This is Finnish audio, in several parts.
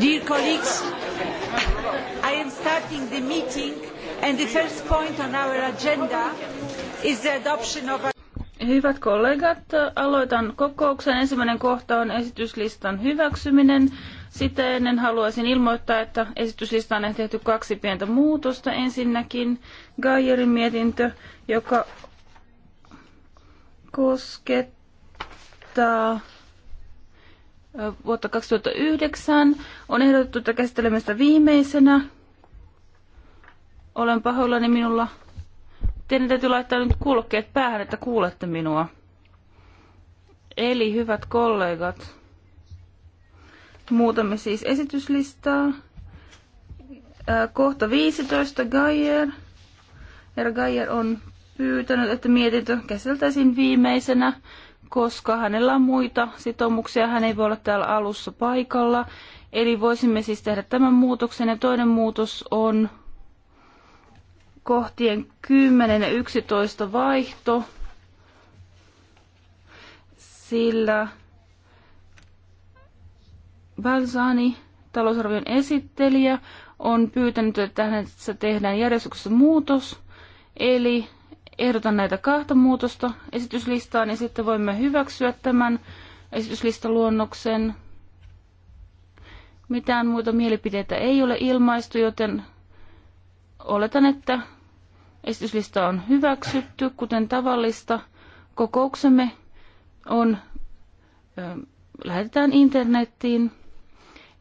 Dear colleagues, I am starting the meeting and the first point on our agenda is the adoption of Hyvät kollegat, aloitan kokouksen. Ensimmäinen kohta on esityslistan hyväksyminen. Sitä ennen haluaisin ilmoittaa, että esityslistaan on tehty kaksi pientä muutosta. Ensinnäkin Gajerin mietintö, joka koskettaa vuotta 2009. On ehdotettu, että käsittelemme sitä viimeisenä. Olen pahoillani minulla. Teidän täytyy laittaa nyt kuulokkeet päähän, että kuulette minua. Eli hyvät kollegat, muutamme siis esityslistaa. Kohta 15 Gaier. Herra Gaier on pyytänyt, että mietintö käsiteltäisiin viimeisenä koska hänellä on muita sitoumuksia, hän ei voi olla täällä alussa paikalla. Eli voisimme siis tehdä tämän muutoksen ja toinen muutos on kohtien 10 ja 11 vaihto, sillä Balsani, talousarvion esittelijä, on pyytänyt, että hänessä tehdään järjestyksessä muutos, eli ehdotan näitä kahta muutosta esityslistaan ja sitten voimme hyväksyä tämän esityslistaluonnoksen. Mitään muita mielipiteitä ei ole ilmaistu, joten oletan, että esityslista on hyväksytty, kuten tavallista. Kokouksemme on, ö, lähetetään internettiin.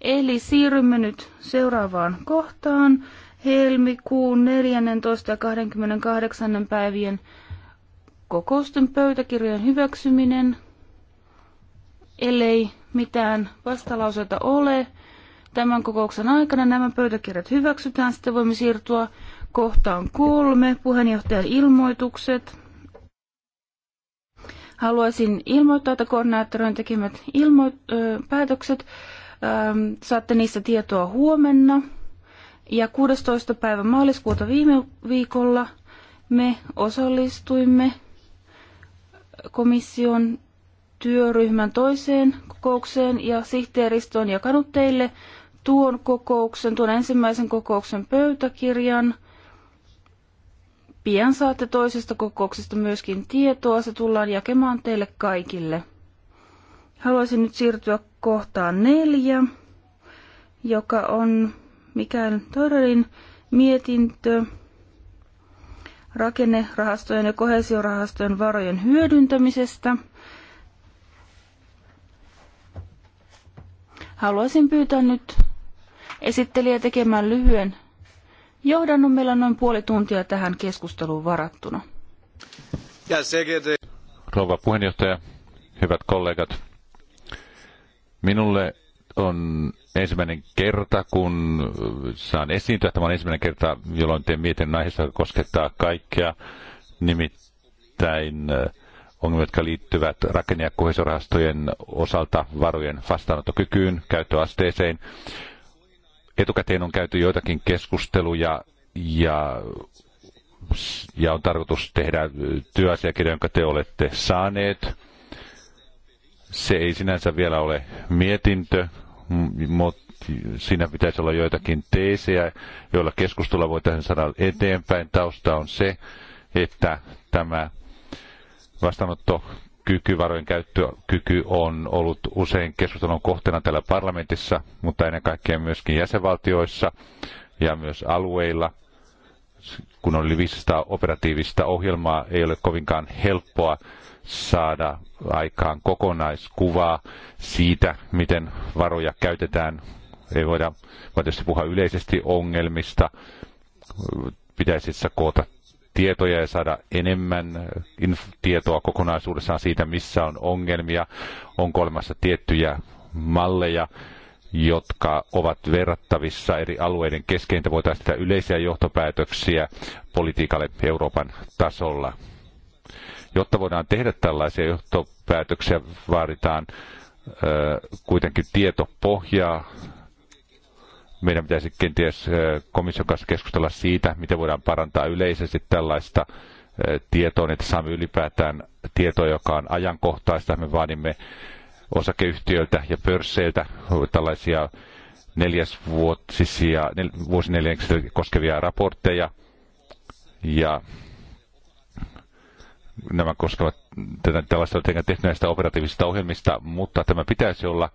Eli siirrymme nyt seuraavaan kohtaan helmikuun 14. ja 28. päivien kokousten pöytäkirjan hyväksyminen, ellei mitään vastalauseita ole. Tämän kokouksen aikana nämä pöytäkirjat hyväksytään. Sitten voimme siirtyä kohtaan kolme, puheenjohtajan ilmoitukset. Haluaisin ilmoittaa, että koordinaattorin tekemät ilmo- ö, päätökset ö, saatte niistä tietoa huomenna. Ja 16. päivä maaliskuuta viime viikolla me osallistuimme komission työryhmän toiseen kokoukseen ja sihteeristö on jakanut teille tuon kokouksen, tuon ensimmäisen kokouksen pöytäkirjan. Pian saatte toisesta kokouksesta myöskin tietoa, se tullaan jakemaan teille kaikille. Haluaisin nyt siirtyä kohtaan neljä, joka on Mikael Torrin mietintö rakennerahastojen ja kohesiorahastojen varojen hyödyntämisestä. Haluaisin pyytää nyt esittelijä tekemään lyhyen johdannon. Meillä on noin puoli tuntia tähän keskusteluun varattuna. Rouva puheenjohtaja, hyvät kollegat. Minulle on ensimmäinen kerta, kun saan esiintyä. Tämä on ensimmäinen kerta, jolloin teen mietinnön aiheesta, joka koskettaa kaikkea, nimittäin äh, ongelmia, jotka liittyvät rakenne- ja kohesorahastojen osalta varojen vastaanottokykyyn, käyttöasteeseen. Etukäteen on käyty joitakin keskusteluja ja, ja on tarkoitus tehdä äh, työasiakirja, jonka te olette saaneet. Se ei sinänsä vielä ole mietintö, siinä pitäisi olla joitakin teesejä, joilla keskustella voitaisiin saada eteenpäin. Tausta on se, että tämä vastaanotto kyky, varojen käyttökyky on ollut usein keskustelun kohteena täällä parlamentissa, mutta ennen kaikkea myöskin jäsenvaltioissa ja myös alueilla. Kun on yli 500 operatiivista ohjelmaa, ei ole kovinkaan helppoa saada aikaan kokonaiskuvaa siitä, miten varoja käytetään. Ei voida, voida tietysti puhua yleisesti ongelmista, pitäisi siis koota tietoja ja saada enemmän eh, tietoa kokonaisuudessaan siitä, missä on ongelmia, on olemassa tiettyjä malleja, jotka ovat verrattavissa eri alueiden kesken, että voitaisiin tehdä yleisiä johtopäätöksiä politiikalle Euroopan tasolla. Jotta voidaan tehdä tällaisia johtopäätöksiä, vaaditaan kuitenkin tietopohjaa. Meidän pitäisi kenties komission kanssa keskustella siitä, miten voidaan parantaa yleisesti tällaista tietoon, niin että saamme ylipäätään tietoa, joka on ajankohtaista. Me vaadimme osakeyhtiöiltä ja pörsseiltä tällaisia neljäsvuotisia, nel, vuosineljänneksiä koskevia raportteja. Ja nämä koskevat tätä, tällaista on tehty näistä operatiivisista ohjelmista, mutta tämä pitäisi olla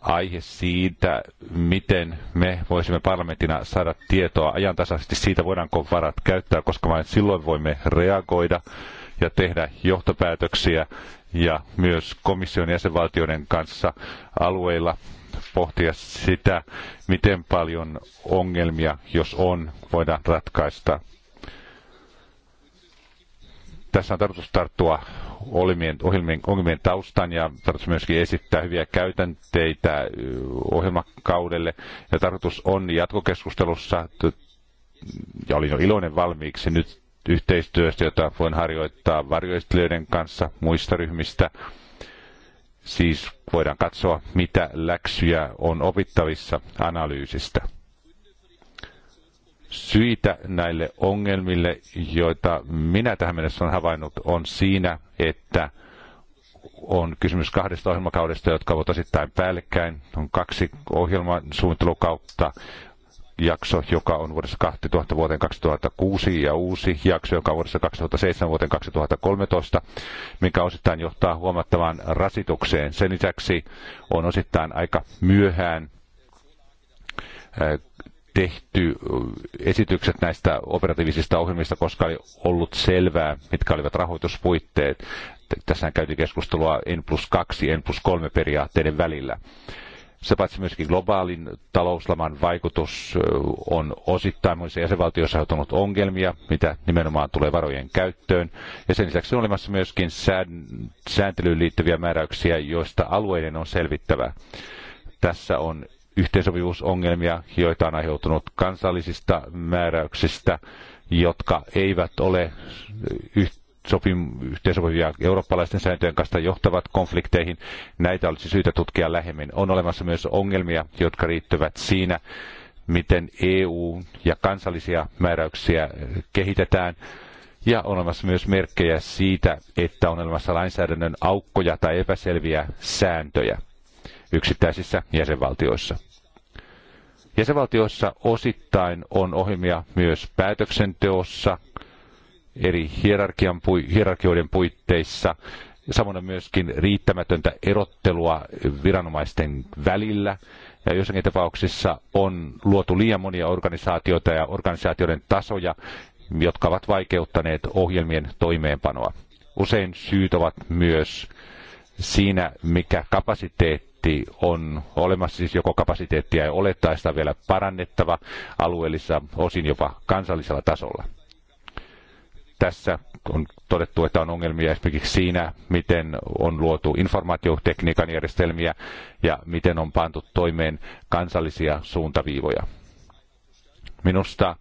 aihe siitä, miten me voisimme parlamentina saada tietoa ajantasaisesti siitä, voidaanko varat käyttää, koska vain silloin voimme reagoida ja tehdä johtopäätöksiä ja myös komission jäsenvaltioiden kanssa alueilla pohtia sitä, miten paljon ongelmia, jos on, voidaan ratkaista. Tässä on tarkoitus tarttua ohjelmien, ohjelmien, ohjelmien taustan ja tarkoitus myöskin esittää hyviä käytänteitä ohjelmakaudelle. Ja tarkoitus on jatkokeskustelussa, ja olin jo iloinen valmiiksi nyt yhteistyöstä, jota voin harjoittaa varjoistelijoiden kanssa muista ryhmistä. Siis voidaan katsoa, mitä läksyjä on opittavissa analyysistä syitä näille ongelmille, joita minä tähän mennessä olen havainnut, on siinä, että on kysymys kahdesta ohjelmakaudesta, jotka ovat osittain päällekkäin. On kaksi ohjelmasuunnittelukautta, jakso, joka on vuodessa 2000 vuoteen 2006 ja uusi jakso, joka on vuodessa 2007 vuoteen 2013, mikä osittain johtaa huomattavaan rasitukseen. Sen lisäksi on osittain aika myöhään tehty esitykset näistä operatiivisista ohjelmista, koska oli ollut selvää, mitkä olivat rahoituspuitteet. Tässä käytiin keskustelua N plus 2, N plus 3 periaatteiden välillä. Se paitsi myöskin globaalin talouslaman vaikutus on osittain monissa jäsenvaltioissa aiheuttanut ongelmia, mitä nimenomaan tulee varojen käyttöön. Ja sen lisäksi on olemassa myöskin sääntelyyn liittyviä määräyksiä, joista alueiden on selvittävä. Tässä on yhteensopivuusongelmia, joita on aiheutunut kansallisista määräyksistä, jotka eivät ole yhteensopivia eurooppalaisten sääntöjen kanssa johtavat konflikteihin. Näitä olisi syytä tutkia lähemmin. On olemassa myös ongelmia, jotka riittyvät siinä, miten EU ja kansallisia määräyksiä kehitetään. Ja on olemassa myös merkkejä siitä, että on olemassa lainsäädännön aukkoja tai epäselviä sääntöjä yksittäisissä jäsenvaltioissa. Jäsenvaltioissa osittain on ohjelmia myös päätöksenteossa eri hierarkian, hierarkioiden puitteissa, samoin on myöskin riittämätöntä erottelua viranomaisten välillä. Ja joissakin tapauksissa on luotu liian monia organisaatioita ja organisaatioiden tasoja, jotka ovat vaikeuttaneet ohjelmien toimeenpanoa. Usein syyt ovat myös siinä, mikä kapasiteetti kapasiteetti on olemassa, siis joko kapasiteettia ei ole tai sitä vielä parannettava alueellisessa, osin jopa kansallisella tasolla. Tässä on todettu, että on ongelmia esimerkiksi siinä, miten on luotu informaatiotekniikan järjestelmiä ja miten on pantu toimeen kansallisia suuntaviivoja. Minusta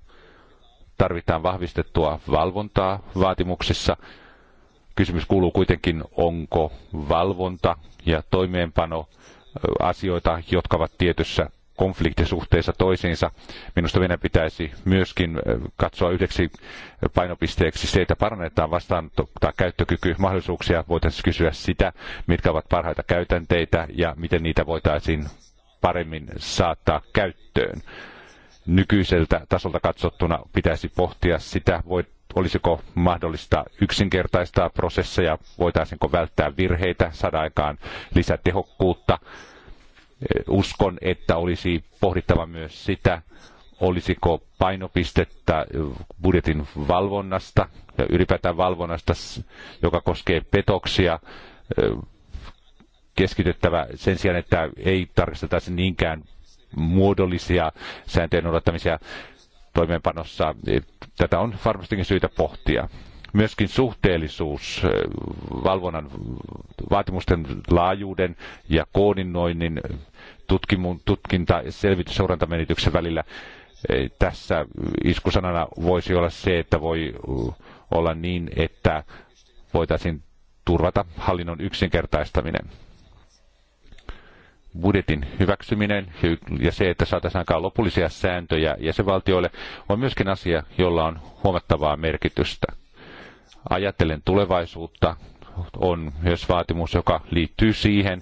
tarvitaan vahvistettua valvontaa vaatimuksissa Kysymys kuuluu kuitenkin, onko valvonta ja toimeenpano asioita, jotka ovat tietyssä konfliktisuhteessa toisiinsa. Minusta meidän pitäisi myöskin katsoa yhdeksi painopisteeksi se, että parannetaan vastaanottaa mahdollisuuksia. Voitaisiin kysyä sitä, mitkä ovat parhaita käytänteitä ja miten niitä voitaisiin paremmin saattaa käyttöön. Nykyiseltä tasolta katsottuna pitäisi pohtia sitä, olisiko mahdollista yksinkertaistaa prosesseja, voitaisiinko välttää virheitä, saada aikaan lisätehokkuutta. Eh, uskon, että olisi pohdittava myös sitä, olisiko painopistettä eh, budjetin valvonnasta ja ylipäätään valvonnasta, joka koskee petoksia, eh, keskityttävä sen sijaan, että ei tarkasteltaisi niinkään muodollisia sääntöjen noudattamisia toimeenpanossa Tätä on varmastikin syytä pohtia. Myöskin suhteellisuus, valvonnan vaatimusten laajuuden ja koordinoinnin tutkimun, tutkinta- ja selvitysseurantamenityksen välillä tässä iskusanana voisi olla se, että voi olla niin, että voitaisiin turvata hallinnon yksinkertaistaminen budjetin hyväksyminen ja se, että saataisiin aikaan lopullisia sääntöjä jäsenvaltioille, on myöskin asia, jolla on huomattavaa merkitystä. Ajattelen tulevaisuutta, on myös vaatimus, joka liittyy siihen,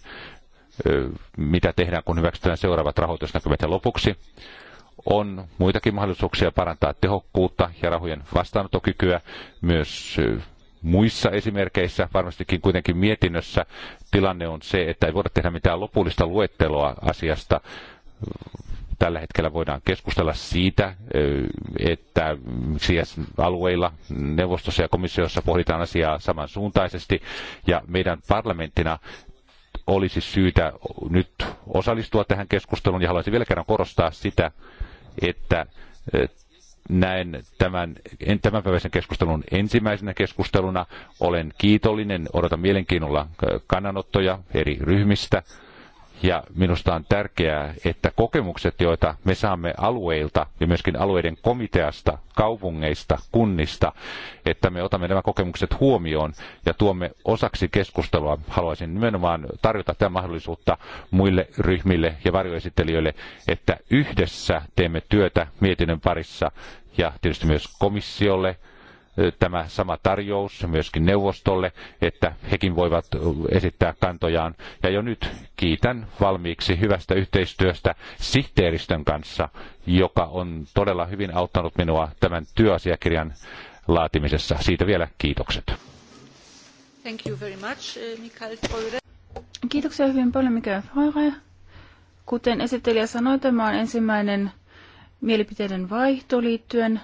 mitä tehdään, kun hyväksytään seuraavat rahoitusnäkymät. Ja lopuksi on muitakin mahdollisuuksia parantaa tehokkuutta ja rahojen vastaanottokykyä myös muissa esimerkkeissä, varmastikin kuitenkin mietinnössä, tilanne on se, että ei voida tehdä mitään lopullista luetteloa asiasta. Tällä hetkellä voidaan keskustella siitä, että miksi alueilla neuvostossa ja komissiossa pohditaan asiaa samansuuntaisesti, ja meidän parlamenttina olisi syytä nyt osallistua tähän keskusteluun, ja haluaisin vielä kerran korostaa sitä, että näen tämän tämänpäiväisen keskustelun ensimmäisenä keskusteluna. Olen kiitollinen, odotan mielenkiinnolla kannanottoja eri ryhmistä ja minusta on tärkeää, että kokemukset, joita me saamme alueilta ja myöskin alueiden komiteasta, kaupungeista, kunnista, että me otamme nämä kokemukset huomioon ja tuomme osaksi keskustelua. Haluaisin nimenomaan tarjota tämän mahdollisuutta muille ryhmille ja varjoesittelijöille, että yhdessä teemme työtä mietinnön parissa ja tietysti myös komissiolle – tämä sama tarjous myöskin neuvostolle, että hekin voivat esittää kantojaan. Ja jo nyt kiitän valmiiksi hyvästä yhteistyöstä sihteeristön kanssa, joka on todella hyvin auttanut minua tämän työasiakirjan laatimisessa. Siitä vielä kiitokset. Thank you very much, eh, Kiitoksia hyvin paljon, Mikael Teure. Kuten esittelijä sanoi, tämä on ensimmäinen mielipiteiden vaihto liittyen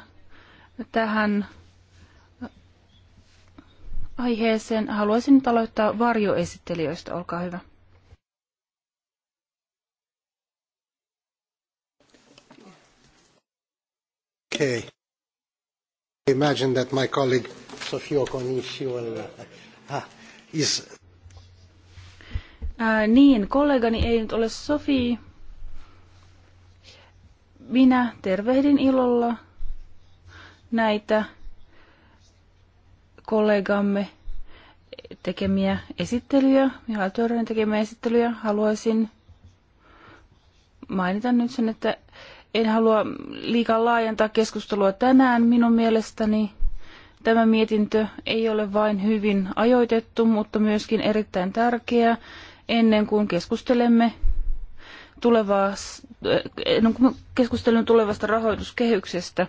tähän aiheeseen. Haluaisin nyt aloittaa varjoesittelijöistä. Olkaa hyvä. Okay. imagine that my colleague Sofia Konishi will, uh, uh, is... Ää, niin, kollegani ei nyt ole Sofi. Minä tervehdin ilolla näitä kollegamme tekemiä esittelyjä, Mihail Törönen tekemiä esittelyjä, haluaisin mainita nyt sen, että en halua liikaa laajentaa keskustelua tänään. Minun mielestäni tämä mietintö ei ole vain hyvin ajoitettu, mutta myöskin erittäin tärkeä ennen kuin keskustelemme tulevaa, ennen kuin keskustelun tulevasta rahoituskehyksestä.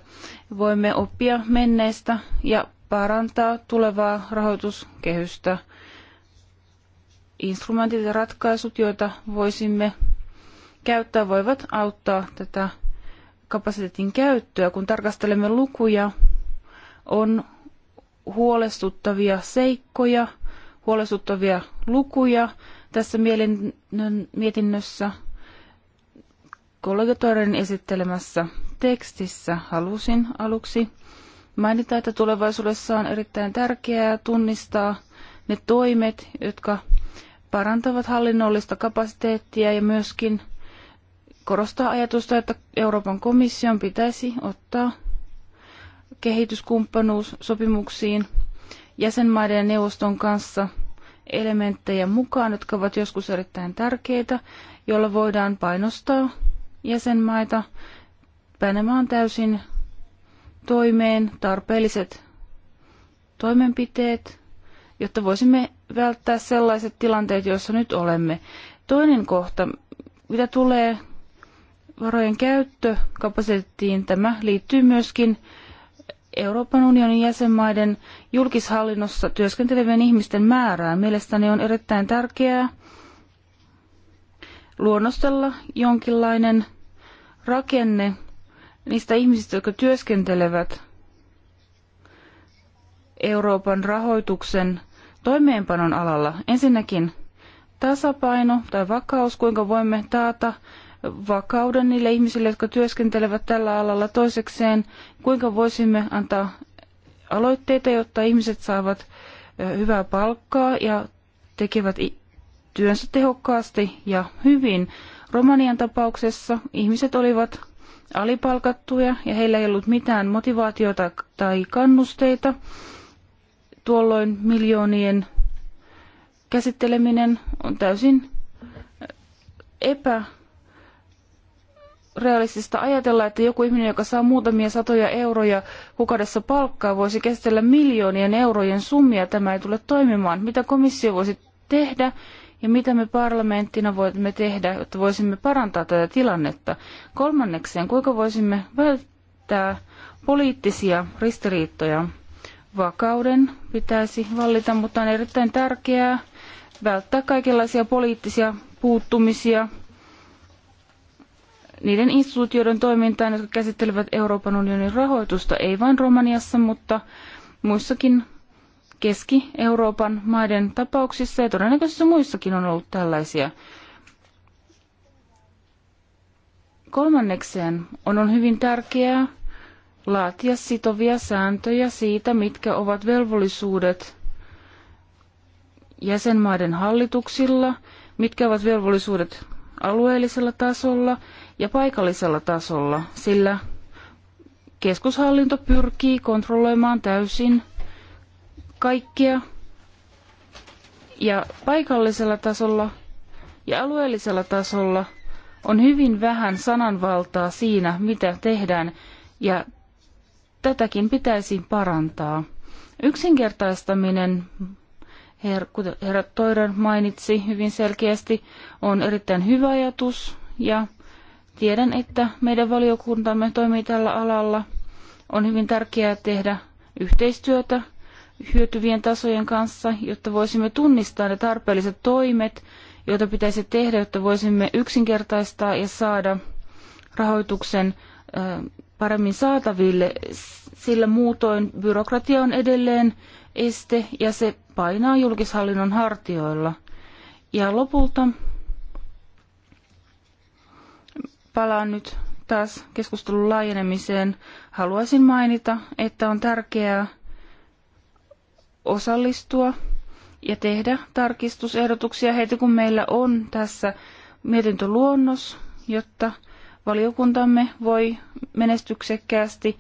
Voimme oppia menneistä ja parantaa tulevaa rahoituskehystä. Instrumentit ja ratkaisut, joita voisimme käyttää, voivat auttaa tätä kapasiteetin käyttöä. Kun tarkastelemme lukuja, on huolestuttavia seikkoja, huolestuttavia lukuja tässä mietinnössä kollegatorin esittelemässä tekstissä halusin aluksi mainita, että tulevaisuudessa on erittäin tärkeää tunnistaa ne toimet, jotka parantavat hallinnollista kapasiteettia ja myöskin korostaa ajatusta, että Euroopan komission pitäisi ottaa kehityskumppanuussopimuksiin jäsenmaiden ja neuvoston kanssa elementtejä mukaan, jotka ovat joskus erittäin tärkeitä, joilla voidaan painostaa jäsenmaita panemaan täysin toimeen tarpeelliset toimenpiteet, jotta voisimme välttää sellaiset tilanteet, joissa nyt olemme. Toinen kohta, mitä tulee varojen käyttökapasiteettiin, tämä liittyy myöskin Euroopan unionin jäsenmaiden julkishallinnossa työskentelevien ihmisten määrään. Mielestäni on erittäin tärkeää luonnostella jonkinlainen rakenne niistä ihmisistä, jotka työskentelevät Euroopan rahoituksen toimeenpanon alalla. Ensinnäkin tasapaino tai vakaus, kuinka voimme taata vakauden niille ihmisille, jotka työskentelevät tällä alalla. Toisekseen, kuinka voisimme antaa aloitteita, jotta ihmiset saavat hyvää palkkaa ja tekevät työnsä tehokkaasti ja hyvin. Romanian tapauksessa ihmiset olivat alipalkattuja ja heillä ei ollut mitään motivaatiota tai kannusteita. Tuolloin miljoonien käsitteleminen on täysin epärealistista ajatella, että joku ihminen, joka saa muutamia satoja euroja kuukaudessa palkkaa, voisi käsitellä miljoonien eurojen summia. Tämä ei tule toimimaan. Mitä komissio voisi tehdä, ja mitä me parlamenttina voimme tehdä, jotta voisimme parantaa tätä tilannetta. Kolmannekseen, kuinka voisimme välttää poliittisia ristiriitoja. Vakauden pitäisi vallita, mutta on erittäin tärkeää välttää kaikenlaisia poliittisia puuttumisia niiden instituutioiden toimintaan, jotka käsittelevät Euroopan unionin rahoitusta, ei vain Romaniassa, mutta muissakin Keski-Euroopan maiden tapauksissa ja todennäköisesti muissakin on ollut tällaisia. Kolmannekseen on, on hyvin tärkeää laatia sitovia sääntöjä siitä, mitkä ovat velvollisuudet jäsenmaiden hallituksilla, mitkä ovat velvollisuudet alueellisella tasolla ja paikallisella tasolla, sillä keskushallinto pyrkii kontrolloimaan täysin – kaikkia. Ja paikallisella tasolla ja alueellisella tasolla on hyvin vähän sananvaltaa siinä, mitä tehdään, ja tätäkin pitäisi parantaa. Yksinkertaistaminen, kuten herra Toiran mainitsi hyvin selkeästi, on erittäin hyvä ajatus, ja tiedän, että meidän valiokuntamme toimii tällä alalla. On hyvin tärkeää tehdä yhteistyötä hyötyvien tasojen kanssa, jotta voisimme tunnistaa ne tarpeelliset toimet, joita pitäisi tehdä, jotta voisimme yksinkertaistaa ja saada rahoituksen paremmin saataville, sillä muutoin byrokratia on edelleen este ja se painaa julkishallinnon hartioilla. Ja lopulta palaan nyt taas keskustelun laajenemiseen. Haluaisin mainita, että on tärkeää, osallistua ja tehdä tarkistusehdotuksia heti, kun meillä on tässä mietintöluonnos, jotta valiokuntamme voi menestyksekkäästi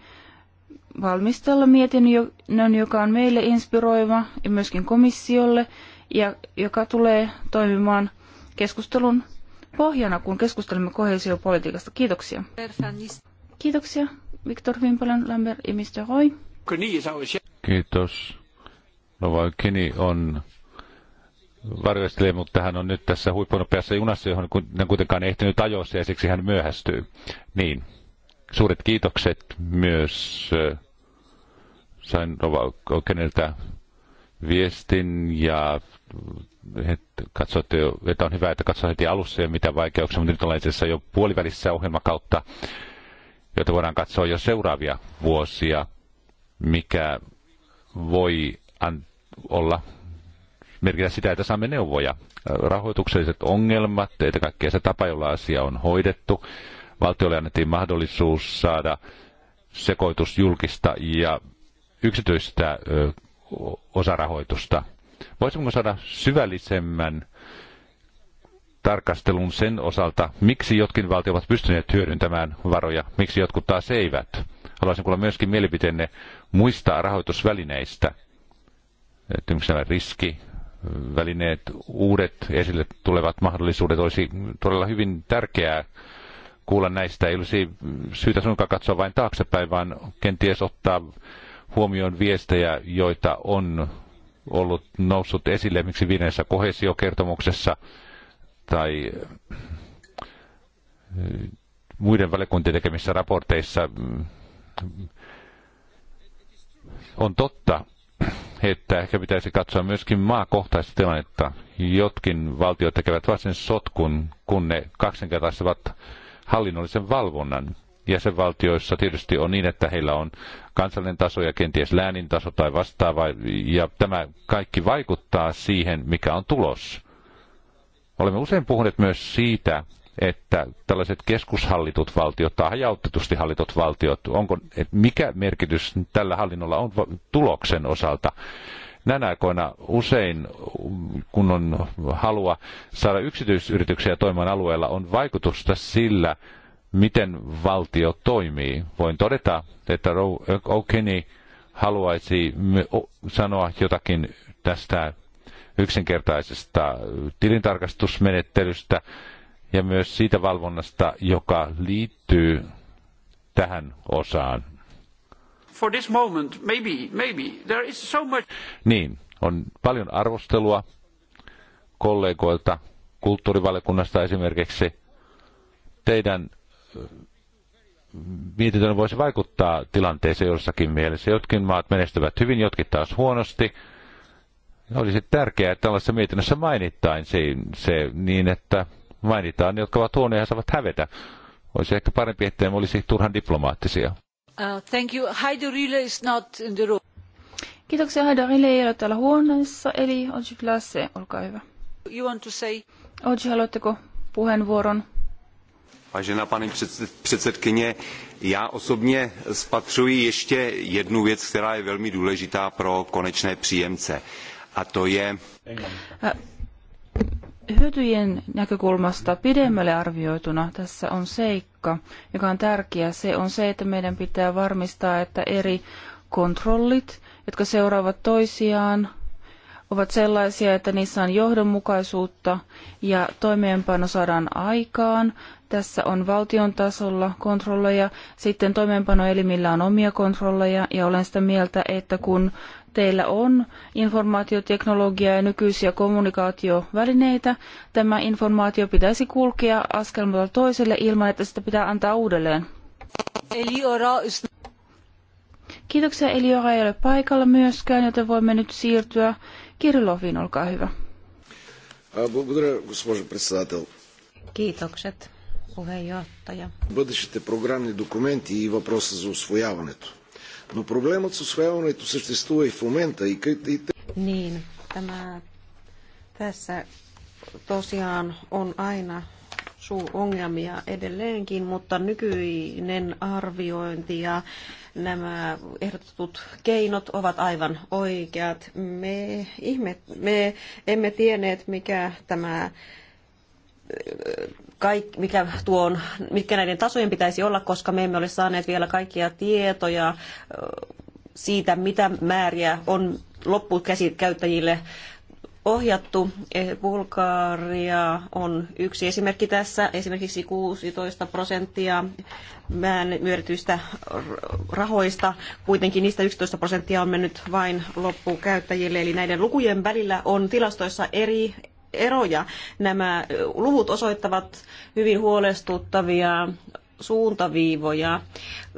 valmistella mietinnön, joka on meille inspiroiva ja myöskin komissiolle ja joka tulee toimimaan keskustelun pohjana, kun keskustelemme kohesiopolitiikasta. Kiitoksia. Kiitoksia, Viktor Vimpalan, Lambert ja Mr. Roy. Kiitos. Novakini on varjostelee, mutta hän on nyt tässä huippunopeassa junassa, johon hän kuitenkaan ei ehtinyt ajoissa ja siksi hän myöhästyy. Niin, suuret kiitokset myös äh, sain keniltä viestin ja katsoitte, että on hyvä, että katsoin heti alussa ja mitä vaikeuksia, mutta nyt ollaan itse jo puolivälissä ohjelmakautta, jota voidaan katsoa jo seuraavia vuosia, mikä voi olla merkitä sitä, että saamme neuvoja. Rahoitukselliset ongelmat, että kaikkea se tapa, jolla asia on hoidettu. Valtiolle annettiin mahdollisuus saada sekoitus julkista ja yksityistä osarahoitusta. Voisimmeko saada syvällisemmän tarkastelun sen osalta, miksi jotkin valtiot ovat pystyneet hyödyntämään varoja, miksi jotkut taas eivät. Haluaisin kuulla myöskin mielipiteenne muista rahoitusvälineistä – nämä riski, välineet, uudet esille tulevat mahdollisuudet olisi todella hyvin tärkeää kuulla näistä. Ei olisi syytä sunkaan katsoa vain taaksepäin, vaan kenties ottaa huomioon viestejä, joita on ollut noussut esille miksi viidennessä kohesiokertomuksessa tai eh, muiden valiokuntien tekemissä raporteissa. Mm, on totta, että ehkä pitäisi katsoa myöskin maakohtaista tilannetta. Jotkin valtiot tekevät varsin sotkun, kun ne kaksinkertaistavat hallinnollisen valvonnan. Jäsenvaltioissa tietysti on niin, että heillä on kansallinen taso ja kenties läänin taso tai vastaava, ja tämä kaikki vaikuttaa siihen, mikä on tulos. Olemme usein puhuneet myös siitä, että tällaiset keskushallitut valtiot tai hajautetusti hallitut valtiot, onko, mikä merkitys tällä hallinnolla on tuloksen osalta? Näinä aikoina usein, kun on halua saada yksityisyrityksiä toimimaan alueella, on vaikutusta sillä, miten valtio toimii. Voin todeta, että O'Kenny haluaisi sanoa jotakin tästä yksinkertaisesta tilintarkastusmenettelystä, ja myös siitä valvonnasta, joka liittyy tähän osaan. For this moment, maybe, maybe. There is so much... Niin, on paljon arvostelua kollegoilta, kulttuurivaliokunnasta esimerkiksi. Teidän äh, mietintönne voisi vaikuttaa tilanteeseen jossakin mielessä. Jotkin maat menestyvät hyvin, jotkin taas huonosti. Olisi tärkeää, että tällaisessa mietinnössä mainittaisiin se niin, että mainitaan, ne, jotka ovat huonoja ja saavat hävetä. Olisi ehkä parempi, että ettei olisi turhan diplomaattisia. Uh, thank you. Heidi Rille is not in the room. Kiitoksia. Heidi Rille ei ole täällä huoneessa, eli Oji Lasse, olkaa hyvä. You want to say? Oji, haluatteko puheenvuoron? Vážená paní předsedkyně, já osobně spatřuji ještě jednu věc, která je velmi důležitá pro konečné příjemce. A to je... Eh, hyötyjen näkökulmasta pidemmälle arvioituna tässä on seikka, joka on tärkeä. Se on se, että meidän pitää varmistaa, että eri kontrollit, jotka seuraavat toisiaan, ovat sellaisia, että niissä on johdonmukaisuutta ja toimeenpano saadaan aikaan. Tässä on valtion tasolla kontrolleja, sitten toimeenpanoelimillä on omia kontrolleja ja olen sitä mieltä, että kun teillä on informaatioteknologiaa ja nykyisiä kommunikaatiovälineitä. Tämä informaatio pitäisi kulkea askelmalta toiselle ilman, että sitä pitää antaa uudelleen. Kiitoksia. Eliora ei ole paikalla myöskään, joten voimme nyt siirtyä Kirilovin Olkaa hyvä. Kiitokset, puheenjohtaja. Бъдещите програмни dokumentti и въпроса за освояването. Но проблемът с съществува и в момента. И... Niin, tämä tässä tosiaan on aina ongelmia edelleenkin, mutta nykyinen arviointi ja nämä ehdotetut keinot ovat aivan oikeat. Me, ihme, me emme tienneet, mikä tämä kaik, mikä tuon, mitkä näiden tasojen pitäisi olla, koska me emme ole saaneet vielä kaikkia tietoja siitä, mitä määriä on loppukäyttäjille ohjattu. Eh, Bulgaria on yksi esimerkki tässä. Esimerkiksi 16 prosenttia myönnetyistä rahoista, kuitenkin niistä 11 prosenttia on mennyt vain loppukäyttäjille. Eli näiden lukujen välillä on tilastoissa eri eroja. Nämä luvut osoittavat hyvin huolestuttavia suuntaviivoja,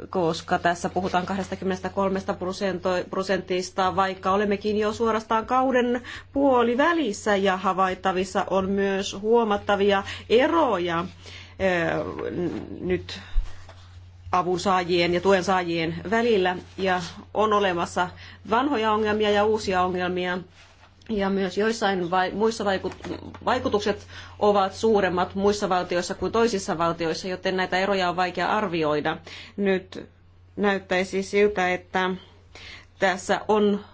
koska tässä puhutaan 23 prosentista, vaikka olemmekin jo suorastaan kauden puoli välissä ja havaittavissa on myös huomattavia eroja nyt avunsaajien ja saajien välillä ja on olemassa vanhoja ongelmia ja uusia ongelmia ja myös joissain vai, muissa vaikutukset ovat suuremmat muissa valtioissa kuin toisissa valtioissa, joten näitä eroja on vaikea arvioida. Nyt näyttäisi siltä, että tässä on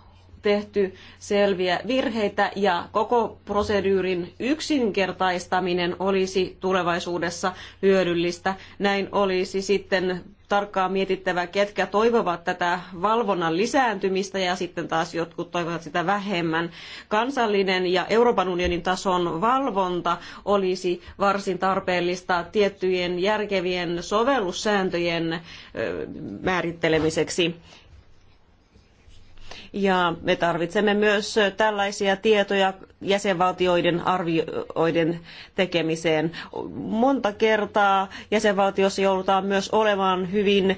tehty selviä virheitä ja koko proseduurin yksinkertaistaminen olisi tulevaisuudessa hyödyllistä. Näin olisi sitten tarkkaan mietittävä, ketkä toivovat tätä valvonnan lisääntymistä ja sitten taas jotkut toivovat sitä vähemmän. Kansallinen ja Euroopan unionin tason valvonta olisi varsin tarpeellista tiettyjen järkevien sovellussääntöjen määrittelemiseksi ja me tarvitsemme myös tällaisia tietoja jäsenvaltioiden arvioiden tekemiseen. Monta kertaa jäsenvaltiossa joudutaan myös olemaan hyvin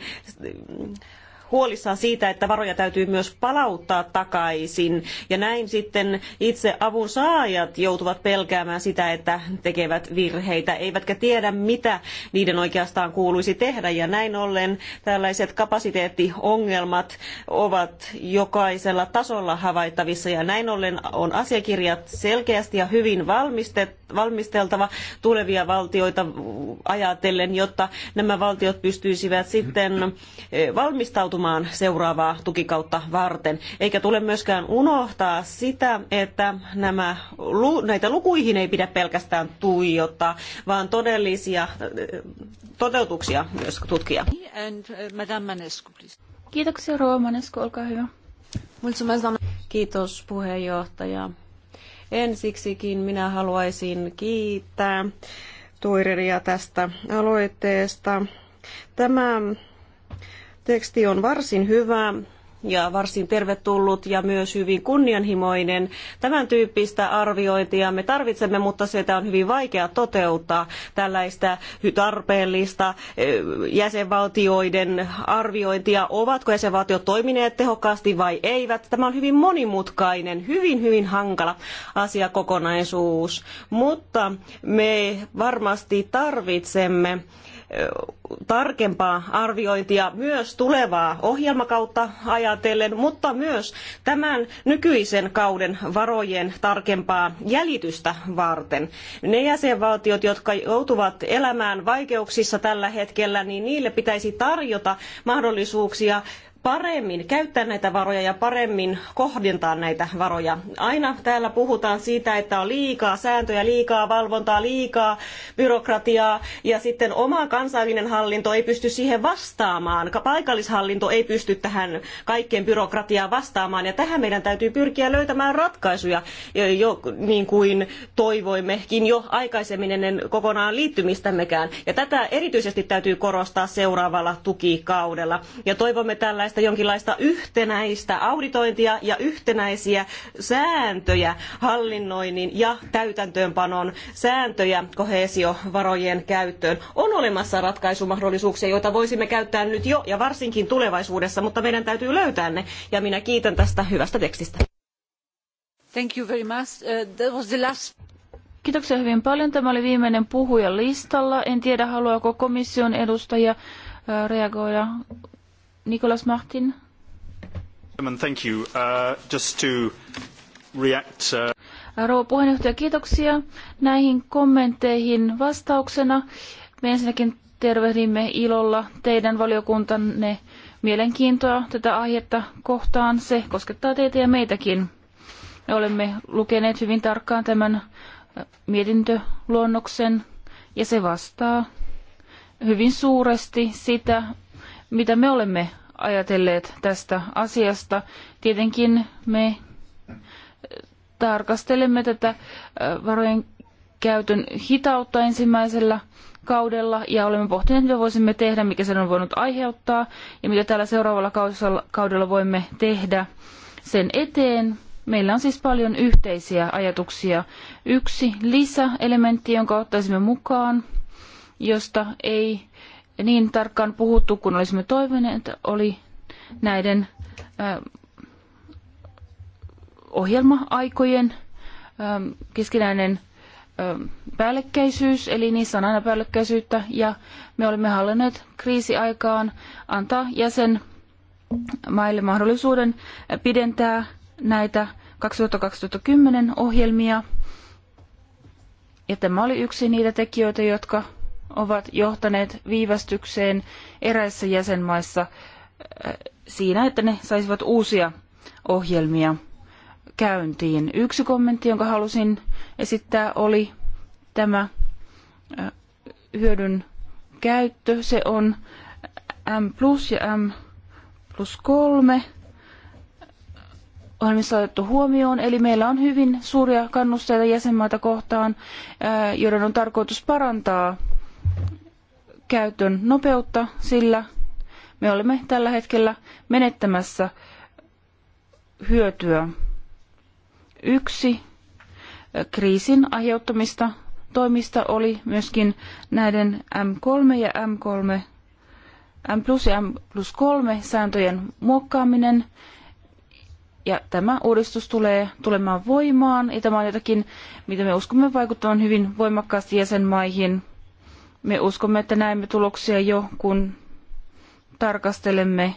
huolissaan siitä, että varoja täytyy myös palauttaa takaisin. Ja näin sitten itse avun saajat joutuvat pelkäämään sitä, että tekevät virheitä, eivätkä tiedä, mitä niiden oikeastaan kuuluisi tehdä. Ja näin ollen tällaiset kapasiteettiongelmat ovat jokaisella tasolla havaittavissa. Ja näin ollen on asiakirjat selkeästi ja hyvin valmisteltava tulevia valtioita ajatellen, jotta nämä valtiot pystyisivät sitten eh, valmistautumaan varautumaan seuraavaa tukikautta varten. Eikä tule myöskään unohtaa sitä, että nämä, näitä lukuihin ei pidä pelkästään tuijottaa, vaan todellisia äh, toteutuksia myös tutkia. Uh, Kiitoksia Rouva Manesku, olkaa hyvä. Kiitos puheenjohtaja. Ensiksikin minä haluaisin kiittää Tuireria tästä aloitteesta. Tämä Teksti on varsin hyvä ja varsin tervetullut ja myös hyvin kunnianhimoinen. Tämän tyyppistä arviointia me tarvitsemme, mutta sitä on hyvin vaikea toteuttaa tällaista tarpeellista eh, jäsenvaltioiden arviointia, ovatko jäsenvaltiot toimineet tehokkaasti vai eivät. Tämä on hyvin monimutkainen, hyvin hyvin hankala asiakokonaisuus, mutta me varmasti tarvitsemme tarkempaa arviointia myös tulevaa ohjelmakautta ajatellen, mutta myös tämän nykyisen kauden varojen tarkempaa jäljitystä varten. Ne jäsenvaltiot, jotka joutuvat elämään vaikeuksissa tällä hetkellä, niin niille pitäisi tarjota mahdollisuuksia paremmin käyttää näitä varoja ja paremmin kohdentaa näitä varoja. Aina täällä puhutaan siitä, että on liikaa sääntöjä, liikaa valvontaa, liikaa byrokratiaa ja sitten oma kansallinen hallinto ei pysty siihen vastaamaan. Paikallishallinto ei pysty tähän kaikkeen byrokratiaan vastaamaan ja tähän meidän täytyy pyrkiä löytämään ratkaisuja, jo, niin kuin toivoimmekin jo aikaisemmin ennen kokonaan liittymistämmekään. Ja tätä erityisesti täytyy korostaa seuraavalla tukikaudella. Ja toivomme tällaista tällaista jonkinlaista yhtenäistä auditointia ja yhtenäisiä sääntöjä hallinnoinnin ja täytäntöönpanon sääntöjä koheesiovarojen käyttöön. On olemassa ratkaisumahdollisuuksia, joita voisimme käyttää nyt jo ja varsinkin tulevaisuudessa, mutta meidän täytyy löytää ne ja minä kiitän tästä hyvästä tekstistä. Thank you very much. Uh, that was the last... Kiitoksia hyvin paljon. Tämä oli viimeinen puhuja listalla. En tiedä, haluaako komission edustaja uh, reagoida Nicholas Martin. Thank you. Uh, just to react, uh... Rouva puheenjohtaja, kiitoksia näihin kommentteihin vastauksena. Me ensinnäkin tervehdimme ilolla teidän valiokuntanne mielenkiintoa tätä aihetta kohtaan. Se koskettaa teitä ja meitäkin. Me olemme lukeneet hyvin tarkkaan tämän mietintöluonnoksen ja se vastaa hyvin suuresti sitä, mitä me olemme ajatelleet tästä asiasta. Tietenkin me eh, tarkastelemme tätä eh, varojen käytön hitautta ensimmäisellä kaudella ja olemme pohtineet, mitä voisimme tehdä, mikä sen on voinut aiheuttaa ja mitä tällä seuraavalla kaudella voimme tehdä sen eteen. Meillä on siis paljon yhteisiä ajatuksia. Yksi lisäelementti, jonka ottaisimme mukaan, josta ei niin tarkkaan puhuttu, kun olisimme toivoneet, oli näiden ohjelma-aikojen keskinäinen päällekkäisyys, eli niissä on aina päällekkäisyyttä, ja me olemme halunneet kriisiaikaan antaa jäsenmaille mahdollisuuden pidentää näitä 2010 ohjelmia. Ja tämä oli yksi niitä tekijöitä, jotka ovat johtaneet viivästykseen eräissä jäsenmaissa äh, siinä, että ne saisivat uusia ohjelmia käyntiin. Yksi kommentti, jonka halusin esittää, oli tämä äh, hyödyn käyttö. Se on M plus ja M plus kolme ohjelmissa otettu huomioon, eli meillä on hyvin suuria kannusteita jäsenmaata kohtaan, äh, joiden on tarkoitus parantaa käytön nopeutta, sillä me olemme tällä hetkellä menettämässä hyötyä. Yksi kriisin aiheuttamista toimista oli myöskin näiden M3 ja M3, M plus ja M plus 3 sääntöjen muokkaaminen. Ja tämä uudistus tulee tulemaan voimaan, ja tämä on jotakin, mitä me uskomme vaikuttavan hyvin voimakkaasti jäsenmaihin – me uskomme, että näemme tuloksia jo, kun tarkastelemme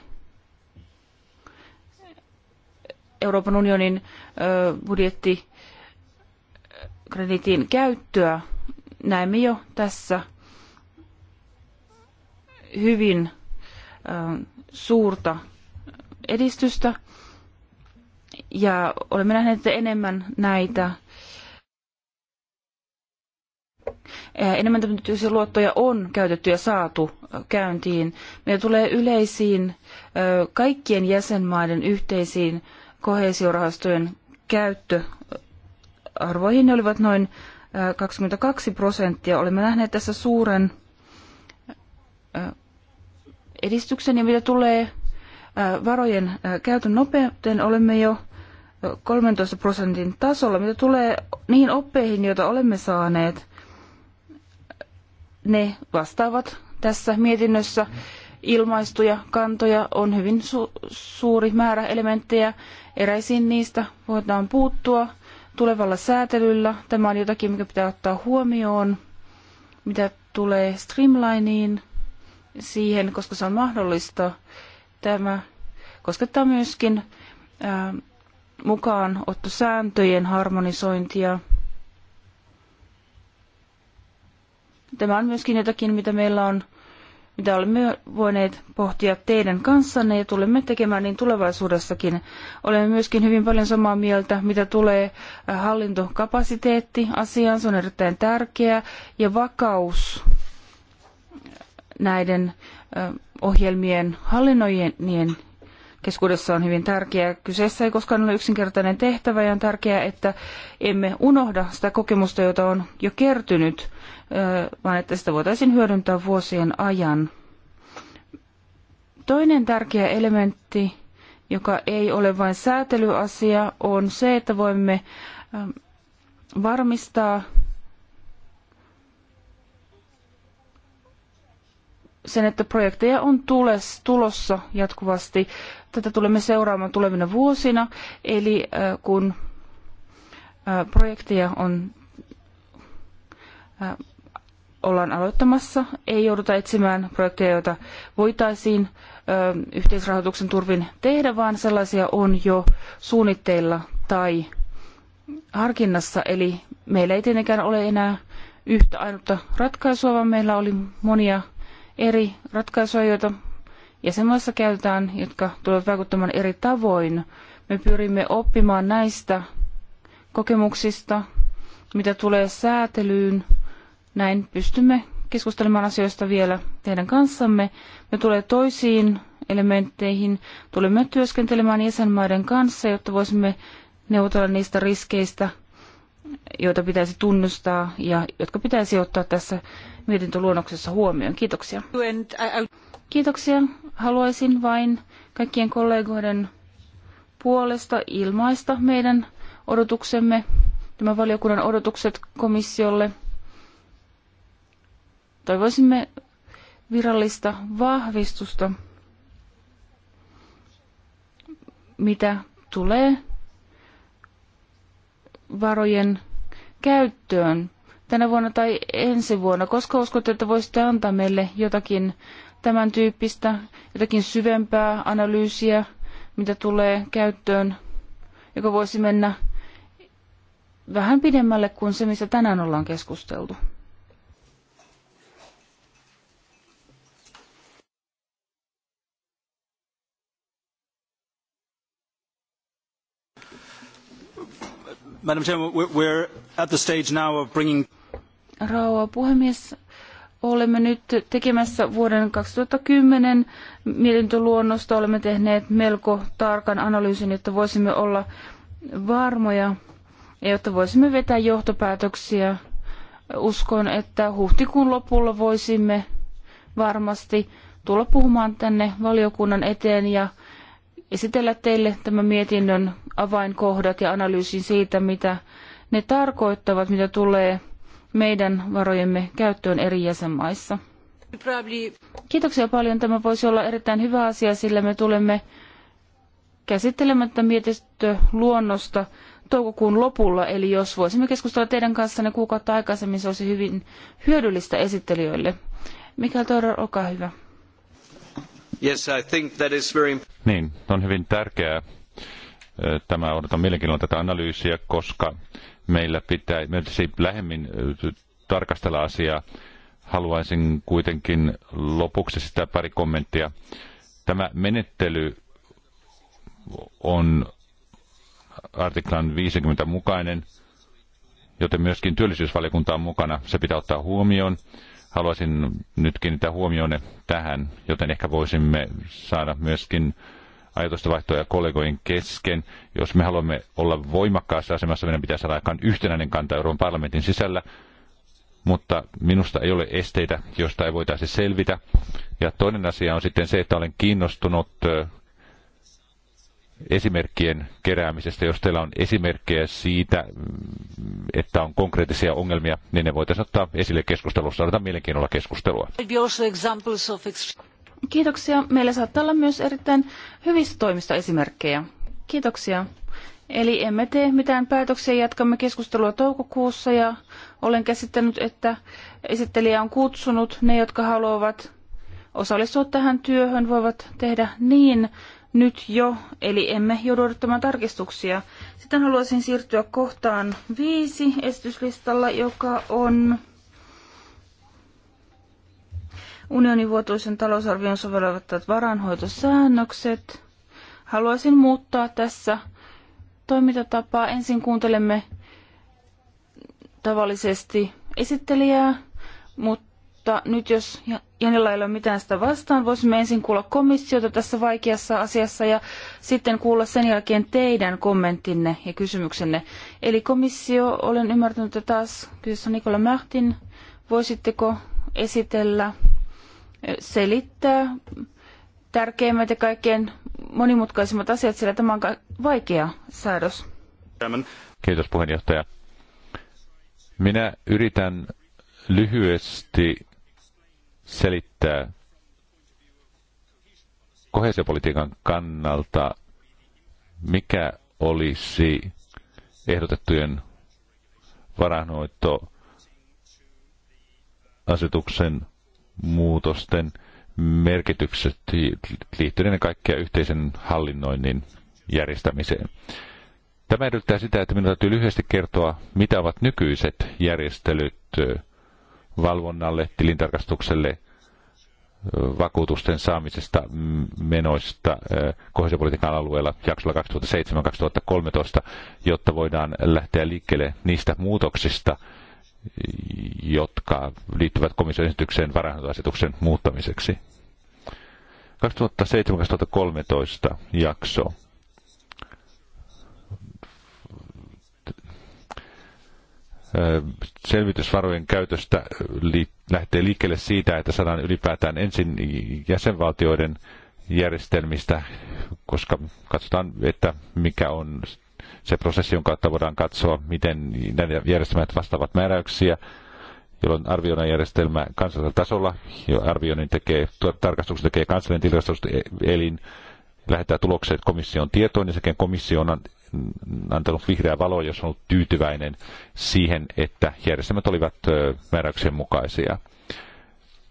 Euroopan unionin budjettikrediitin käyttöä. Näemme jo tässä hyvin suurta edistystä ja olemme nähneet enemmän näitä enemmän tämmöisiä luottoja on käytetty ja saatu käyntiin. Meillä tulee yleisiin kaikkien jäsenmaiden yhteisiin kohesiorahastojen käyttöarvoihin. Ne olivat noin 22 prosenttia. Olemme nähneet tässä suuren edistyksen ja mitä tulee varojen käytön nopeuteen, olemme jo 13 prosentin tasolla. Mitä tulee niihin oppeihin, joita olemme saaneet ne vastaavat tässä mietinnössä ilmaistuja kantoja on hyvin su suuri määrä elementtejä. Eräisiin niistä voidaan puuttua tulevalla säätelyllä. Tämä on jotakin, mikä pitää ottaa huomioon, mitä tulee streamlineen siihen, koska se on mahdollista. Tämä koskettaa myöskin ää, mukaan ottosääntöjen harmonisointia. Tämä on myöskin jotakin, mitä meillä on, mitä olemme voineet pohtia teidän kanssanne ja tulemme tekemään niin tulevaisuudessakin. Olemme myöskin hyvin paljon samaa mieltä, mitä tulee äh, hallintokapasiteetti asiaan. Se on erittäin tärkeä ja vakaus äh, näiden äh, ohjelmien hallinnoijien keskuudessa on hyvin tärkeä. Kyseessä ei koskaan ole yksinkertainen tehtävä ja on tärkeää, että emme unohda sitä kokemusta, jota on jo kertynyt, vaan että sitä voitaisiin hyödyntää vuosien ajan. Toinen tärkeä elementti, joka ei ole vain säätelyasia, on se, että voimme varmistaa sen, että projekteja on tules, tulossa jatkuvasti Tätä tulemme seuraamaan tulevina vuosina, eli kun projekteja on ollaan aloittamassa. Ei jouduta etsimään projekteja, joita voitaisiin ö, yhteisrahoituksen turvin tehdä, vaan sellaisia on jo suunnitteilla tai harkinnassa. Eli meillä ei tietenkään ole enää yhtä ainutta ratkaisua, vaan meillä oli monia eri ratkaisuja, joita jäsenmaissa käytetään, jotka tulevat vaikuttamaan eri tavoin. Me pyrimme oppimaan näistä kokemuksista, mitä tulee säätelyyn. Näin pystymme keskustelemaan asioista vielä teidän kanssamme. Me tulee toisiin elementteihin. Tulemme työskentelemään jäsenmaiden kanssa, jotta voisimme neuvotella niistä riskeistä, joita pitäisi tunnustaa ja jotka pitäisi ottaa tässä mietintöluonnoksessa huomioon. Kiitoksia. Kiitoksia haluaisin vain kaikkien kollegoiden puolesta ilmaista meidän odotuksemme, tämän valiokunnan odotukset komissiolle. Toivoisimme virallista vahvistusta, mitä tulee varojen käyttöön tänä vuonna tai ensi vuonna. Koska uskotte, että voisitte antaa meille jotakin tämän tyyppistä, jotakin syvempää analyysiä, mitä tulee käyttöön, joka voisi mennä vähän pidemmälle kuin se, mistä tänään ollaan keskusteltu? Madam Chairman, we're at the stage now of bringing Rauha puhemies, olemme nyt tekemässä vuoden 2010 mietintöluonnosta. Olemme tehneet melko tarkan analyysin, jotta voisimme olla varmoja ja jotta voisimme vetää johtopäätöksiä. Uskon, että huhtikuun lopulla voisimme varmasti tulla puhumaan tänne valiokunnan eteen ja esitellä teille tämän mietinnön avainkohdat ja analyysin siitä, mitä ne tarkoittavat, mitä tulee meidän varojemme käyttöön eri jäsenmaissa. Kiitoksia paljon. Tämä voisi olla erittäin hyvä asia, sillä me tulemme käsittelemättä mietistöluonnosta toukokuun lopulla, eli jos voisimme keskustella teidän kanssanne kuukautta aikaisemmin, se olisi hyvin hyödyllistä esittelijöille. Mikael Toirer, olkaa hyvä. Yes, I think that is very... Niin, on hyvin tärkeää. Tämä odotan mielenkiinnolla tätä analyysiä, koska meillä pitää, me pitäisi lähemmin tarkastella asiaa. Haluaisin kuitenkin lopuksi sitä pari kommenttia. Tämä menettely on artiklan 50 mukainen, joten myöskin työllisyysvaliokunta on mukana. Se pitää ottaa huomioon. Haluaisin nyt kiinnittää huomioon tähän, joten ehkä voisimme saada myöskin ajatusta vaihtoja kollegojen kesken. Jos me haluamme olla voimakkaassa asemassa, meidän pitää saada aikaan yhtenäinen kanta Euroopan parlamentin sisällä, mutta minusta ei ole esteitä, josta ei voitaisi selvitä. Ja toinen asia on sitten se, että olen kiinnostunut esimerkkien keräämisestä. Jos teillä on esimerkkejä siitä, että on konkreettisia ongelmia, niin ne voitaisiin ottaa esille keskustelussa. Odotan mielenkiinnolla keskustelua. Kiitoksia. Meillä saattaa olla myös erittäin hyvistä toimista esimerkkejä. Kiitoksia. Eli emme tee mitään päätöksiä, jatkamme keskustelua toukokuussa ja olen käsittänyt, että esittelijä on kutsunut ne, jotka haluavat osallistua tähän työhön, voivat tehdä niin nyt jo, eli emme joudu odottamaan tarkistuksia. Sitten haluaisin siirtyä kohtaan viisi esityslistalla, joka on unionin vuotuisen talousarvion sovellettavat varanhoitosäännökset. Haluaisin muuttaa tässä toimintatapaa. Ensin kuuntelemme tavallisesti esittelijää, mutta nyt jos Janilla ei ole mitään sitä vastaan, voisimme ensin kuulla komissiota tässä vaikeassa asiassa ja sitten kuulla sen jälkeen teidän kommenttinne ja kysymyksenne. Eli komissio, olen ymmärtänyt, että taas kyseessä on Nikola Mähtin. Voisitteko esitellä selittää tärkeimmät ja kaikkein monimutkaisimmat asiat, sillä tämä on vaikea säädös. Kiitos puheenjohtaja. Minä yritän lyhyesti selittää kohesiopolitiikan kannalta, mikä olisi ehdotettujen varahnoitto asetuksen muutosten merkitykset liittyvät ennen kaikkea yhteisen hallinnoinnin järjestämiseen. Tämä edellyttää sitä, että minun täytyy lyhyesti kertoa, mitä ovat nykyiset järjestelyt valvonnalle, tilintarkastukselle, vakuutusten saamisesta menoista kohdallisuuspolitiikan alueella jaksolla 2007-2013, jotta voidaan lähteä liikkeelle niistä muutoksista, jotka liittyvät komission esitykseen varainhoitoasetuksen muuttamiseksi. 2007-2013 jakso. Selvitysvarojen käytöstä lähtee liikkeelle siitä, että saadaan ylipäätään ensin jäsenvaltioiden järjestelmistä, koska katsotaan, että mikä on se prosessi, jonka kautta voidaan katsoa, miten nämä järjestelmät vastaavat määräyksiä, jolloin arvioinnin järjestelmä kansallisella tasolla, jo arvioinnin tekee, tarkastuksen tekee kansallinen tilastuselin, e- lähettää tulokset komission tietoon, ja sekin komissio on antanut vihreää valoa, jos on ollut tyytyväinen siihen, että järjestelmät olivat määräyksen mukaisia.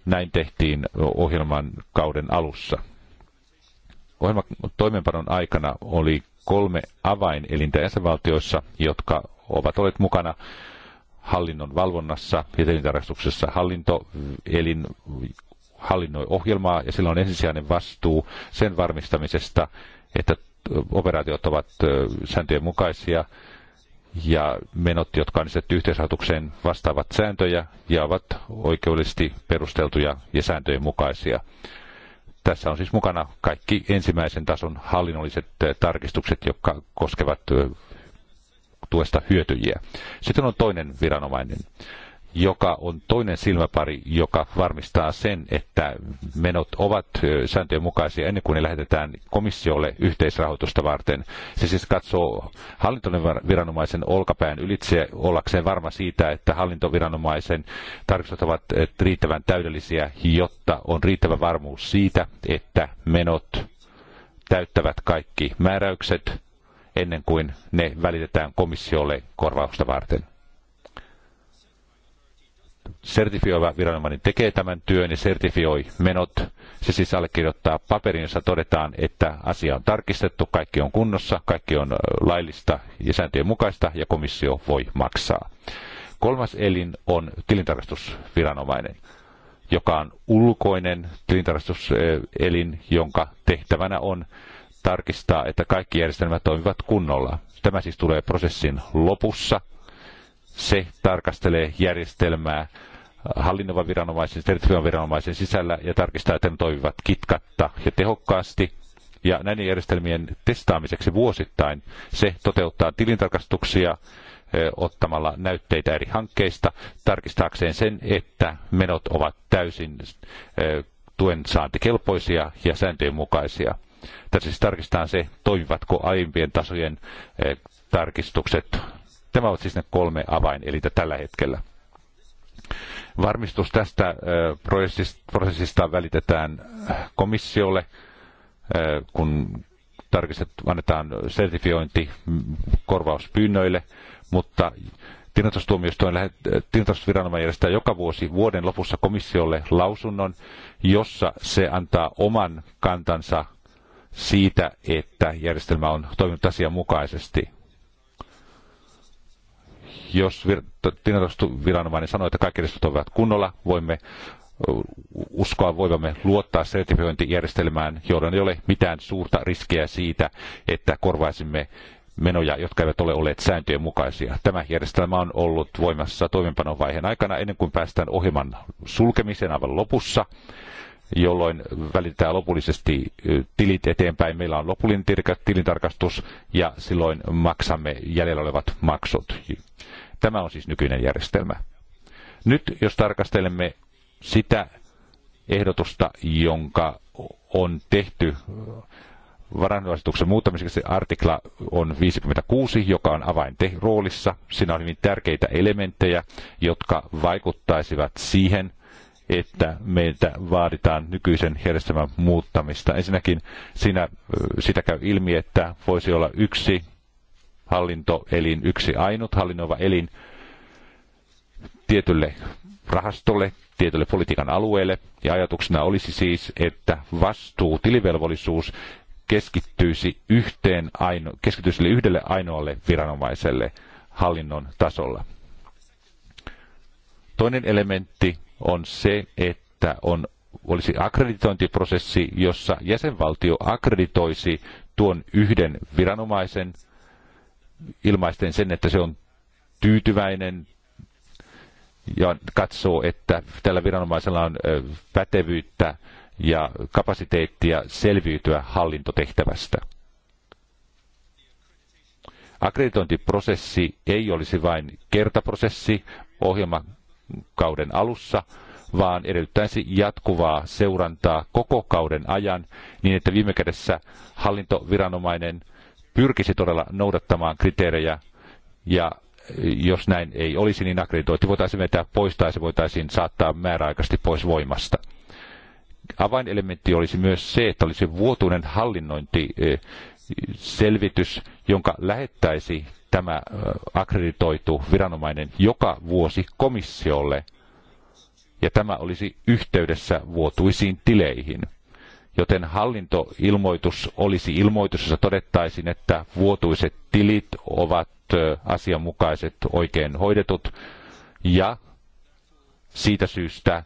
Näin tehtiin ohjelman kauden alussa. Ohjelman toimeenpanon aikana oli kolme avainelintä jäsenvaltioissa, jotka ovat olleet mukana hallinnon valvonnassa ja tilintarkastuksessa. Hallintoelin hallinnoi ohjelmaa ja sillä on ensisijainen vastuu sen varmistamisesta, että operaatiot ovat sääntöjen mukaisia ja menot, jotka on lisätty yhteisrahoitukseen, vastaavat sääntöjä ja ovat oikeudellisesti perusteltuja ja sääntöjen mukaisia. Tässä on siis mukana kaikki ensimmäisen tason hallinnolliset eh, tarkistukset, jotka koskevat eh, tuesta hyötyjiä. Sitten on toinen viranomainen joka on toinen silmäpari, joka varmistaa sen, että menot ovat sääntöjen mukaisia ennen kuin ne lähetetään komissiolle yhteisrahoitusta varten. Se siis katsoo hallintoviranomaisen olkapään ylitse ollakseen varma siitä, että hallintoviranomaisen tarkistukset ovat riittävän täydellisiä, jotta on riittävä varmuus siitä, että menot täyttävät kaikki määräykset ennen kuin ne välitetään komissiolle korvausta varten sertifioiva viranomainen tekee tämän työn ja sertifioi menot. Se siis allekirjoittaa jossa todetaan, että asia on tarkistettu, kaikki on kunnossa, kaikki on laillista ja sääntöjen mukaista ja komissio voi maksaa. Kolmas elin on tilintarkastusviranomainen, joka on ulkoinen tilintarkastuselin, jonka tehtävänä on tarkistaa, että kaikki järjestelmät toimivat kunnolla. Tämä siis tulee prosessin lopussa se tarkastelee järjestelmää hallinnovan viranomaisen, sertifioivan viranomaisen sisällä ja tarkistaa, että ne toimivat kitkatta ja tehokkaasti. Ja näiden järjestelmien testaamiseksi vuosittain se toteuttaa tilintarkastuksia ottamalla näytteitä eri hankkeista tarkistaakseen sen, että menot ovat täysin tuen saantikelpoisia ja sääntöjen mukaisia. Tässä siis tarkistaa se, toimivatko aiempien tasojen tarkistukset Tämä on siis ne kolme avainelintä tällä hetkellä. Varmistus tästä prosessista välitetään komissiolle, kun tarkistet, annetaan sertifiointi korvauspyynnöille, mutta tilintarkastustuomioistuin tilintarkastusviranomainen järjestää joka vuosi vuoden lopussa komissiolle lausunnon, jossa se antaa oman kantansa siitä, että järjestelmä on toiminut asianmukaisesti. Jos viranomainen sanoo, että kaikki edistykset ovat kunnolla, voimme uskoa voivamme luottaa sertifiointijärjestelmään, jolloin ei ole mitään suurta riskiä siitä, että korvaisimme menoja, jotka eivät ole olleet sääntöjen mukaisia. Tämä järjestelmä on ollut voimassa toimenpanovaiheen aikana ennen kuin päästään ohjelman sulkemiseen aivan lopussa, jolloin välitetään lopullisesti tilit eteenpäin. Meillä on lopullinen tilintarkastus ja silloin maksamme jäljellä olevat maksut. Tämä on siis nykyinen järjestelmä. Nyt jos tarkastelemme sitä ehdotusta, jonka on tehty varainhoitoasetuksen muuttamiseksi, artikla on 56, joka on avainroolissa. Siinä on hyvin tärkeitä elementtejä, jotka vaikuttaisivat siihen, että meiltä vaaditaan nykyisen järjestelmän muuttamista. Ensinnäkin siinä, sitä käy ilmi, että voisi olla yksi hallintoelin, yksi ainut hallinnoiva elin tietylle rahastolle, tietylle politiikan alueelle. Ja ajatuksena olisi siis, että vastuu, tilivelvollisuus keskittyisi, yhteen aino, keskittyisi yhdelle ainoalle viranomaiselle hallinnon tasolla. Toinen elementti on se, että on, olisi akkreditointiprosessi, jossa jäsenvaltio akkreditoisi tuon yhden viranomaisen – ilmaisten sen, että se on tyytyväinen ja katsoo, että tällä viranomaisella on pätevyyttä ja kapasiteettia selviytyä hallintotehtävästä. Akkreditointiprosessi ei olisi vain kertaprosessi ohjelmakauden alussa, vaan edellyttäisi jatkuvaa seurantaa koko kauden ajan niin, että viime kädessä hallintoviranomainen – pyrkisi todella noudattamaan kriteerejä ja jos näin ei olisi, niin akkreditointi voitaisiin vetää pois tai se voitaisiin saattaa määräaikaisesti pois voimasta. Avainelementti olisi myös se, että olisi vuotuinen hallinnointiselvitys, e, jonka lähettäisi tämä e, akkreditoitu viranomainen joka vuosi komissiolle. Ja tämä olisi yhteydessä vuotuisiin tileihin joten hallintoilmoitus olisi ilmoitus, jossa todettaisiin, että vuotuiset tilit ovat asianmukaiset oikein hoidetut ja siitä syystä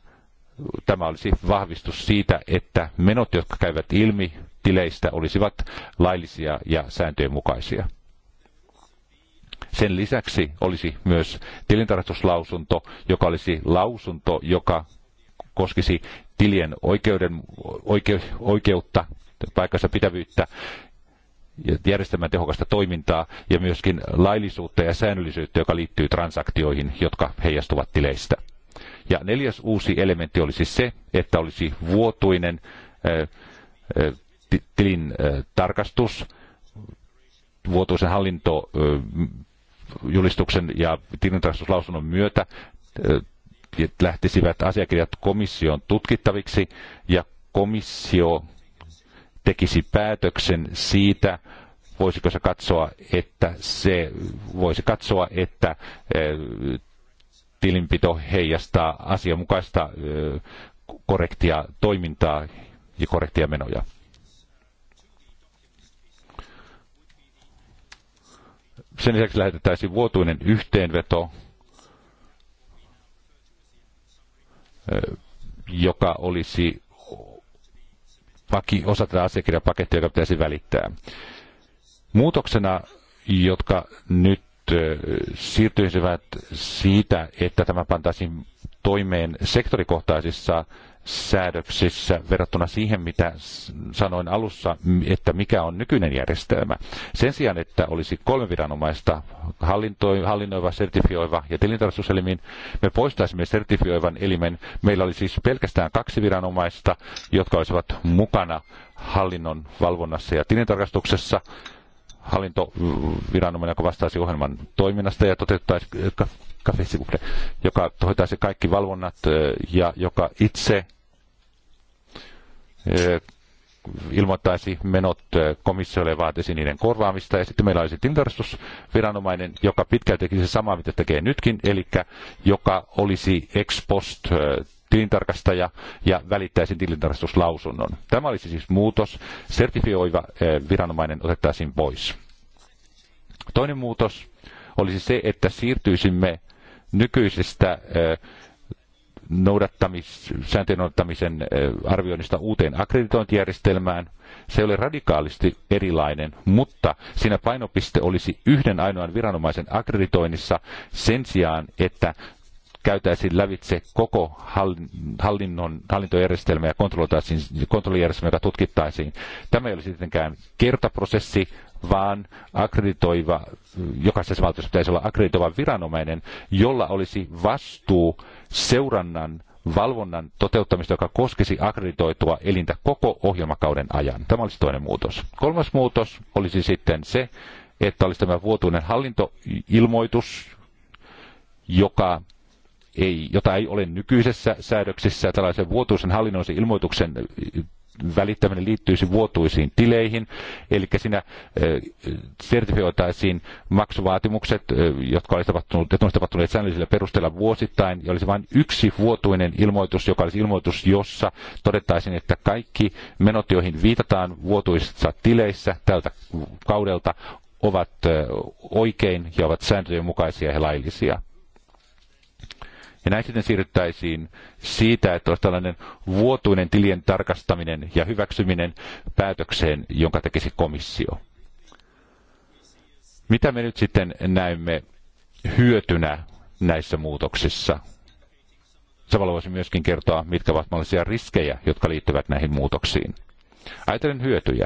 tämä olisi vahvistus siitä, että menot, jotka käyvät ilmi tileistä, olisivat laillisia ja sääntöjen mukaisia. Sen lisäksi olisi myös tilintarkastuslausunto, joka olisi lausunto, joka koskisi tilien oikeuden, oike, oikeutta, paikassa pitävyyttä, järjestelmän tehokasta toimintaa ja myöskin laillisuutta ja säännöllisyyttä, joka liittyy transaktioihin, jotka heijastuvat tileistä. Ja neljäs uusi elementti olisi se, että olisi vuotuinen tilin tarkastus, vuotuisen hallintojulistuksen ja tilintarkastuslausunnon myötä lähtisivät asiakirjat komission tutkittaviksi ja komissio tekisi päätöksen siitä, voisiko se katsoa, että se voisi katsoa, että eh, tilinpito heijastaa asianmukaista eh, korrektia toimintaa ja korrektia menoja. Sen lisäksi lähetettäisiin vuotuinen yhteenveto joka olisi osa tätä asiakirjapakettia, joka pitäisi välittää. Muutoksena, jotka nyt siirtyisivät siitä, että tämä pantaisiin toimeen sektorikohtaisissa säädöksissä verrattuna siihen, mitä sanoin alussa, että mikä on nykyinen järjestelmä. Sen sijaan, että olisi kolme viranomaista, hallinnoiva, sertifioiva ja tilintarkastuselimin, me poistaisimme sertifioivan elimen. Meillä oli siis pelkästään kaksi viranomaista, jotka olisivat mukana hallinnon valvonnassa ja tilintarkastuksessa hallintoviranomainen, joka vastaisi ohjelman toiminnasta ja toteuttaisi kafesikuple, joka hoitaisi kaikki valvonnat ja joka itse ilmoittaisi menot komissiolle ja vaatisi niiden korvaamista. Ja sitten meillä olisi tilintarkastusviranomainen, joka pitkälti tekisi samaa, mitä tekee nytkin, eli joka olisi ex post tilintarkastaja ja välittäisin tilintarkastuslausunnon. Tämä olisi siis muutos. Sertifioiva eh, viranomainen otettaisiin pois. Toinen muutos olisi se, että siirtyisimme nykyisestä eh, noudattamis, sääntöjen noudattamisen eh, arvioinnista uuteen akkreditointijärjestelmään. Se oli radikaalisti erilainen, mutta siinä painopiste olisi yhden ainoan viranomaisen akkreditoinnissa sen sijaan, että käytäisiin lävitse koko hallinnon, hallintojärjestelmä ja kontrollijärjestelmä, joka tutkittaisiin. Tämä ei olisi tietenkään kertaprosessi, vaan akkreditoiva, jokaisessa valtiossa pitäisi olla akkreditoiva viranomainen, jolla olisi vastuu seurannan valvonnan toteuttamista, joka koskisi akkreditoitua elintä koko ohjelmakauden ajan. Tämä olisi toinen muutos. Kolmas muutos olisi sitten se, että olisi tämä vuotuinen hallintoilmoitus, joka ei, jota ei ole nykyisessä säädöksissä. Tällaisen vuotuisen hallinnollisen ilmoituksen äh, välittäminen liittyisi vuotuisiin tileihin, eli siinä äh, sertifioitaisiin maksuvaatimukset, äh, jotka olisivat tapahtuneet, olisi tapahtuneet säännöllisillä perusteella vuosittain, ja olisi vain yksi vuotuinen ilmoitus, joka olisi ilmoitus, jossa todettaisiin, että kaikki menot, joihin viitataan vuotuisissa tileissä tältä kaudelta, ovat oikein ja ovat sääntöjen mukaisia ja laillisia. Ja näin sitten siirryttäisiin siitä, että olisi tällainen vuotuinen tilien tarkastaminen ja hyväksyminen päätökseen, jonka tekisi komissio. Mitä me nyt sitten näemme hyötynä näissä muutoksissa? Samalla voisin myöskin kertoa, mitkä ovat mahdollisia riskejä, jotka liittyvät näihin muutoksiin. Ajatellen hyötyjä.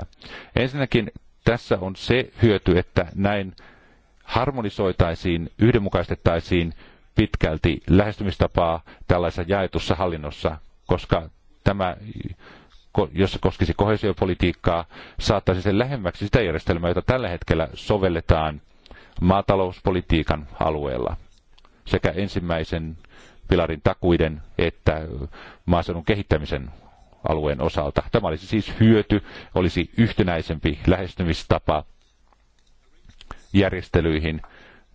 Ensinnäkin tässä on se hyöty, että näin harmonisoitaisiin, yhdenmukaistettaisiin pitkälti lähestymistapaa tällaisessa jaetussa hallinnossa, koska tämä, jos se koskisi kohesiopolitiikkaa, saattaisi sen lähemmäksi sitä järjestelmää, jota tällä hetkellä sovelletaan maatalouspolitiikan alueella sekä ensimmäisen pilarin takuiden että maaseudun kehittämisen alueen osalta. Tämä olisi siis hyöty, olisi yhtenäisempi lähestymistapa järjestelyihin,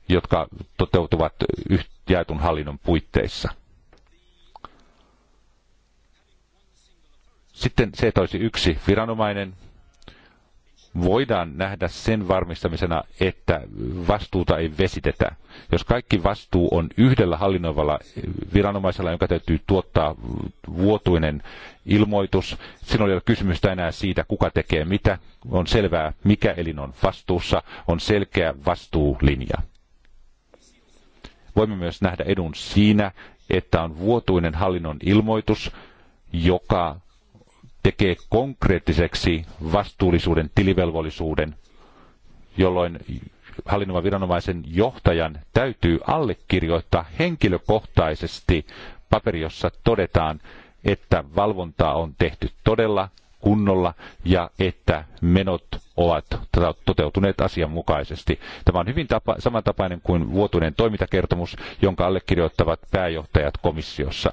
jotka toteutuvat jaetun hallinnon puitteissa. Sitten se, että olisi yksi viranomainen, voidaan nähdä sen varmistamisena, että vastuuta ei vesitetä. Jos kaikki vastuu on yhdellä hallinnoivalla viranomaisella, jonka täytyy tuottaa vuotuinen ilmoitus, silloin ei ole kysymystä enää siitä, kuka tekee mitä. On selvää, mikä elin on vastuussa, on selkeä vastuulinja. Voimme myös nähdä edun siinä, että on vuotuinen hallinnon ilmoitus, joka tekee konkreettiseksi vastuullisuuden, tilivelvollisuuden, jolloin hallinnon viranomaisen johtajan täytyy allekirjoittaa henkilökohtaisesti paperi, jossa todetaan, että valvontaa on tehty todella kunnolla ja että menot ovat tota, toteutuneet asianmukaisesti. Tämä on hyvin tapa, samantapainen kuin vuotuinen toimintakertomus, jonka allekirjoittavat pääjohtajat komissiossa.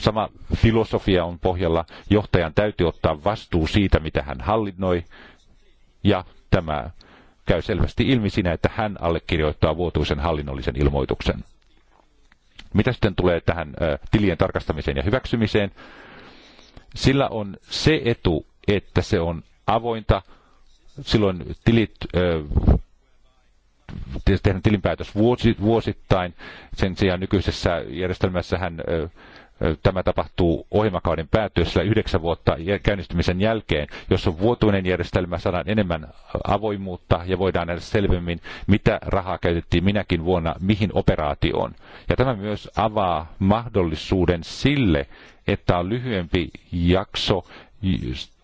Sama filosofia on pohjalla. Johtajan täytyy ottaa vastuu siitä, mitä hän hallinnoi, ja tämä käy selvästi ilmi siinä, että hän allekirjoittaa vuotuisen hallinnollisen ilmoituksen. Mitä sitten tulee tähän tilien tarkastamiseen ja hyväksymiseen? Sillä on se etu, että se on avointa. Silloin tilit äh, tehdään tilinpäätös vuosittain. Sen sijaan nykyisessä järjestelmässähän Tämä tapahtuu ohjelmakauden päättyessä yhdeksän vuotta käynnistymisen jälkeen. Jos on vuotuinen järjestelmä, saadaan enemmän avoimuutta ja voidaan nähdä selvemmin, mitä rahaa käytettiin minäkin vuonna mihin operaatioon. Ja tämä myös avaa mahdollisuuden sille, että on lyhyempi jakso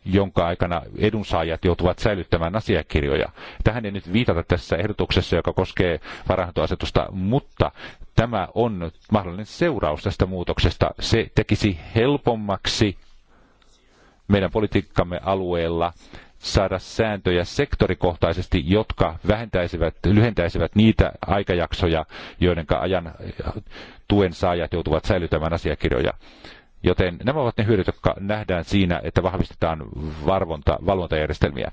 jonka aikana edunsaajat joutuvat säilyttämään asiakirjoja. Tähän ei nyt viitata tässä ehdotuksessa, joka koskee varahantoasetusta, mutta tämä on mahdollinen seuraus tästä muutoksesta. Se tekisi helpommaksi meidän politiikkamme alueella saada sääntöjä sektorikohtaisesti, jotka vähentäisivät, lyhentäisivät niitä aikajaksoja, joiden ajan tuen saajat joutuvat säilytämään asiakirjoja. Joten nämä ovat ne hyödyt, jotka nähdään siinä, että vahvistetaan varvonta, valvontajärjestelmiä.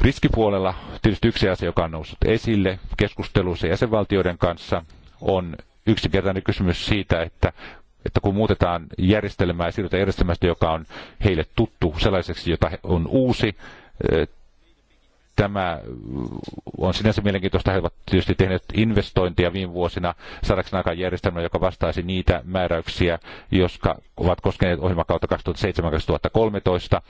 Riskipuolella tietysti yksi asia, joka on noussut esille keskusteluissa jäsenvaltioiden kanssa, on yksinkertainen kysymys siitä, että että kun muutetaan järjestelmää ja siirrytään järjestelmästä, joka on heille tuttu sellaiseksi, jota on uusi, Tämä äh, on sinänsä mielenkiintoista. He ovat tietysti tehneet investointia viime vuosina saadakseen aikaan järjestelmän, joka vastaisi niitä määräyksiä, jotka ovat koskeneet ohjelmakautta 2007-2013.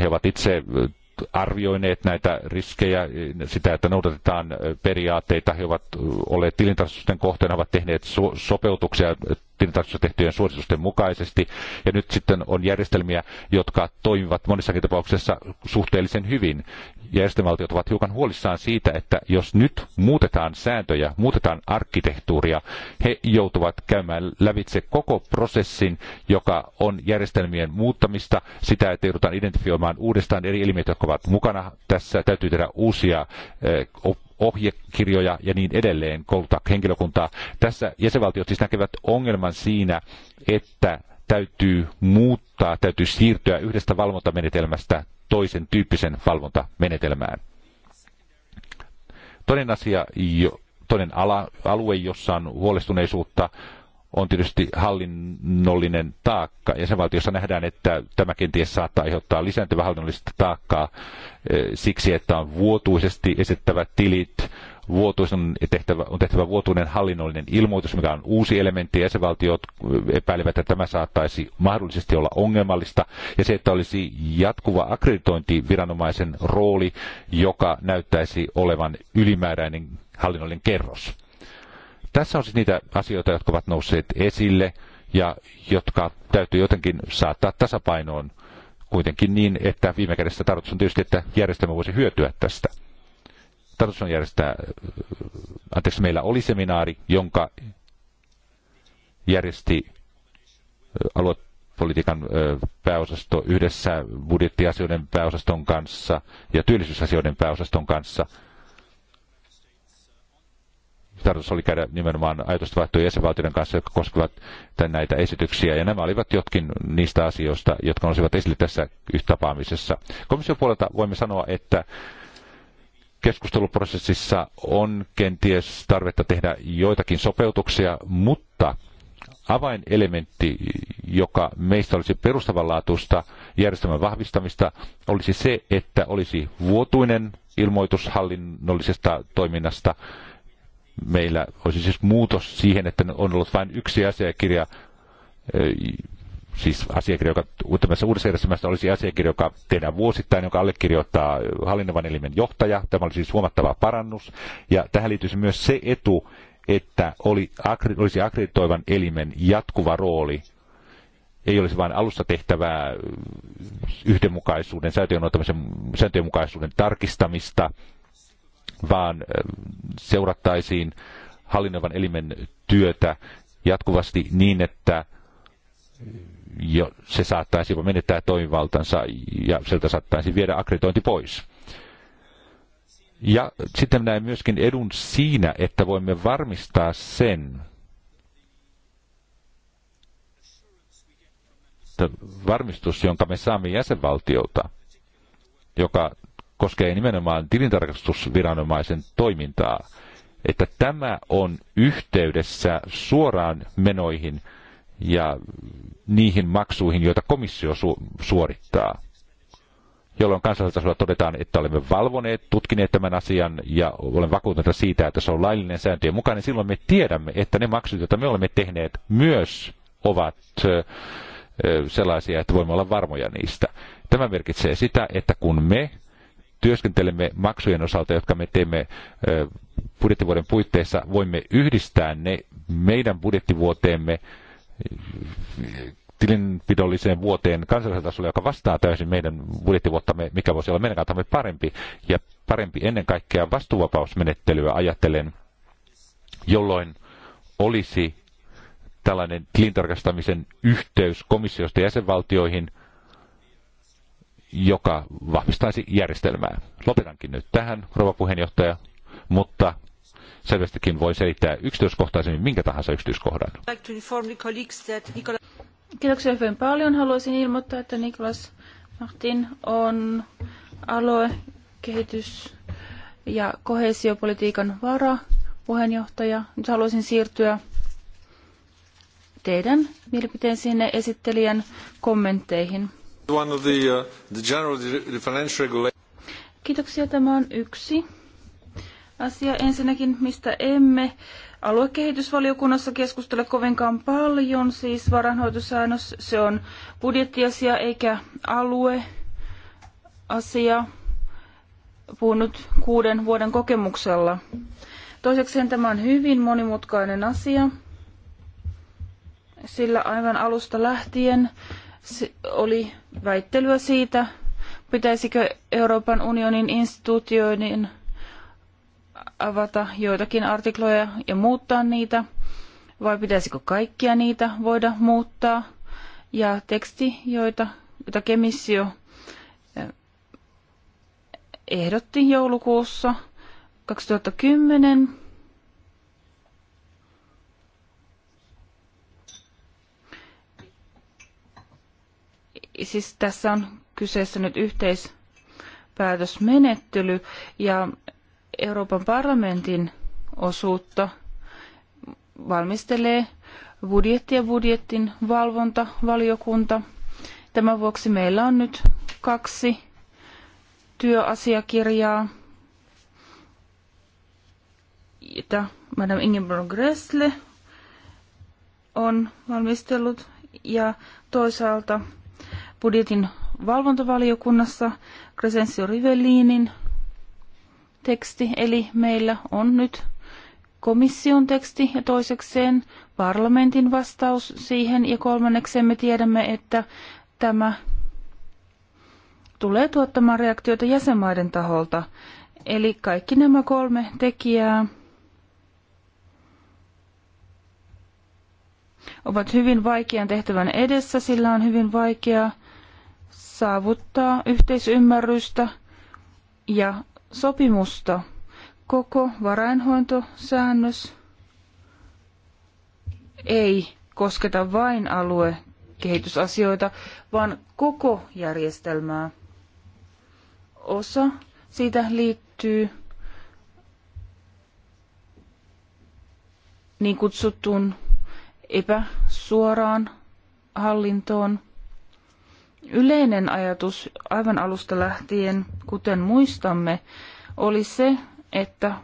He ovat itse äh, arvioineet näitä riskejä, sitä, että noudatetaan äh, periaatteita, he ovat olleet tilintarkastusten kohteena, ovat tehneet so- sopeutuksia tilintarkastuksessa tehtyjen suositusten mukaisesti. Ja nyt sitten on järjestelmiä, jotka toimivat monissakin tapauksissa suhteellisen hyvin. Järjestelmävaltiot ovat hiukan huolissaan siitä, että jos nyt muutetaan sääntöjä, muutetaan arkkitehtuuria, he joutuvat käymään lävitse koko prosessin, joka on järjestelmien muuttamista, sitä, että joudutaan identifioimaan uudestaan eri elimet, jotka ovat mukana tässä. Täytyy tehdä uusia eh, ohjekirjoja ja niin edelleen, kouluttaa henkilökuntaa. Tässä jäsenvaltiot siis näkevät ongelman siinä, että täytyy muuttaa, täytyy siirtyä yhdestä valvontamenetelmästä toisen tyyppisen valvontamenetelmään. Toinen asia, toinen ala, alue, jossa on huolestuneisuutta, on tietysti hallinnollinen taakka. Jäsenvaltiossa nähdään, että tämä kenties saattaa aiheuttaa lisääntyvää hallinnollista taakkaa eh, siksi, että on vuotuisesti esittävät tilit, vuotuisen on tehtävä, on tehtävä vuotuinen hallinnollinen ilmoitus, mikä on uusi elementti. Jäsenvaltiot eh, epäilevät, että tämä saattaisi mahdollisesti olla ongelmallista. Ja se, että olisi jatkuva akkreditointiviranomaisen rooli, joka näyttäisi olevan ylimääräinen hallinnollinen kerros. Tässä on siis niitä asioita, jotka ovat nousseet esille ja jotka täytyy jotenkin saattaa tasapainoon kuitenkin niin, että viime kädessä tarkoitus on tietysti, että järjestelmä voisi hyötyä tästä. Tarkoitus on järjestää, anteeksi, meillä oli seminaari, jonka järjesti aluepolitiikan pääosasto yhdessä budjettiasioiden pääosaston kanssa ja työllisyysasioiden pääosaston kanssa – tarkoitus oli käydä nimenomaan ajatusta vaihtoja jäsenvaltioiden kanssa, jotka koskevat näitä esityksiä. Ja nämä olivat jotkin niistä asioista, jotka nousivat esille tässä tapaamisessa. Komission puolelta voimme sanoa, että keskusteluprosessissa on kenties tarvetta tehdä joitakin sopeutuksia, mutta avainelementti, joka meistä olisi perustavanlaatuista järjestelmän vahvistamista, olisi se, että olisi vuotuinen ilmoitus hallinnollisesta toiminnasta – meillä olisi siis muutos siihen, että on ollut vain yksi asiakirja, siis asiakirja, joka tämmöisessä uudessa järjestelmässä olisi asiakirja, joka tehdään vuosittain, joka allekirjoittaa hallinnovan elimen johtaja. Tämä oli siis huomattava parannus. Ja tähän liittyisi myös se etu, että oli, olisi akkreditoivan elimen jatkuva rooli. Ei olisi vain alussa tehtävää yhdenmukaisuuden, sääntöjen, sääntöjen mukaisuuden tarkistamista, vaan seurattaisiin hallinnovan elimen työtä jatkuvasti niin, että jo, se saattaisi jopa menettää toimivaltansa ja sieltä saattaisi viedä akkreditointi pois. Ja sitten näen myöskin edun siinä, että voimme varmistaa sen, varmistus, jonka me saamme jäsenvaltiolta, joka koskee nimenomaan tilintarkastusviranomaisen toimintaa, että tämä on yhteydessä suoraan menoihin ja niihin maksuihin, joita komissio su- suorittaa jolloin kansallisella todetaan, että olemme valvoneet, tutkineet tämän asian ja olen vakuuttunut siitä, että se on laillinen sääntöjen mukainen. Niin silloin me tiedämme, että ne maksut, joita me olemme tehneet, myös ovat sellaisia, että voimme olla varmoja niistä. Tämä merkitsee sitä, että kun me työskentelemme maksujen osalta, jotka me teemme budjettivuoden puitteissa, voimme yhdistää ne meidän budjettivuoteemme tilinpidolliseen vuoteen kansallisella tasolla, joka vastaa täysin meidän budjettivuottamme, mikä voisi olla meidän kantamme parempi ja parempi ennen kaikkea vastuuvapausmenettelyä ajattelen, jolloin olisi tällainen tilintarkastamisen yhteys komissiosta jäsenvaltioihin – joka vahvistaisi järjestelmää. Lopetankin nyt tähän, rouva puheenjohtaja, mutta selvästikin voi selittää yksityiskohtaisemmin minkä tahansa yksityiskohdan. Kiitoksia hyvin paljon. Haluaisin ilmoittaa, että Niklas Martin on alue, kehitys- ja kohesiopolitiikan vara puheenjohtaja. Nyt haluaisin siirtyä teidän mielipiteen sinne esittelijän kommentteihin. Uh, Kiitoksia. Tämä on yksi asia. Ensinnäkin, mistä emme aluekehitysvaliokunnassa keskustele kovinkaan paljon, siis varanhoitosäännös, se on budjettiasia eikä alueasia. Puhun nyt kuuden vuoden kokemuksella. Toisekseen tämä on hyvin monimutkainen asia, sillä aivan alusta lähtien oli väittelyä siitä, pitäisikö Euroopan unionin instituutioiden avata joitakin artikloja ja muuttaa niitä, vai pitäisikö kaikkia niitä voida muuttaa. Ja teksti, joita, jota komissio eh, ehdotti joulukuussa 2010, siis tässä on kyseessä nyt yhteispäätösmenettely ja Euroopan parlamentin osuutta valmistelee budjetti- ja budjettin valvontavaliokunta. Tämän vuoksi meillä on nyt kaksi työasiakirjaa, jota Madame Ingeborg Gressle on valmistellut ja toisaalta budjetin valvontavaliokunnassa Crescencio Rivellinin teksti, eli meillä on nyt komission teksti ja toisekseen parlamentin vastaus siihen ja kolmannekseen me tiedämme, että tämä tulee tuottamaan reaktioita jäsenmaiden taholta. Eli kaikki nämä kolme tekijää ovat hyvin vaikean tehtävän edessä, sillä on hyvin vaikeaa saavuttaa yhteisymmärrystä ja sopimusta. Koko varainhointosäännös ei kosketa vain aluekehitysasioita, vaan koko järjestelmää. Osa siitä liittyy niin kutsuttuun epäsuoraan hallintoon – yleinen ajatus aivan alusta lähtien, kuten muistamme, oli se, että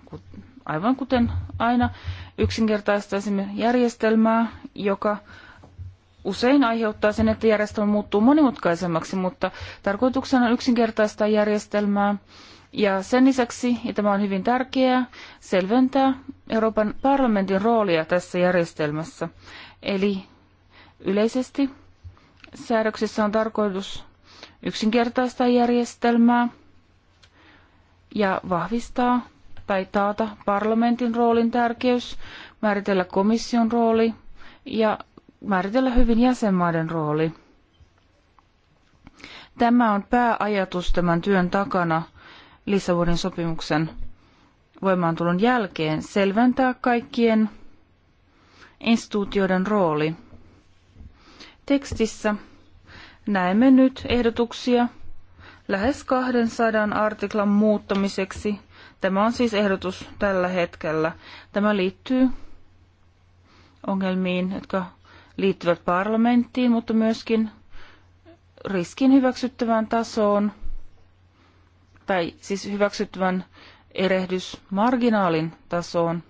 aivan kuten aina yksinkertaistaisimme järjestelmää, joka usein aiheuttaa sen, että järjestelmä muuttuu monimutkaisemmaksi, mutta tarkoituksena on yksinkertaistaa järjestelmää. Ja sen lisäksi, ja tämä on hyvin tärkeää, selventää Euroopan parlamentin roolia tässä järjestelmässä. Eli yleisesti Säädöksessä on tarkoitus yksinkertaistaa järjestelmää ja vahvistaa tai taata parlamentin roolin tärkeys, määritellä komission rooli ja määritellä hyvin jäsenmaiden rooli. Tämä on pääajatus tämän työn takana Lissabonin sopimuksen voimaantulon jälkeen selventää kaikkien instituutioiden rooli – tekstissä näemme nyt ehdotuksia lähes 200 artiklan muuttamiseksi. Tämä on siis ehdotus tällä hetkellä. Tämä liittyy ongelmiin, jotka liittyvät parlamenttiin, mutta myöskin riskin hyväksyttävään tasoon, tai siis hyväksyttävän erehdysmarginaalin tasoon.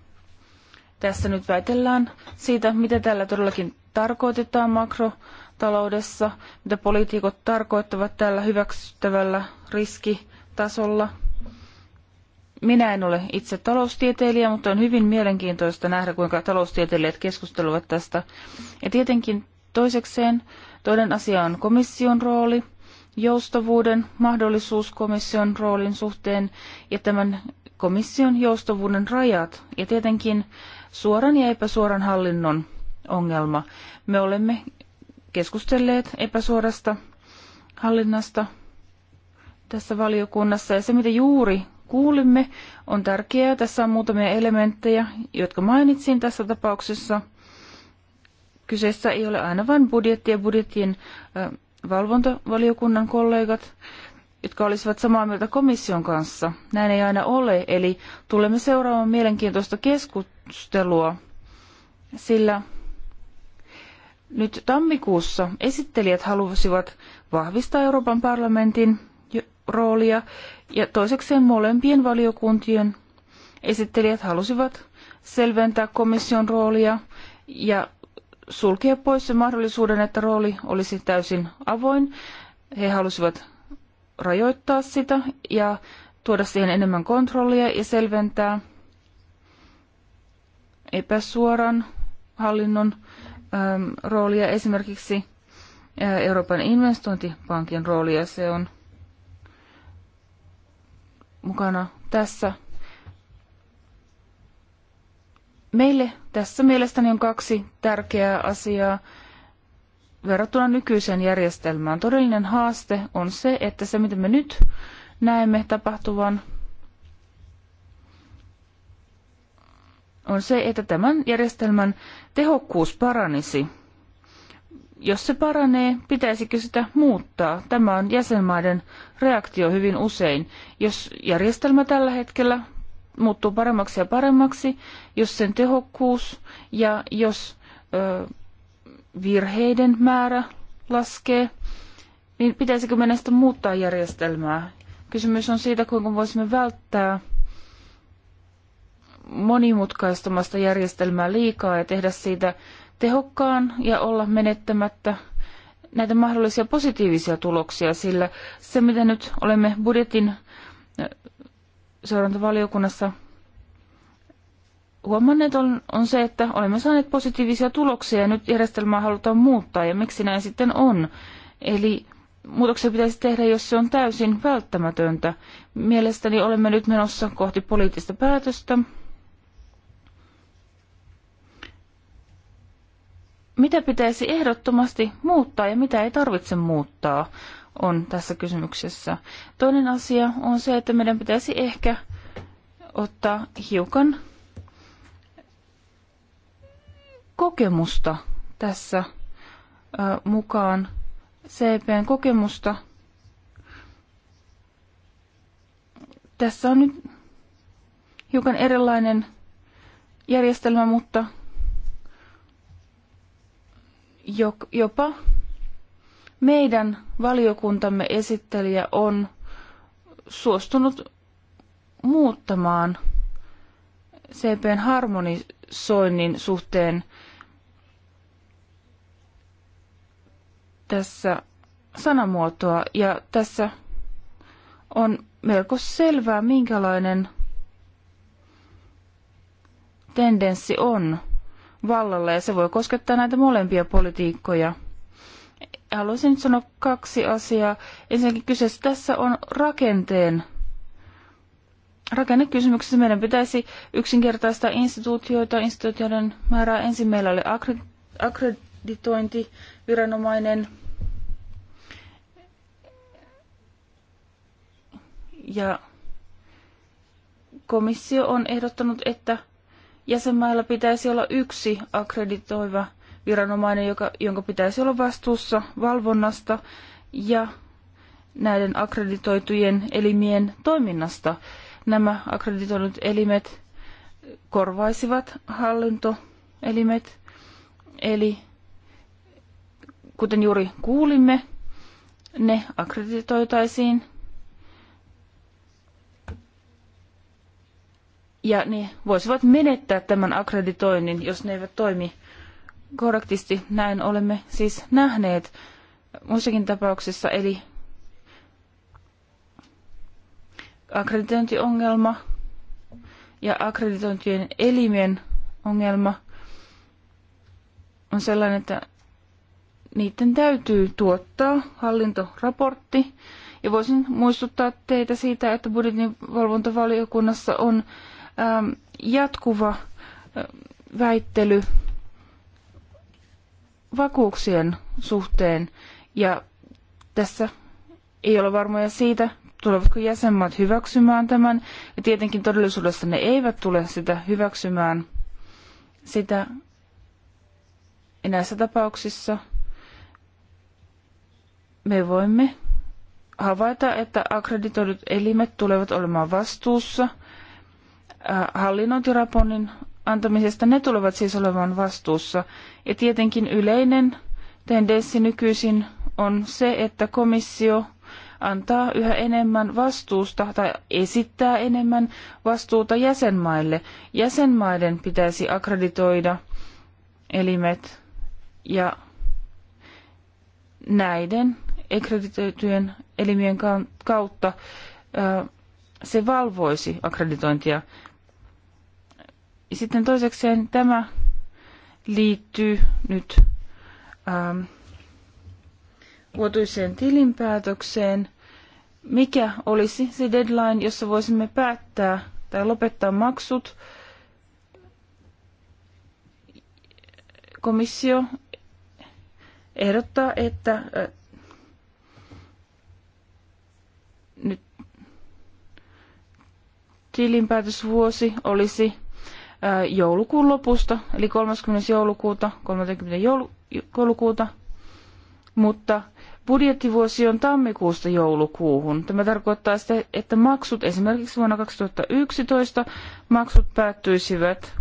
Tässä nyt väitellään siitä, mitä tällä todellakin tarkoitetaan makrotaloudessa, mitä poliitikot tarkoittavat tällä hyväksyttävällä riskitasolla. Minä en ole itse taloustieteilijä, mutta on hyvin mielenkiintoista nähdä, kuinka taloustieteilijät keskustelevat tästä. Ja tietenkin toisekseen toinen asia on komission rooli, joustavuuden mahdollisuus komission roolin suhteen ja tämän komission joustavuuden rajat ja tietenkin suoran ja epäsuoran hallinnon ongelma. Me olemme keskustelleet epäsuorasta hallinnasta tässä valiokunnassa ja se, mitä juuri kuulimme, on tärkeää. Tässä on muutamia elementtejä, jotka mainitsin tässä tapauksessa. Kyseessä ei ole aina vain budjetti ja budjettien valvontavaliokunnan kollegat, jotka olisivat samaa mieltä komission kanssa. Näin ei aina ole, eli tulemme seuraamaan mielenkiintoista keskustelua, sillä nyt tammikuussa esittelijät halusivat vahvistaa Euroopan parlamentin roolia ja toisekseen molempien valiokuntien esittelijät halusivat selventää komission roolia ja sulkea pois sen mahdollisuuden, että rooli olisi täysin avoin. He halusivat rajoittaa sitä ja tuoda siihen enemmän kontrollia ja selventää epäsuoran hallinnon Ähm, roolia, esimerkiksi äh, Euroopan investointipankin roolia. Se on mukana tässä. Meille tässä mielestäni on kaksi tärkeää asiaa verrattuna nykyiseen järjestelmään. Todellinen haaste on se, että se mitä me nyt näemme tapahtuvan on se, että tämän järjestelmän tehokkuus paranisi. Jos se paranee, pitäisikö sitä muuttaa? Tämä on jäsenmaiden reaktio hyvin usein. Jos järjestelmä tällä hetkellä muuttuu paremmaksi ja paremmaksi, jos sen tehokkuus ja jos ö, virheiden määrä laskee, niin pitäisikö meidän sitten muuttaa järjestelmää? Kysymys on siitä, kuinka voisimme välttää monimutkaistamasta järjestelmää liikaa ja tehdä siitä tehokkaan ja olla menettämättä näitä mahdollisia positiivisia tuloksia, sillä se mitä nyt olemme budjetin seurantavaliokunnassa huomanneet on, on se, että olemme saaneet positiivisia tuloksia ja nyt järjestelmää halutaan muuttaa ja miksi näin sitten on. Eli muutoksia pitäisi tehdä, jos se on täysin välttämätöntä. Mielestäni olemme nyt menossa kohti poliittista päätöstä, mitä pitäisi ehdottomasti muuttaa ja mitä ei tarvitse muuttaa, on tässä kysymyksessä. Toinen asia on se, että meidän pitäisi ehkä ottaa hiukan kokemusta tässä mukaan, CPn kokemusta. Tässä on nyt hiukan erilainen järjestelmä, mutta jopa meidän valiokuntamme esittelijä on suostunut muuttamaan CPn harmonisoinnin suhteen tässä sanamuotoa ja tässä on melko selvää, minkälainen tendenssi on vallalla ja se voi koskettaa näitä molempia politiikkoja. Haluaisin nyt sanoa kaksi asiaa. Ensinnäkin kyseessä tässä on rakenteen rakennekysymyksessä meidän pitäisi yksinkertaistaa instituutioita, instituutioiden määrää. Ensin meillä oli akkreditointiviranomainen ja komissio on ehdottanut, että jäsenmailla pitäisi olla yksi akkreditoiva viranomainen, joka, jonka pitäisi olla vastuussa valvonnasta ja näiden akkreditoitujen elimien toiminnasta. Nämä akkreditoidut elimet korvaisivat hallintoelimet, eli kuten juuri kuulimme, ne akkreditoitaisiin ja ne voisivat menettää tämän akkreditoinnin, jos ne eivät toimi korrektisti. Näin olemme siis nähneet muissakin tapauksissa, eli akkreditointiongelma ja akkreditointien elimien ongelma on sellainen, että niiden täytyy tuottaa hallintoraportti. Ja voisin muistuttaa teitä siitä, että budjetin valvontavaliokunnassa on Ähm, jatkuva äh, väittely vakuuksien suhteen ja tässä ei ole varmoja siitä, tulevatko jäsenmaat hyväksymään tämän. Ja tietenkin todellisuudessa ne eivät tule sitä hyväksymään sitä näissä tapauksissa. Me voimme havaita, että akkreditoidut elimet tulevat olemaan vastuussa Äh, hallinnointiraportin antamisesta, ne tulevat siis olemaan vastuussa. Ja tietenkin yleinen tendenssi nykyisin on se, että komissio antaa yhä enemmän vastuusta tai esittää enemmän vastuuta jäsenmaille. Jäsenmaiden pitäisi akkreditoida elimet ja näiden akkreditoitujen elimien kautta äh, se valvoisi akkreditointia. Sitten toisekseen tämä liittyy nyt ähm, vuotuiseen tilinpäätökseen. Mikä olisi se deadline, jossa voisimme päättää tai lopettaa maksut? Komissio ehdottaa, että äh, nyt tilinpäätösvuosi olisi joulukuun lopusta, eli 30. joulukuuta, 30. joulukuuta, mutta budjettivuosi on tammikuusta joulukuuhun. Tämä tarkoittaa sitä, että maksut esimerkiksi vuonna 2011 maksut päättyisivät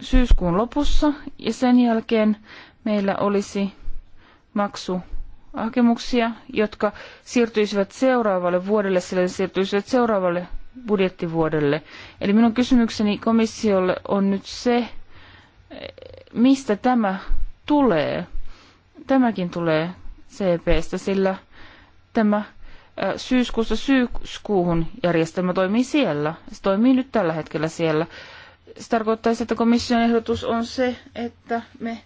syyskuun lopussa ja sen jälkeen meillä olisi maksu hakemuksia, jotka siirtyisivät seuraavalle vuodelle, sillä ne siirtyisivät seuraavalle budjettivuodelle. Eli minun kysymykseni komissiolle on nyt se, mistä tämä tulee. Tämäkin tulee CPstä, sillä tämä syyskuussa syyskuuhun järjestelmä toimii siellä. Se toimii nyt tällä hetkellä siellä. Se tarkoittaa, että komission ehdotus on se, että me,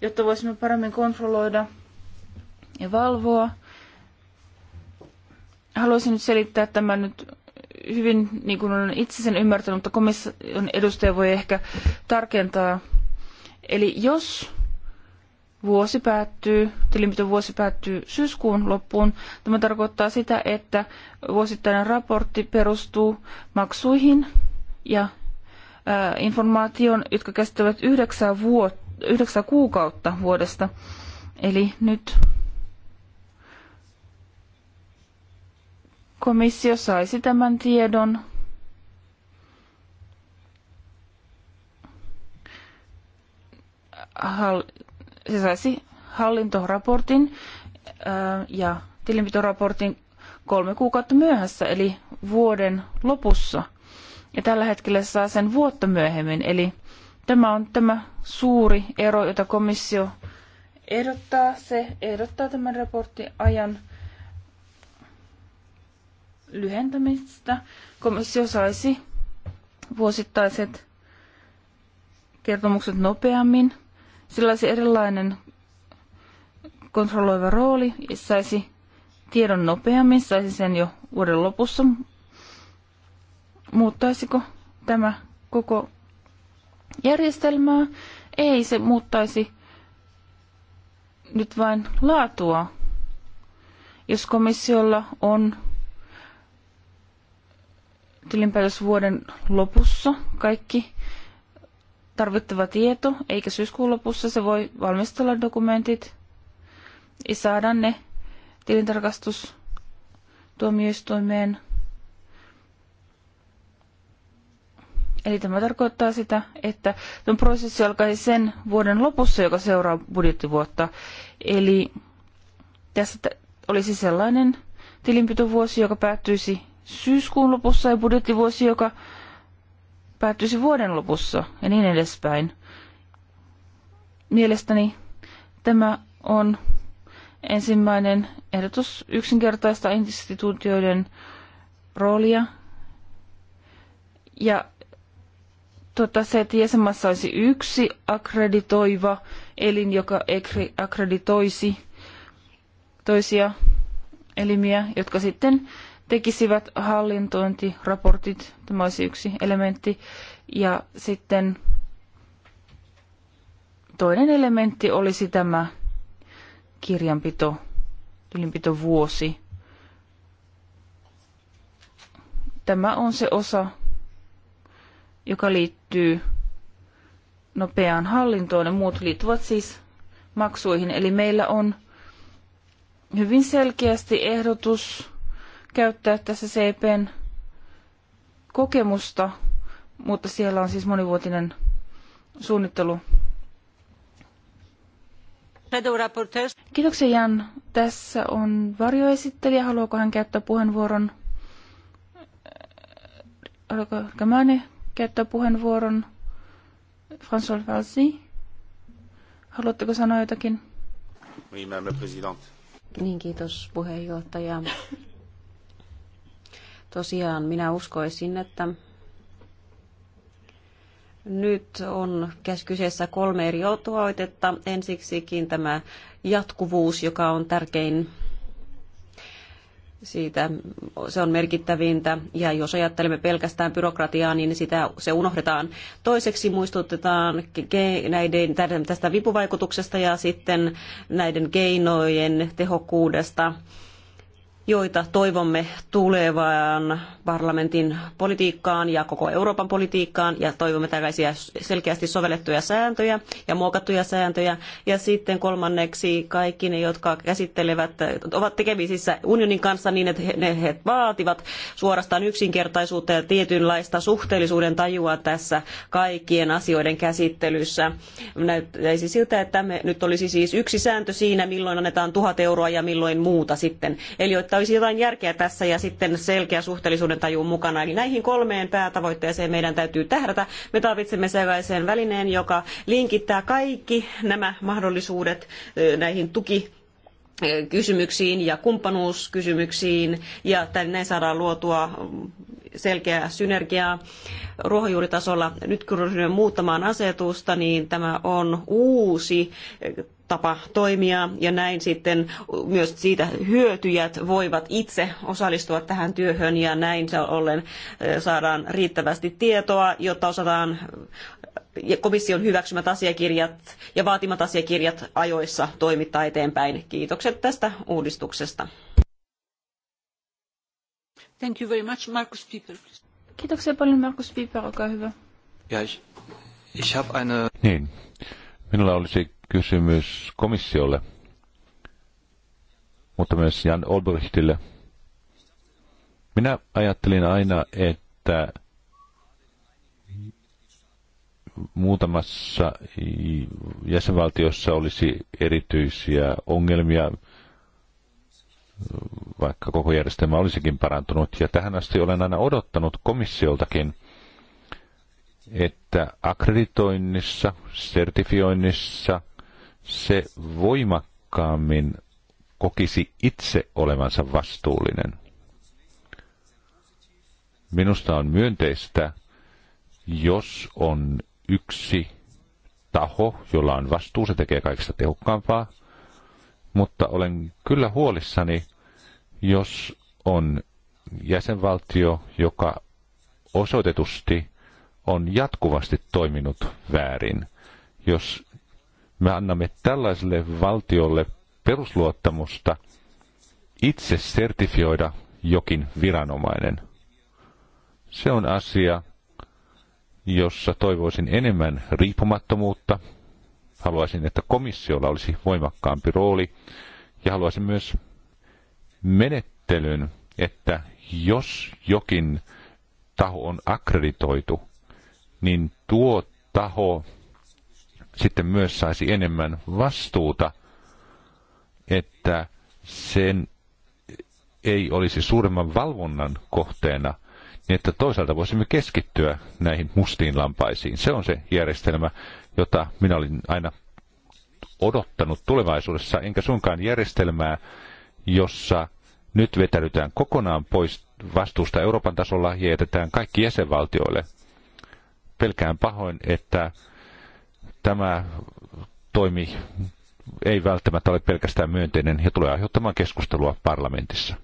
jotta voisimme paremmin kontrolloida ja valvoa, haluaisin nyt selittää tämän nyt hyvin, niin kuin olen itse sen ymmärtänyt, mutta komission edustaja voi ehkä tarkentaa. Eli jos vuosi päättyy, tilinpito vuosi päättyy syyskuun loppuun, tämä tarkoittaa sitä, että vuosittainen raportti perustuu maksuihin ja informaation, jotka kestävät yhdeksää, vuot- yhdeksää kuukautta vuodesta. Eli nyt komissio saisi tämän tiedon se saisi hallintoraportin ja tilinpitoraportin kolme kuukautta myöhässä, eli vuoden lopussa. Ja tällä hetkellä se saa sen vuotta myöhemmin, eli tämä on tämä suuri ero, jota komissio ehdottaa. Se ehdottaa tämän raportin ajan lyhentämistä. Komissio saisi vuosittaiset kertomukset nopeammin. Sillä olisi erilainen kontrolloiva rooli, saisi tiedon nopeammin, saisi sen jo vuoden lopussa. Muuttaisiko tämä koko järjestelmää? Ei, se muuttaisi nyt vain laatua. Jos komissiolla on tilinpäätösvuoden lopussa kaikki tarvittava tieto, eikä syyskuun lopussa se voi valmistella dokumentit ja saada ne tilintarkastustuomioistuimeen. Eli tämä tarkoittaa sitä, että tuon prosessi alkaisi sen vuoden lopussa, joka seuraa budjettivuotta. Eli tässä olisi sellainen tilinpitovuosi, joka päättyisi syyskuun lopussa ja budjettivuosi, joka päättyisi vuoden lopussa ja niin edespäin. Mielestäni tämä on ensimmäinen ehdotus yksinkertaista instituutioiden roolia ja tota, se, että jäsenmaassa olisi yksi akkreditoiva elin, joka akkreditoisi toisia elimiä, jotka sitten tekisivät hallintointiraportit, tämä olisi yksi elementti, ja sitten toinen elementti olisi tämä kirjanpito, tilinpitovuosi. Tämä on se osa, joka liittyy nopeaan hallintoon ja muut liittyvät siis maksuihin. Eli meillä on hyvin selkeästi ehdotus käyttää tässä CPn kokemusta, mutta siellä on siis monivuotinen suunnittelu. Kiitoksia Jan. Tässä on varjoesittelijä. Haluaako hän käyttää puheenvuoron? Haluaako Kamani käyttää puheenvuoron? François Valsi? Haluatteko sanoa jotakin? Oui, madame la présidente. Niin, kiitos puheenjohtaja. Tosiaan minä uskoisin, että nyt on kyseessä kolme eri otuoitetta. Ensiksikin tämä jatkuvuus, joka on tärkein siitä, se on merkittävintä. Ja jos ajattelemme pelkästään byrokratiaa, niin sitä, se unohdetaan. Toiseksi muistutetaan näiden, tästä vipuvaikutuksesta ja sitten näiden keinojen tehokkuudesta joita toivomme tulevan parlamentin politiikkaan ja koko Euroopan politiikkaan ja toivomme tällaisia selkeästi sovellettuja sääntöjä ja muokattuja sääntöjä. Ja sitten kolmanneksi kaikki ne, jotka käsittelevät, ovat tekemisissä unionin kanssa niin, että he, ne, he vaativat suorastaan yksinkertaisuutta ja tietynlaista suhteellisuuden tajua tässä kaikkien asioiden käsittelyssä. Näyttäisi siltä, että me, nyt olisi siis yksi sääntö siinä, milloin annetaan tuhat euroa ja milloin muuta sitten. Eli että olisi jotain järkeä tässä ja sitten selkeä suhteellisuuden taju mukana. Eli näihin kolmeen päätavoitteeseen meidän täytyy tähdätä. Me tarvitsemme sellaisen välineen, joka linkittää kaikki nämä mahdollisuudet näihin tuki kysymyksiin ja kumppanuuskysymyksiin ja näin saadaan luotua selkeää synergiaa ruohonjuuritasolla. Nyt kun ryhdymme muuttamaan asetusta, niin tämä on uusi tapa toimia ja näin sitten myös siitä hyötyjät voivat itse osallistua tähän työhön ja näin ollen eh, saadaan riittävästi tietoa, jotta osataan komission hyväksymät asiakirjat ja vaatimat asiakirjat ajoissa toimittaa eteenpäin. Kiitokset tästä uudistuksesta. Thank you very much, Markus Pieper. Kiitoksia paljon, Markus Pieper, olkaa hyvä. Ja ich, ich habe eine... Niin, minulla olisi kysymys komissiolle, mutta myös Jan Olbrichtille. Minä ajattelin aina, että muutamassa jäsenvaltiossa olisi erityisiä ongelmia, vaikka koko järjestelmä olisikin parantunut. Ja tähän asti olen aina odottanut komissioltakin, että akkreditoinnissa, sertifioinnissa se voimakkaammin kokisi itse olevansa vastuullinen. Minusta on myönteistä, jos on yksi taho, jolla on vastuu, se tekee kaikista tehokkaampaa. Mutta olen kyllä huolissani, jos on jäsenvaltio, joka osoitetusti on jatkuvasti toiminut väärin. Jos me annamme tällaiselle valtiolle perusluottamusta itse sertifioida jokin viranomainen. Se on asia, jossa toivoisin enemmän riippumattomuutta. Haluaisin, että komissiolla olisi voimakkaampi rooli ja haluaisin myös menettelyn, että jos jokin taho on akkreditoitu, niin tuo taho sitten myös saisi enemmän vastuuta, että sen ei olisi suuremman valvonnan kohteena – niin että toisaalta voisimme keskittyä näihin mustiin lampaisiin. Se on se järjestelmä, jota minä olin aina odottanut tulevaisuudessa, enkä suinkaan järjestelmää, jossa nyt vetäydytään kokonaan pois vastuusta Euroopan tasolla ja jätetään kaikki jäsenvaltioille. Pelkään pahoin, että tämä toimi ei välttämättä ole pelkästään myönteinen ja tulee aiheuttamaan keskustelua parlamentissa.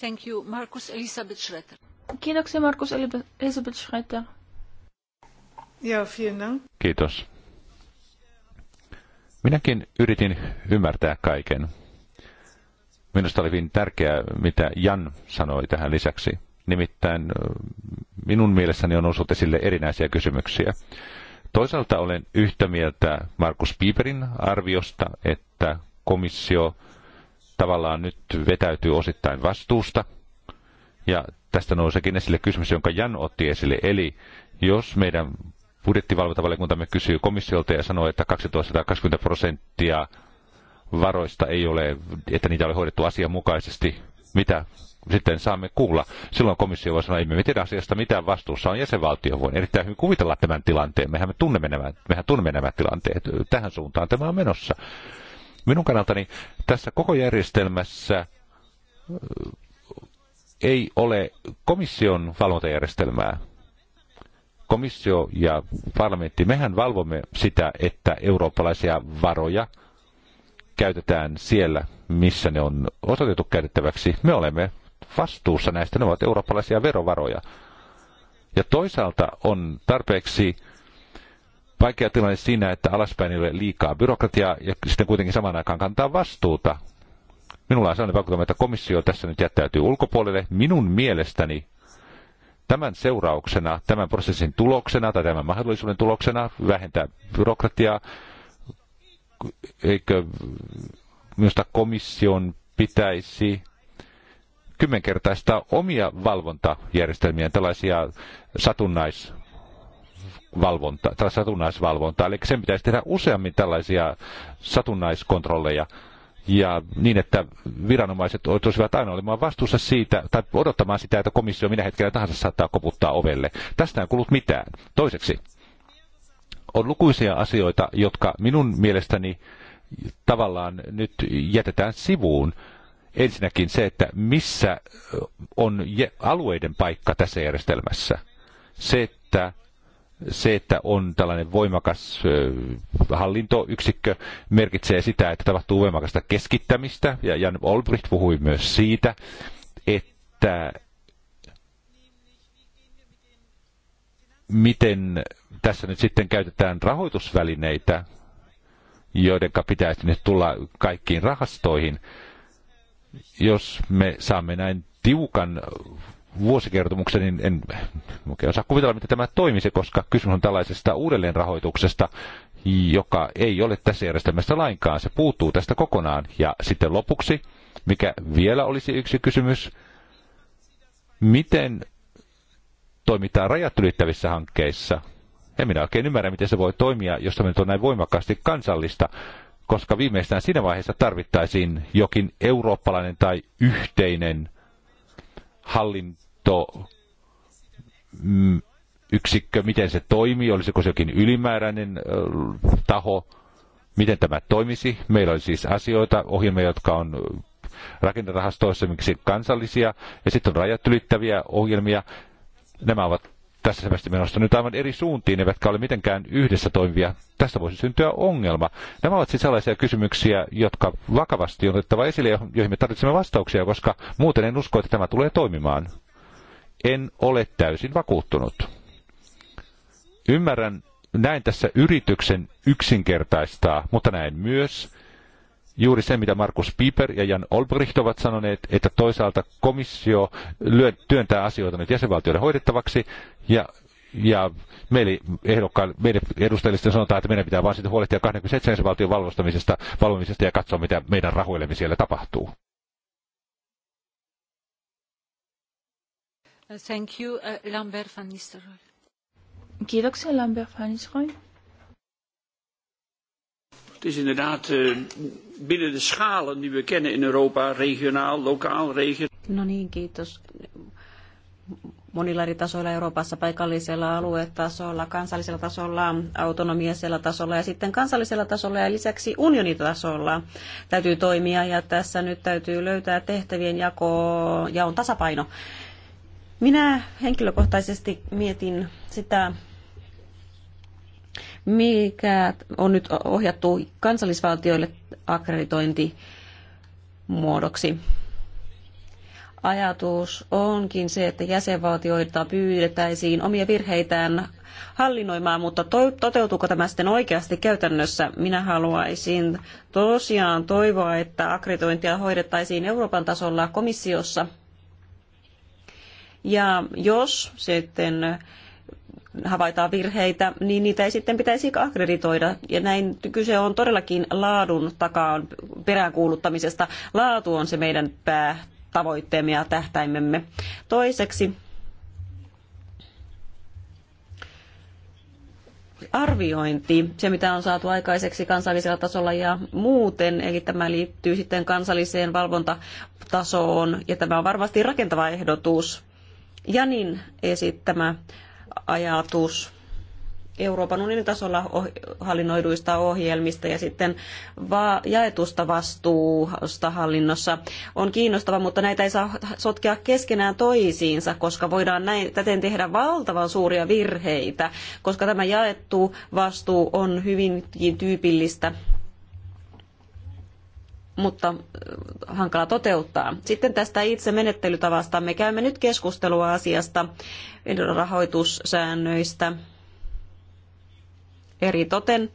Thank you, Markus Elisabeth Schröter. Kiitoksia, Markus Elisabeth Ja, vielen Dank. Kiitos. Minäkin yritin ymmärtää kaiken. Minusta oli hyvin tärkeää, mitä Jan sanoi tähän lisäksi. Nimittäin minun mielessäni on noussut esille erinäisiä kysymyksiä. Toisaalta olen yhtä mieltä Markus Pieperin arviosta, että komissio tavallaan nyt vetäytyy osittain vastuusta. Ja tästä nousekin esille kysymys, jonka Jan otti esille. Eli jos meidän budjettivalvontavaliokuntamme kysyy komissiolta ja sanoo, että 1220 prosenttia varoista ei ole, että niitä ole hoidettu asianmukaisesti, mitä sitten saamme kuulla. Silloin komissio voi sanoa, että emme tiedä asiasta mitään vastuussa on jäsenvaltio. Voin erittäin hyvin kuvitella tämän tilanteen. Mehän, me tunnemme nämä, mehän tunnemme nämä tilanteet. Tähän suuntaan tämä on menossa. Minun kannaltani tässä koko järjestelmässä eh, ei ole komission valvontajärjestelmää. Komissio ja parlamentti, mehän valvomme sitä, että eurooppalaisia varoja käytetään siellä, missä ne on osoitettu käytettäväksi. Me olemme vastuussa näistä, ne ovat eurooppalaisia verovaroja. Ja toisaalta on tarpeeksi vaikea tilanne siinä, että alaspäin ei ole liikaa byrokratiaa ja sitten kuitenkin samaan aikaan kantaa vastuuta. Minulla on sellainen vaikutelma, että komissio tässä nyt jättäytyy ulkopuolelle. Minun mielestäni tämän seurauksena, tämän prosessin tuloksena tai tämän mahdollisuuden tuloksena vähentää byrokratiaa, eikö minusta komission pitäisi kymmenkertaistaa omia valvontajärjestelmiä, tällaisia satunnais valvonta, tai satunnaisvalvontaa. Eli sen pitäisi tehdä useammin tällaisia satunnaiskontrolleja, ja niin, että viranomaiset olisivat aina olemaan vastuussa siitä, tai odottamaan sitä, että komissio minä hetkellä tahansa saattaa koputtaa ovelle. Tästä ei kulut mitään. Toiseksi, on lukuisia asioita, jotka minun mielestäni tavallaan nyt jätetään sivuun. Ensinnäkin se, että missä on alueiden paikka tässä järjestelmässä. Se, että se, että on tällainen voimakas hallintoyksikkö, merkitsee sitä, että tapahtuu voimakasta keskittämistä. Ja Jan Olbricht puhui myös siitä, että miten tässä nyt sitten käytetään rahoitusvälineitä, joiden pitäisi nyt tulla kaikkiin rahastoihin. Jos me saamme näin tiukan vuosikertomuksen, niin en oikein osaa kuvitella, miten tämä toimisi, koska kysymys on tällaisesta uudelleenrahoituksesta, joka ei ole tässä järjestelmässä lainkaan. Se puuttuu tästä kokonaan. Ja sitten lopuksi, mikä vielä olisi yksi kysymys, miten toimitaan rajat ylittävissä hankkeissa? En minä oikein ymmärrä, miten se voi toimia, jos tämä on näin voimakkaasti kansallista, koska viimeistään siinä vaiheessa tarvittaisiin jokin eurooppalainen tai yhteinen hallinto mm, yksikkö, miten se toimii, olisiko se jokin ylimääräinen taho, miten tämä toimisi. Meillä on siis asioita, ohjelmia, jotka on rakennerahastoissa, miksi kansallisia, ja sitten on rajat ylittäviä ohjelmia. Nämä ovat tässä selvästi menossa nyt aivan eri suuntiin, eivätkä ole mitenkään yhdessä toimivia. Tästä voisi syntyä ongelma. Nämä ovat siis sellaisia kysymyksiä, jotka vakavasti on otettava esille, joihin me tarvitsemme vastauksia, koska muuten en usko, että tämä tulee toimimaan. En ole täysin vakuuttunut. Ymmärrän, näin tässä yrityksen yksinkertaistaa, mutta näen myös, juuri se, mitä Markus Pieper ja Jan Olbricht ovat sanoneet, että toisaalta komissio lyö, työntää asioita nyt jäsenvaltioiden hoidettavaksi ja ja meille, ehdokkaille, meille edustajille sanotaan, että meidän pitää vain sitten huolehtia 27 jäsenvaltion valvostamisesta, valvomisesta ja katsoa, mitä meidän rahoillemme siellä tapahtuu. Thank you, uh, Lambert van Nistelrooy. Kiitoksia, Lambert van Nistelrooy. Het is inderdaad eh, binnen de schalen die we kennen in Europa, regionaal, lokaal, regio. No niin, kiitos. Monilla eri tasoilla Euroopassa, paikallisella aluetasolla, kansallisella tasolla, autonomiasella tasolla ja sitten kansallisella tasolla ja lisäksi unionitasolla täytyy toimia ja tässä nyt täytyy löytää tehtävien jako ja on tasapaino. Minä henkilökohtaisesti mietin sitä mikä on nyt ohjattu kansallisvaltioille akkreditointimuodoksi. Ajatus onkin se, että jäsenvaltioita pyydettäisiin omia virheitään hallinnoimaan, mutta toteutuuko tämä sitten oikeasti käytännössä? Minä haluaisin tosiaan toivoa, että akkreditointia hoidettaisiin Euroopan tasolla komissiossa. Ja jos sitten havaitaan virheitä, niin niitä ei sitten pitäisi akkreditoida. Ja näin kyse on todellakin laadun takaan peräänkuuluttamisesta. Laatu on se meidän päätavoitteemme ja tähtäimemme. Toiseksi arviointi, se mitä on saatu aikaiseksi kansallisella tasolla ja muuten, eli tämä liittyy sitten kansalliseen valvontatasoon, ja tämä on varmasti rakentava ehdotus. Janin esittämä ajatus Euroopan unionin tasolla hallinnoiduista ohjelmista ja sitten va- jaetusta vastuusta hallinnossa on kiinnostava, mutta näitä ei saa sotkea keskenään toisiinsa, koska voidaan näin, täten tehdä valtavan suuria virheitä, koska tämä jaettu vastuu on hyvinkin tyypillistä mutta äh, hankala toteuttaa. Sitten tästä itse menettelytavasta me käymme nyt keskustelua asiasta rahoitussäännöistä eri toten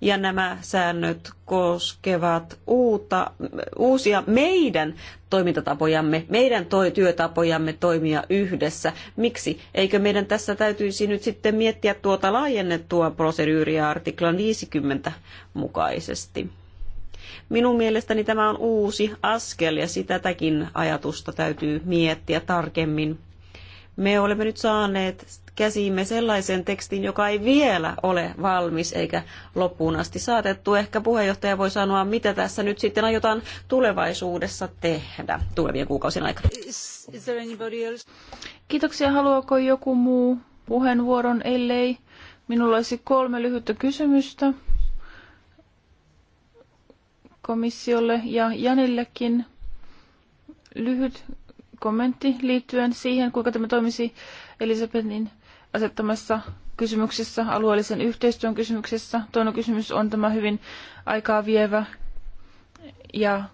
ja nämä säännöt koskevat uuta, uusia meidän toimintatapojamme, meidän toi, työtapojamme toimia yhdessä. Miksi? Eikö meidän tässä täytyisi nyt sitten miettiä tuota laajennettua proseduuria artiklan 50 mukaisesti? Minun mielestäni tämä on uusi askel ja sitäkin ajatusta täytyy miettiä tarkemmin. Me olemme nyt saaneet käsimme sellaisen tekstin, joka ei vielä ole valmis eikä loppuun asti saatettu. Ehkä puheenjohtaja voi sanoa, mitä tässä nyt sitten aiotaan tulevaisuudessa tehdä tulevien kuukausien aikana. Is, is Kiitoksia. Haluaako joku muu puheenvuoron, ellei? Minulla olisi kolme lyhyttä kysymystä komissiolle ja Janillekin lyhyt kommentti liittyen siihen, kuinka tämä toimisi Elisabetin asettamassa kysymyksessä, alueellisen yhteistyön kysymyksessä. Toinen kysymys on tämä hyvin aikaa vievä ja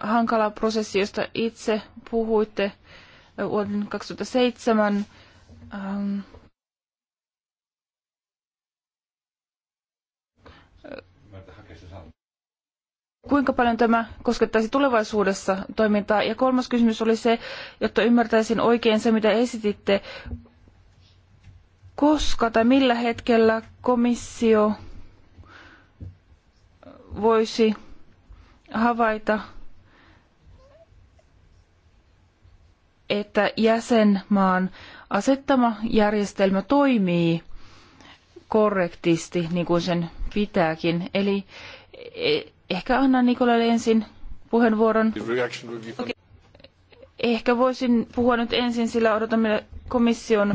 hankala prosessi, josta itse puhuitte vuoden 2007 Kuinka paljon tämä koskettaisi tulevaisuudessa toimintaa? Ja kolmas kysymys oli se, jotta ymmärtäisin oikein se, mitä esititte. Koska tai millä hetkellä komissio voisi havaita, että jäsenmaan asettama järjestelmä toimii korrektisti, niin kuin sen pitääkin. Eli e, Ehkä annan Nikolalle ensin puheenvuoron. Okay. Ehkä voisin puhua nyt ensin, sillä odotamme komission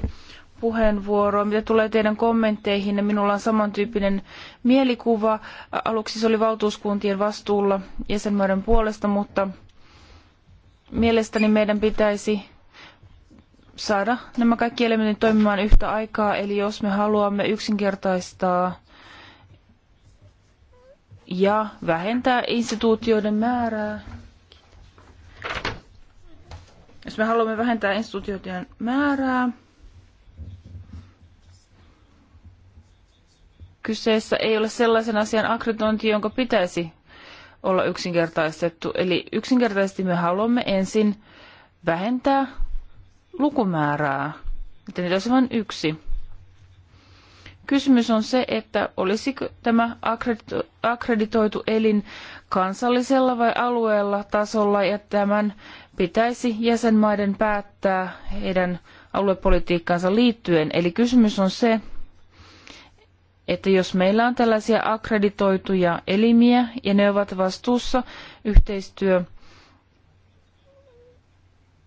puheenvuoroa. Mitä tulee teidän kommentteihin, minulla on samantyyppinen mielikuva. Aluksi se oli valtuuskuntien vastuulla jäsenmaiden puolesta, mutta mielestäni meidän pitäisi saada nämä kaikki elementit toimimaan yhtä aikaa. Eli jos me haluamme yksinkertaistaa ja vähentää instituutioiden määrää. Jos me haluamme vähentää instituutioiden määrää, kyseessä ei ole sellaisen asian akkreditointi, jonka pitäisi olla yksinkertaistettu. Eli yksinkertaisesti me haluamme ensin vähentää lukumäärää, että niitä olisi vain yksi. Kysymys on se, että olisiko tämä akkreditoitu elin kansallisella vai alueella tasolla ja tämän pitäisi jäsenmaiden päättää heidän aluepolitiikkaansa liittyen. Eli kysymys on se, että jos meillä on tällaisia akkreditoituja elimiä ja ne ovat vastuussa yhteistyö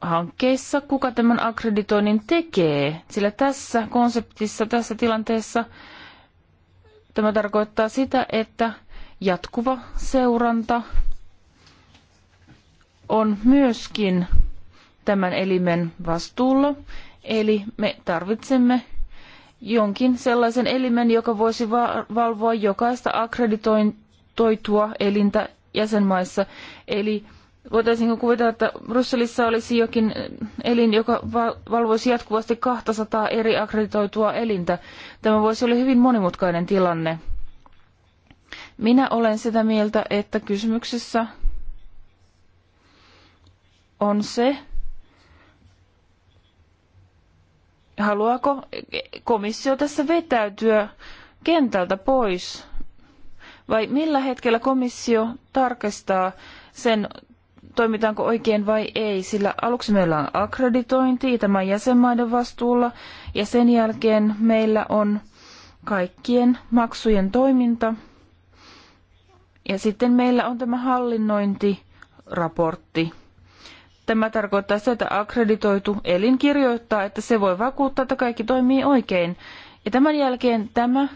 hankkeissa, kuka tämän akkreditoinnin tekee, sillä tässä konseptissa, tässä tilanteessa tämä tarkoittaa sitä, että jatkuva seuranta on myöskin tämän elimen vastuulla, eli me tarvitsemme jonkin sellaisen elimen, joka voisi valvoa jokaista akkreditoitua elintä jäsenmaissa, eli Voitaisiinko kuvitella, että Brysselissä olisi jokin äh, elin, joka valvoisi jatkuvasti 200 eri akkreditoitua elintä? Tämä voisi olla hyvin monimutkainen tilanne. Minä olen sitä mieltä, että kysymyksessä on se, haluaako komissio tässä vetäytyä kentältä pois? Vai millä hetkellä komissio tarkistaa sen toimitaanko oikein vai ei, sillä aluksi meillä on akkreditointi, tämä jäsenmaiden vastuulla, ja sen jälkeen meillä on kaikkien maksujen toiminta, ja sitten meillä on tämä hallinnointiraportti. Tämä tarkoittaa sitä, että akkreditoitu elin kirjoittaa, että se voi vakuuttaa, että kaikki toimii oikein. Ja tämän jälkeen tämä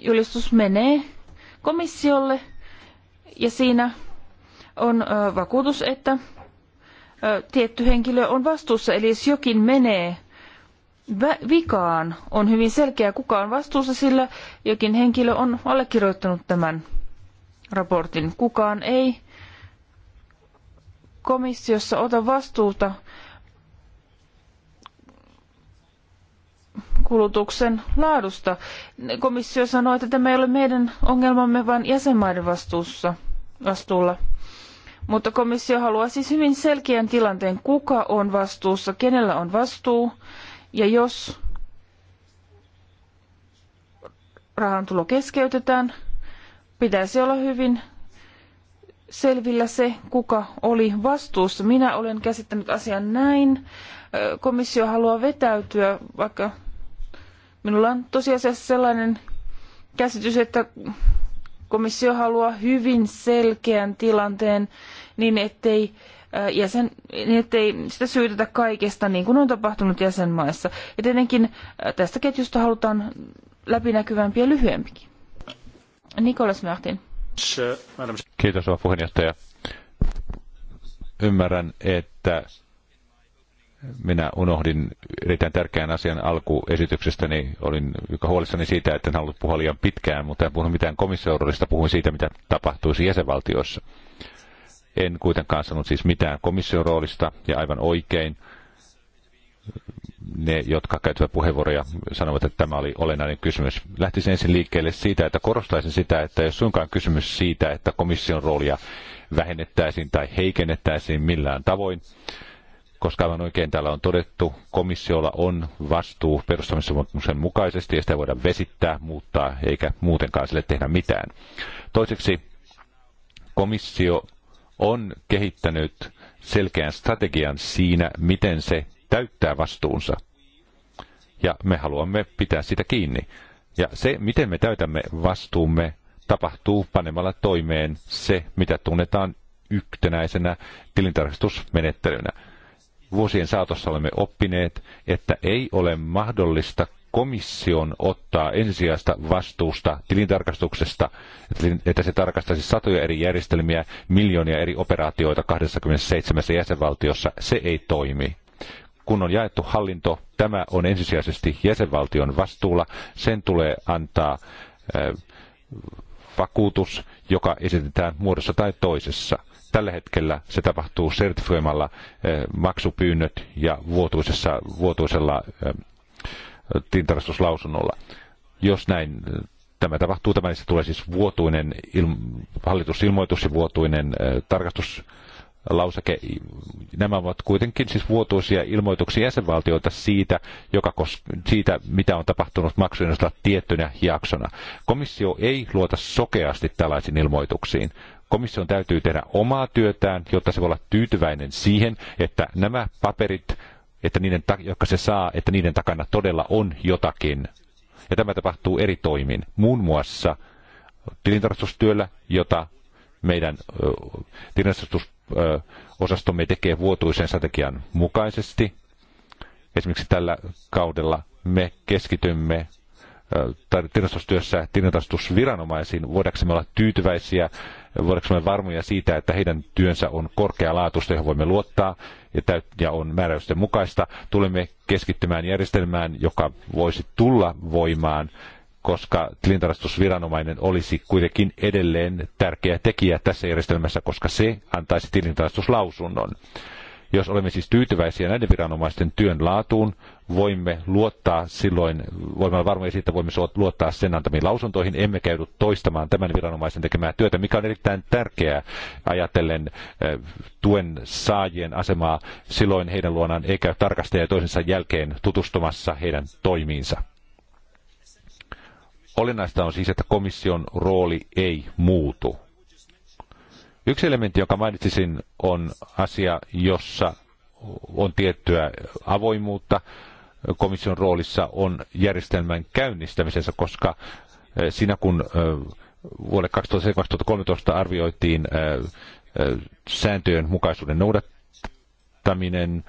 julistus menee komissiolle ja siinä on vakuutus, että tietty henkilö on vastuussa, eli jos jokin menee vikaan, on hyvin selkeä, kuka on vastuussa, sillä jokin henkilö on allekirjoittanut tämän raportin. Kukaan ei komissiossa ota vastuuta kulutuksen laadusta. Komissio sanoo, että tämä ei ole meidän ongelmamme, vaan jäsenmaiden vastuussa, vastuulla. Mutta komissio haluaa siis hyvin selkeän tilanteen, kuka on vastuussa, kenellä on vastuu ja jos rahantulo keskeytetään, pitäisi olla hyvin selvillä se, kuka oli vastuussa. Minä olen käsittänyt asian näin. Komissio haluaa vetäytyä, vaikka minulla on tosiasiassa sellainen käsitys, että komissio haluaa hyvin selkeän tilanteen niin, ettei äh, jäsen, niin ettei sitä syytetä kaikesta, niin kuin on tapahtunut jäsenmaissa. Ja tietenkin äh, tästä ketjusta halutaan läpinäkyvämpi ja lyhyempikin. Nikolas Martin. Kiitos, puheenjohtaja. Ymmärrän, että minä unohdin erittäin tärkeän asian alkuesityksestäni. olin joka huolissani siitä, että en halunnut puhua liian pitkään, mutta en puhunut mitään komissioudellista, puhuin siitä, mitä tapahtuisi jäsenvaltioissa. En kuitenkaan sanonut siis mitään komission roolista, ja aivan oikein ne, jotka käyttävät puheenvuoroja, sanovat, että tämä oli olennainen kysymys. Lähtisin ensin liikkeelle siitä, että korostaisin sitä, että jos suinkaan kysymys siitä, että komission roolia vähennettäisiin tai heikennettäisiin millään tavoin, koska aivan oikein täällä on todettu, komissiolla on vastuu perustamissopimuksen mukaisesti ja sitä voidaan vesittää, muuttaa eikä muutenkaan sille tehdä mitään. Toiseksi komissio on kehittänyt selkeän strategian siinä, miten se täyttää vastuunsa. Ja me haluamme pitää sitä kiinni. Ja se, miten me täytämme vastuumme, tapahtuu panemalla toimeen se, mitä tunnetaan yhtenäisenä tilintarkastusmenettelynä vuosien saatossa olemme oppineet, että ei ole mahdollista komission ottaa ensisijaista vastuusta tilintarkastuksesta, että se tarkastaisi satoja eri järjestelmiä, miljoonia eri operaatioita 27 jäsenvaltiossa. Se ei toimi. Kun on jaettu hallinto, tämä on ensisijaisesti jäsenvaltion vastuulla. Sen tulee antaa vakuutus, joka esitetään muodossa tai toisessa – Tällä hetkellä se tapahtuu sertifioimalla eh, maksupyynnöt ja vuotuisessa, vuotuisella eh, tintarastuslausunnolla. Jos näin tämä tapahtuu, tämä niistä tulee siis vuotuinen hallitusilmoitus ja vuotuinen eh, tarkastus lauseke. Nämä ovat kuitenkin siis vuotuisia ilmoituksia jäsenvaltioilta siitä, joka kos- siitä, mitä on tapahtunut maksujen osalta tiettynä jaksona. Komissio ei luota sokeasti tällaisiin ilmoituksiin, komission täytyy tehdä omaa työtään, jotta se voi olla tyytyväinen siihen, että nämä paperit, että niiden, jotka se saa, että niiden takana todella on jotakin. Ja tämä tapahtuu eri toimin, muun muassa tilintarkastustyöllä, jota meidän tilintarkastusosastomme tekee vuotuisen strategian mukaisesti. Esimerkiksi tällä kaudella me keskitymme tiedostustyössä tiedostusviranomaisiin, voidaanko olla tyytyväisiä, voidaanko me varmoja siitä, että heidän työnsä on korkealaatuista, johon voimme luottaa ja, on määräysten mukaista. Tulemme keskittymään järjestelmään, joka voisi tulla voimaan koska tilintarkastusviranomainen olisi kuitenkin edelleen tärkeä tekijä tässä järjestelmässä, koska se antaisi tilintarkastuslausunnon. Jos olemme siis tyytyväisiä näiden viranomaisten työn laatuun, voimme luottaa silloin, voimme olla varmoja siitä, voimme luottaa sen antamiin lausuntoihin, emme käydy toistamaan tämän viranomaisen tekemää työtä, mikä on erittäin tärkeää ajatellen eh, tuen saajien asemaa silloin heidän luonaan eikä käy tarkastaja toisensa jälkeen tutustumassa heidän toimiinsa. Olennaista on siis, että komission rooli ei muutu Yksi elementti, jonka mainitsisin, on asia, jossa on tiettyä avoimuutta komission roolissa on järjestelmän käynnistämisessä, koska eh, siinä kun eh, vuodelle 2013 arvioitiin eh, sääntöjen mukaisuuden noudattaminen,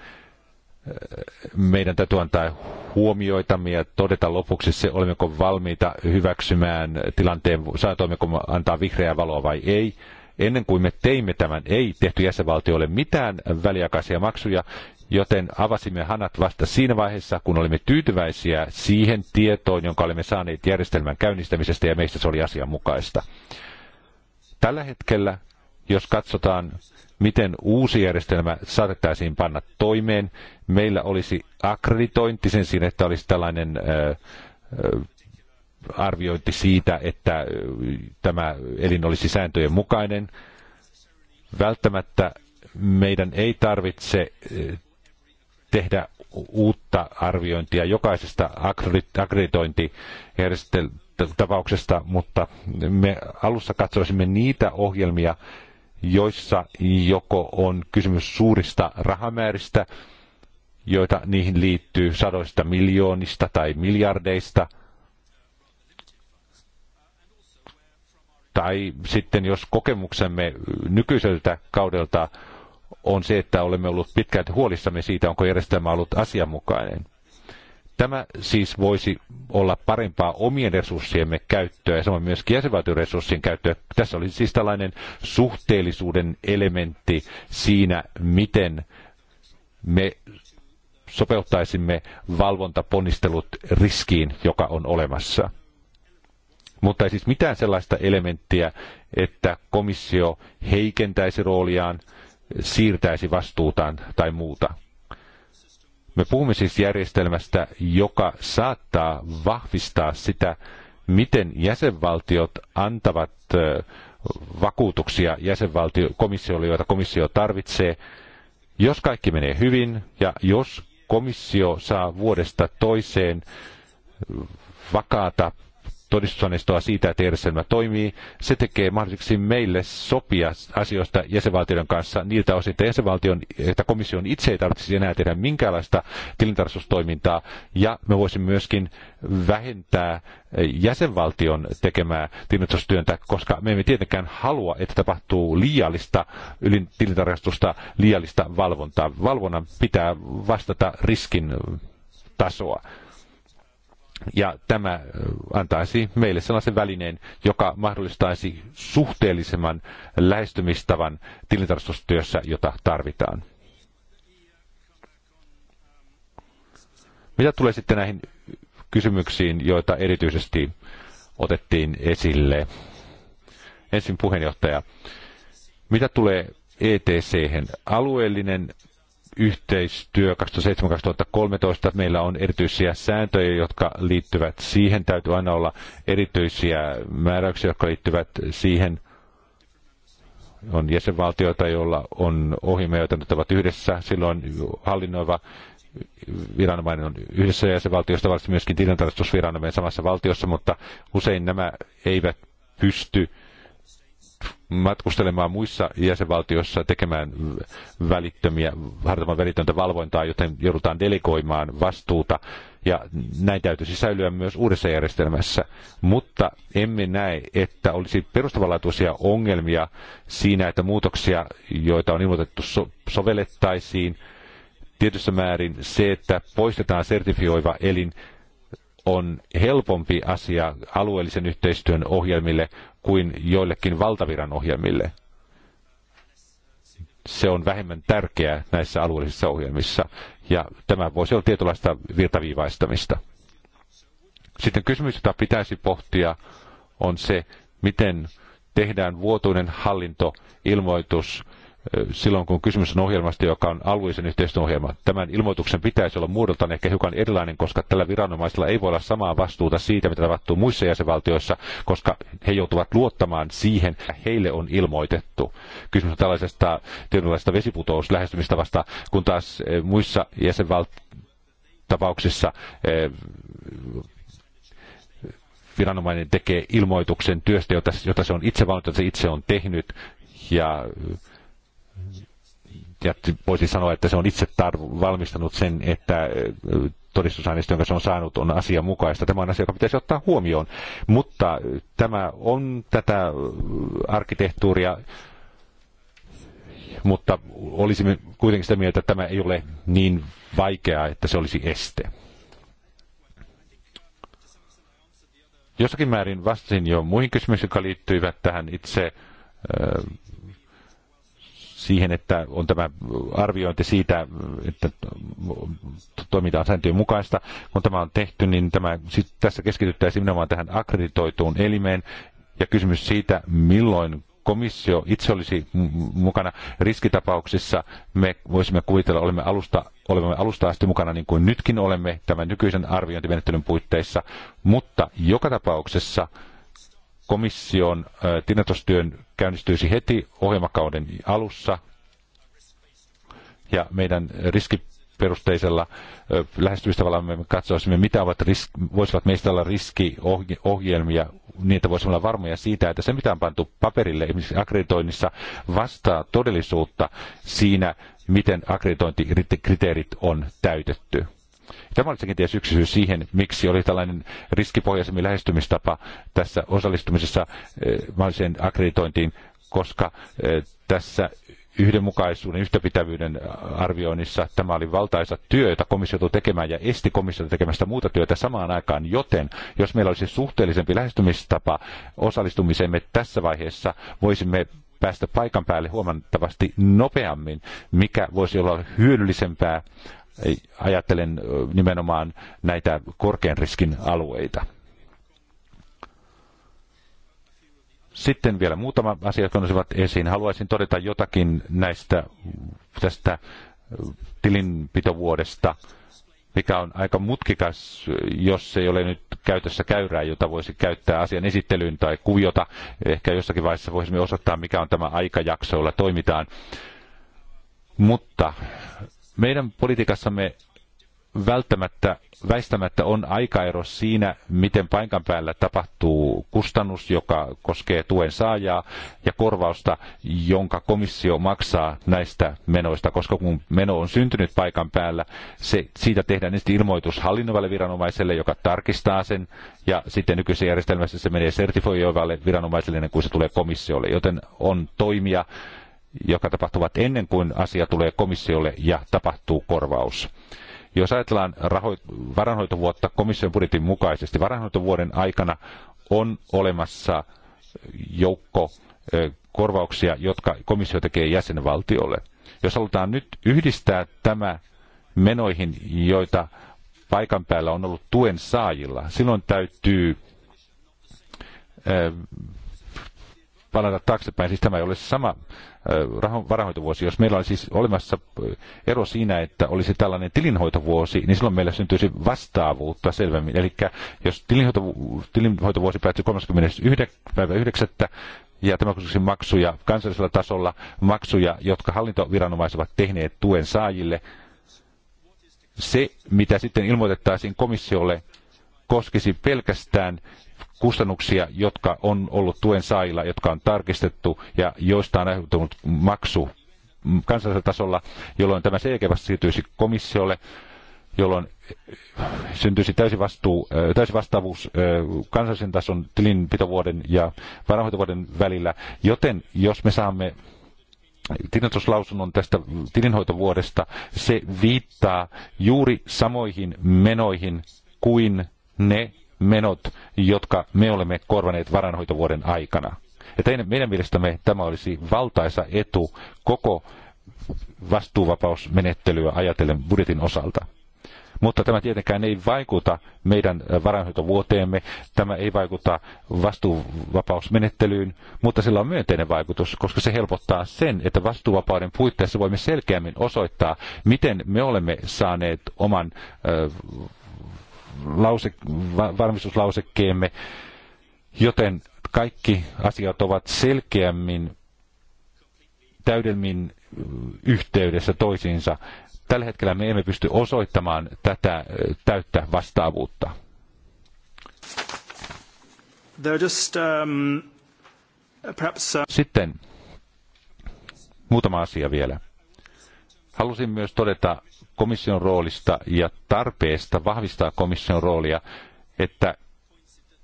meidän täytyy antaa huomioita ja todeta lopuksi se, olemmeko valmiita hyväksymään tilanteen, saatoimmeko antaa vihreää valoa vai ei ennen kuin me teimme tämän, ei tehty jäsenvaltioille mitään väliaikaisia maksuja, joten avasimme hanat vasta siinä vaiheessa, kun olimme tyytyväisiä siihen tietoon, jonka olimme saaneet järjestelmän käynnistämisestä ja meistä se oli asianmukaista. Tällä hetkellä, jos katsotaan, miten uusi järjestelmä saatettaisiin panna toimeen, meillä olisi akkreditointi sen siinä, että olisi tällainen arviointi siitä, että tämä elin olisi sääntöjen mukainen. Välttämättä meidän ei tarvitse eh, tehdä uutta arviointia jokaisesta akkreditointitapauksesta, mutta me alussa katsoisimme niitä ohjelmia, joissa joko on kysymys suurista rahamääristä, joita niihin liittyy sadoista miljoonista tai miljardeista – Tai sitten jos kokemuksemme nykyiseltä kaudelta on se, että olemme ollut pitkälti huolissamme siitä, onko järjestelmä ollut asianmukainen. Tämä siis voisi olla parempaa omien resurssiemme käyttöä ja samoin myös jäsenvaltioresurssien käyttöä. Tässä oli siis tällainen suhteellisuuden elementti siinä, miten me sopeuttaisimme valvontaponnistelut riskiin, joka on olemassa mutta ei siis mitään sellaista elementtiä, että komissio heikentäisi rooliaan, siirtäisi vastuutaan tai muuta. Me puhumme siis järjestelmästä, joka saattaa vahvistaa sitä, miten jäsenvaltiot antavat vakuutuksia jäsenvaltio, komissiolle, joita komissio tarvitsee, jos kaikki menee hyvin ja jos komissio saa vuodesta toiseen vakaata todistusaineistoa siitä, että järjestelmä toimii. Se tekee mahdolliseksi meille sopia asioista jäsenvaltioiden kanssa niiltä osin, että, jäsenvaltion, että komission itse ei tarvitsisi enää tehdä minkäänlaista tilintarkastustoimintaa, ja me voisimme myöskin vähentää jäsenvaltion tekemää tilintarkastustyöntä, koska me emme tietenkään halua, että tapahtuu liiallista tilintarkastusta, liiallista valvontaa. Valvonnan pitää vastata riskin tasoa. Ja tämä antaisi meille sellaisen välineen, joka mahdollistaisi suhteellisemman lähestymistavan tilintarkastustyössä, jota tarvitaan. Mitä tulee sitten näihin kysymyksiin, joita erityisesti otettiin esille? Ensin puheenjohtaja. Mitä tulee etc -hän? Alueellinen yhteistyö 2007-2013. Meillä on erityisiä sääntöjä, jotka liittyvät siihen. Täytyy aina olla erityisiä määräyksiä, jotka liittyvät siihen. On jäsenvaltioita, joilla on ohjelmia, joita nyt ovat yhdessä. Silloin hallinnoiva viranomainen on yhdessä jäsenvaltiosta, varsinkin myöskin tilintarkastusviranomainen samassa valtiossa, mutta usein nämä eivät pysty matkustelemaan muissa jäsenvaltioissa tekemään välittömiä, harjoittamaan välitöntä valvontaa, joten joudutaan delegoimaan vastuuta. Ja näin täytyisi säilyä myös uudessa järjestelmässä. Mutta emme näe, että olisi perustavanlaatuisia ongelmia siinä, että muutoksia, joita on ilmoitettu, so- sovellettaisiin. Tietyssä määrin se, että poistetaan sertifioiva elin, on helpompi asia alueellisen yhteistyön ohjelmille, kuin joillekin valtaviran ohjelmille. Se on vähemmän tärkeää näissä alueellisissa ohjelmissa, ja tämä voisi olla tietynlaista virtaviivaistamista. Sitten kysymys, jota pitäisi pohtia, on se, miten tehdään vuotuinen hallintoilmoitus silloin, kun kysymys on ohjelmasta, joka on alueellisen yhteistyön ohjelma. Tämän ilmoituksen pitäisi olla muodoltaan ehkä hiukan erilainen, koska tällä viranomaisella ei voi olla samaa vastuuta siitä, mitä tapahtuu muissa jäsenvaltioissa, koska he joutuvat luottamaan siihen, että heille on ilmoitettu. Kysymys on tällaisesta tietynlaisesta vesiputouslähestymistavasta, kun taas eh, muissa jäsenvaltioissa eh, viranomainen tekee ilmoituksen työstä, jota, jota se on itse valinnut, että se itse on tehnyt, ja ja voisi sanoa, että se on itse tarv- valmistanut sen, että todistusaineisto, jonka se on saanut, on asianmukaista. Tämä on asia, joka pitäisi ottaa huomioon. Mutta tämä on tätä arkkitehtuuria, mutta olisimme kuitenkin sitä mieltä, että tämä ei ole niin vaikeaa, että se olisi este. Jossakin määrin vastasin jo muihin kysymyksiin, jotka liittyivät tähän itse äh, siihen, että on tämä arviointi siitä, että toiminta on sääntöjen mukaista. Kun tämä on tehty, niin tämä, sit tässä keskityttäisiin nimenomaan tähän akkreditoituun elimeen ja kysymys siitä, milloin komissio itse olisi mukana riskitapauksissa. Me voisimme kuvitella, olemme alusta, olemme alusta asti mukana niin kuin nytkin olemme tämän nykyisen arviointimenettelyn puitteissa, mutta joka tapauksessa – komission tiedotustyön käynnistyisi heti ohjelmakauden alussa ja meidän riski perusteisella lähestymistavalla me katsoisimme, mitä ovat risk, voisivat meistä olla riskiohjelmia, niin että voisimme olla varmoja siitä, että se mitä on pantu paperille esimerkiksi akkreditoinnissa vastaa todellisuutta siinä, miten akkreditointikriteerit on täytetty. Tämä oli kenties yksi syy siihen, miksi oli tällainen riskipohjaisemmin lähestymistapa tässä osallistumisessa eh, mahdolliseen akkreditointiin, koska eh, tässä yhdenmukaisuuden, yhtäpitävyyden arvioinnissa tämä oli valtaisa työ, jota komissio tuli tekemään ja esti komissiota tekemästä muuta työtä samaan aikaan, joten jos meillä olisi suhteellisempi lähestymistapa osallistumisemme tässä vaiheessa, voisimme päästä paikan päälle huomattavasti nopeammin, mikä voisi olla hyödyllisempää Ajattelen nimenomaan näitä korkean riskin alueita. Sitten vielä muutama asia, jotka nousivat esiin. Haluaisin todeta jotakin näistä tästä tilinpitovuodesta, mikä on aika mutkikas, jos ei ole nyt käytössä käyrää, jota voisi käyttää asian esittelyyn tai kuviota. Ehkä jossakin vaiheessa voisimme osoittaa, mikä on tämä aikajakso, jolla toimitaan. Mutta meidän politiikassamme välttämättä, väistämättä on aikaero siinä, miten paikan päällä tapahtuu kustannus, joka koskee tuen saajaa, ja korvausta, jonka komissio maksaa näistä menoista, koska kun meno on syntynyt paikan päällä, se, siitä tehdään ensin ilmoitus hallinnovalle viranomaiselle, joka tarkistaa sen, ja sitten nykyisessä järjestelmässä se menee sertifioivalle viranomaiselle ennen kuin se tulee komissiolle, joten on toimia, joka tapahtuvat ennen kuin asia tulee komissiolle ja tapahtuu korvaus. Jos ajatellaan varanhoitovuotta komission budjetin mukaisesti, varanhoitovuoden aikana on olemassa joukko korvauksia, jotka komissio tekee jäsenvaltiolle. Jos halutaan nyt yhdistää tämä menoihin, joita paikan päällä on ollut tuen saajilla, silloin täytyy palata taaksepäin. Siis tämä ei ole sama varahoitovuosi. Jos meillä olisi siis olemassa ero siinä, että olisi tällainen tilinhoitovuosi, niin silloin meillä syntyisi vastaavuutta selvemmin. Eli jos tilinhoitovuosi päättyy 39. ja tämä koskisi maksuja kansallisella tasolla, maksuja, jotka hallintoviranomaiset ovat tehneet tuen saajille, se, mitä sitten ilmoitettaisiin komissiolle, koskisi pelkästään kustannuksia, jotka on ollut tuen saajilla, jotka on tarkistettu ja joista on aiheutunut maksu kansallisella tasolla, jolloin tämä selkeä vasta siirtyisi komissiolle, jolloin syntyisi täysi, vastuu, täysi vastaavuus kansallisen tason tilinpitovuoden ja varainhoitovuoden välillä. Joten jos me saamme tilinhoitoslausunnon tästä tilinhoitovuodesta, se viittaa juuri samoihin menoihin kuin ne, menot, jotka me olemme korvaneet varanhoitovuoden aikana. Ja teidän, meidän mielestämme tämä olisi valtaisa etu koko vastuuvapausmenettelyä ajatellen budjetin osalta. Mutta tämä tietenkään ei vaikuta meidän varainhoitovuoteemme, tämä ei vaikuta vastuuvapausmenettelyyn, mutta sillä on myönteinen vaikutus, koska se helpottaa sen, että vastuuvapauden puitteissa voimme selkeämmin osoittaa, miten me olemme saaneet oman lause, varmistuslausekkeemme, joten kaikki asiat ovat selkeämmin, täydelmin yhteydessä toisiinsa. Tällä hetkellä me emme pysty osoittamaan tätä täyttä vastaavuutta. Just, um, perhaps, uh... Sitten muutama asia vielä. Halusin myös todeta komission roolista ja tarpeesta vahvistaa komission roolia, että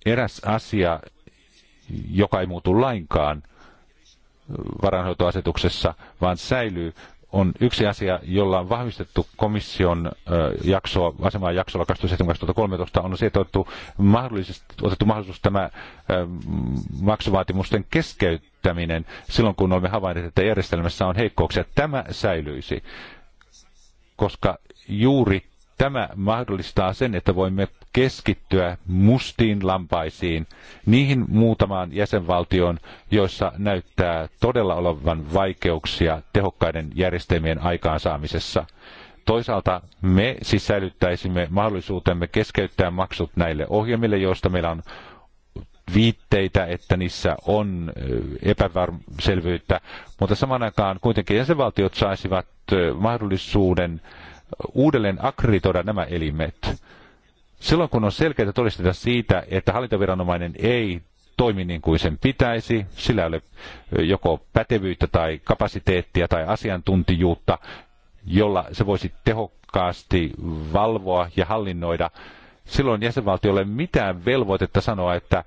eräs asia, joka ei muutu lainkaan varainhoitoasetuksessa, vaan säilyy, on yksi asia, jolla on vahvistettu komission jaksoa, asemaa jaksolla 2013 on se, että otettu, mahdollisesti, otettu mahdollisuus tämä maksuvaatimusten keskeyttäminen silloin, kun olemme havainneet, että järjestelmässä on heikkouksia. Tämä säilyisi koska juuri tämä mahdollistaa sen, että voimme keskittyä mustiin lampaisiin, niihin muutamaan jäsenvaltioon, joissa näyttää todella olevan vaikeuksia tehokkaiden järjestelmien aikaansaamisessa. Toisaalta me sisällyttäisimme siis mahdollisuutemme keskeyttää maksut näille ohjelmille, joista meillä on viitteitä, että niissä on epäselvyyttä, mutta saman aikaan kuitenkin jäsenvaltiot saisivat mahdollisuuden uudelleen akkreditoida nämä elimet. Silloin kun on selkeitä todisteita siitä, että hallintoviranomainen ei toimi niin kuin sen pitäisi, sillä ei ole joko pätevyyttä tai kapasiteettia tai asiantuntijuutta, jolla se voisi tehokkaasti valvoa ja hallinnoida silloin jäsenvaltiolle mitään velvoitetta sanoa, että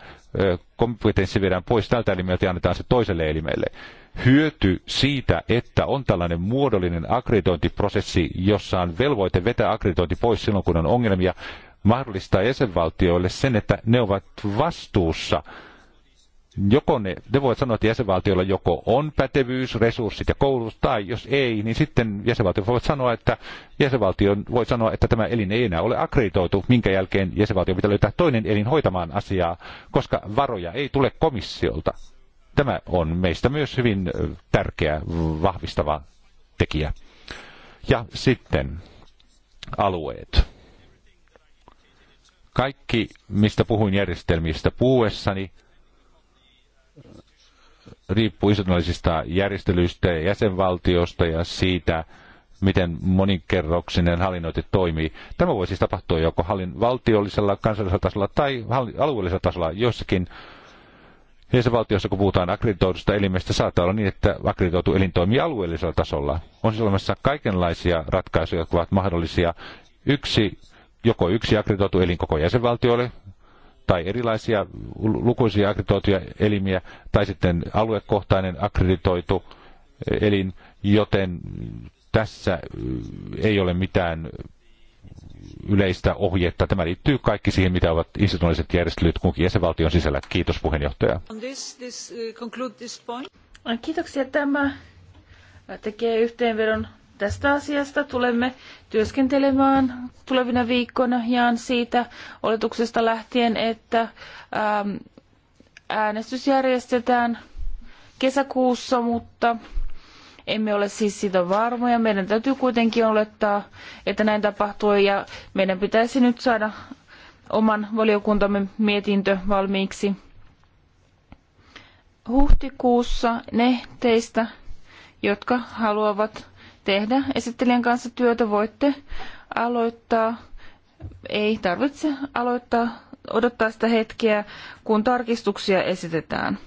kompetenssi viedään pois tältä elimeltä ja annetaan se toiselle elimelle. Hyöty siitä, että on tällainen muodollinen akkreditointiprosessi, jossa on velvoite vetää akkreditointi pois silloin, kun on ongelmia, mahdollistaa jäsenvaltioille sen, että ne ovat vastuussa – joko ne, ne voivat sanoa, että jäsenvaltiolla joko on pätevyys, resurssit ja koulutus, tai jos ei, niin sitten jäsenvaltio voi sanoa, että jäsenvaltio voi sanoa, että tämä elin ei enää ole akkreditoitu, minkä jälkeen jäsenvaltio pitää löytää toinen elin hoitamaan asiaa, koska varoja ei tule komissiolta. Tämä on meistä myös hyvin tärkeä, vahvistava tekijä. Ja sitten alueet. Kaikki, mistä puhuin järjestelmistä puhuessani, riippuu isotunnallisista järjestelyistä ja jäsenvaltiosta ja siitä, miten monikerroksinen hallinnointi toimii. Tämä voi siis tapahtua joko hallin valtiollisella, kansallisella tasolla tai alueellisella tasolla jossakin jäsenvaltiossa, kun puhutaan akkreditoidusta elimestä, saattaa olla niin, että akkreditoitu elin toimii alueellisella tasolla. On siis olemassa kaikenlaisia ratkaisuja, jotka ovat mahdollisia. Yksi, joko yksi akkreditoitu elin koko jäsenvaltiolle, tai erilaisia lukuisia akkreditoituja elimiä, tai sitten aluekohtainen akkreditoitu elin, joten tässä mm, ei ole mitään yleistä ohjetta. Tämä liittyy kaikki siihen, mitä ovat institutionaaliset järjestelyt kunkin jäsenvaltion sisällä. Kiitos puheenjohtaja. Uh, Kiitoksia. Tämä tekee yhteenvedon tästä asiasta tulemme työskentelemään tulevina viikkoina. Jaan siitä oletuksesta lähtien, että ähm, äänestys järjestetään kesäkuussa, mutta emme ole siis siitä varmoja. Meidän täytyy kuitenkin olettaa, että näin tapahtuu ja meidän pitäisi nyt saada oman valiokuntamme mietintö valmiiksi huhtikuussa. Ne teistä, jotka haluavat tehdä esittelijän kanssa työtä. Voitte aloittaa. Ei tarvitse aloittaa, odottaa sitä hetkeä, kun tarkistuksia esitetään.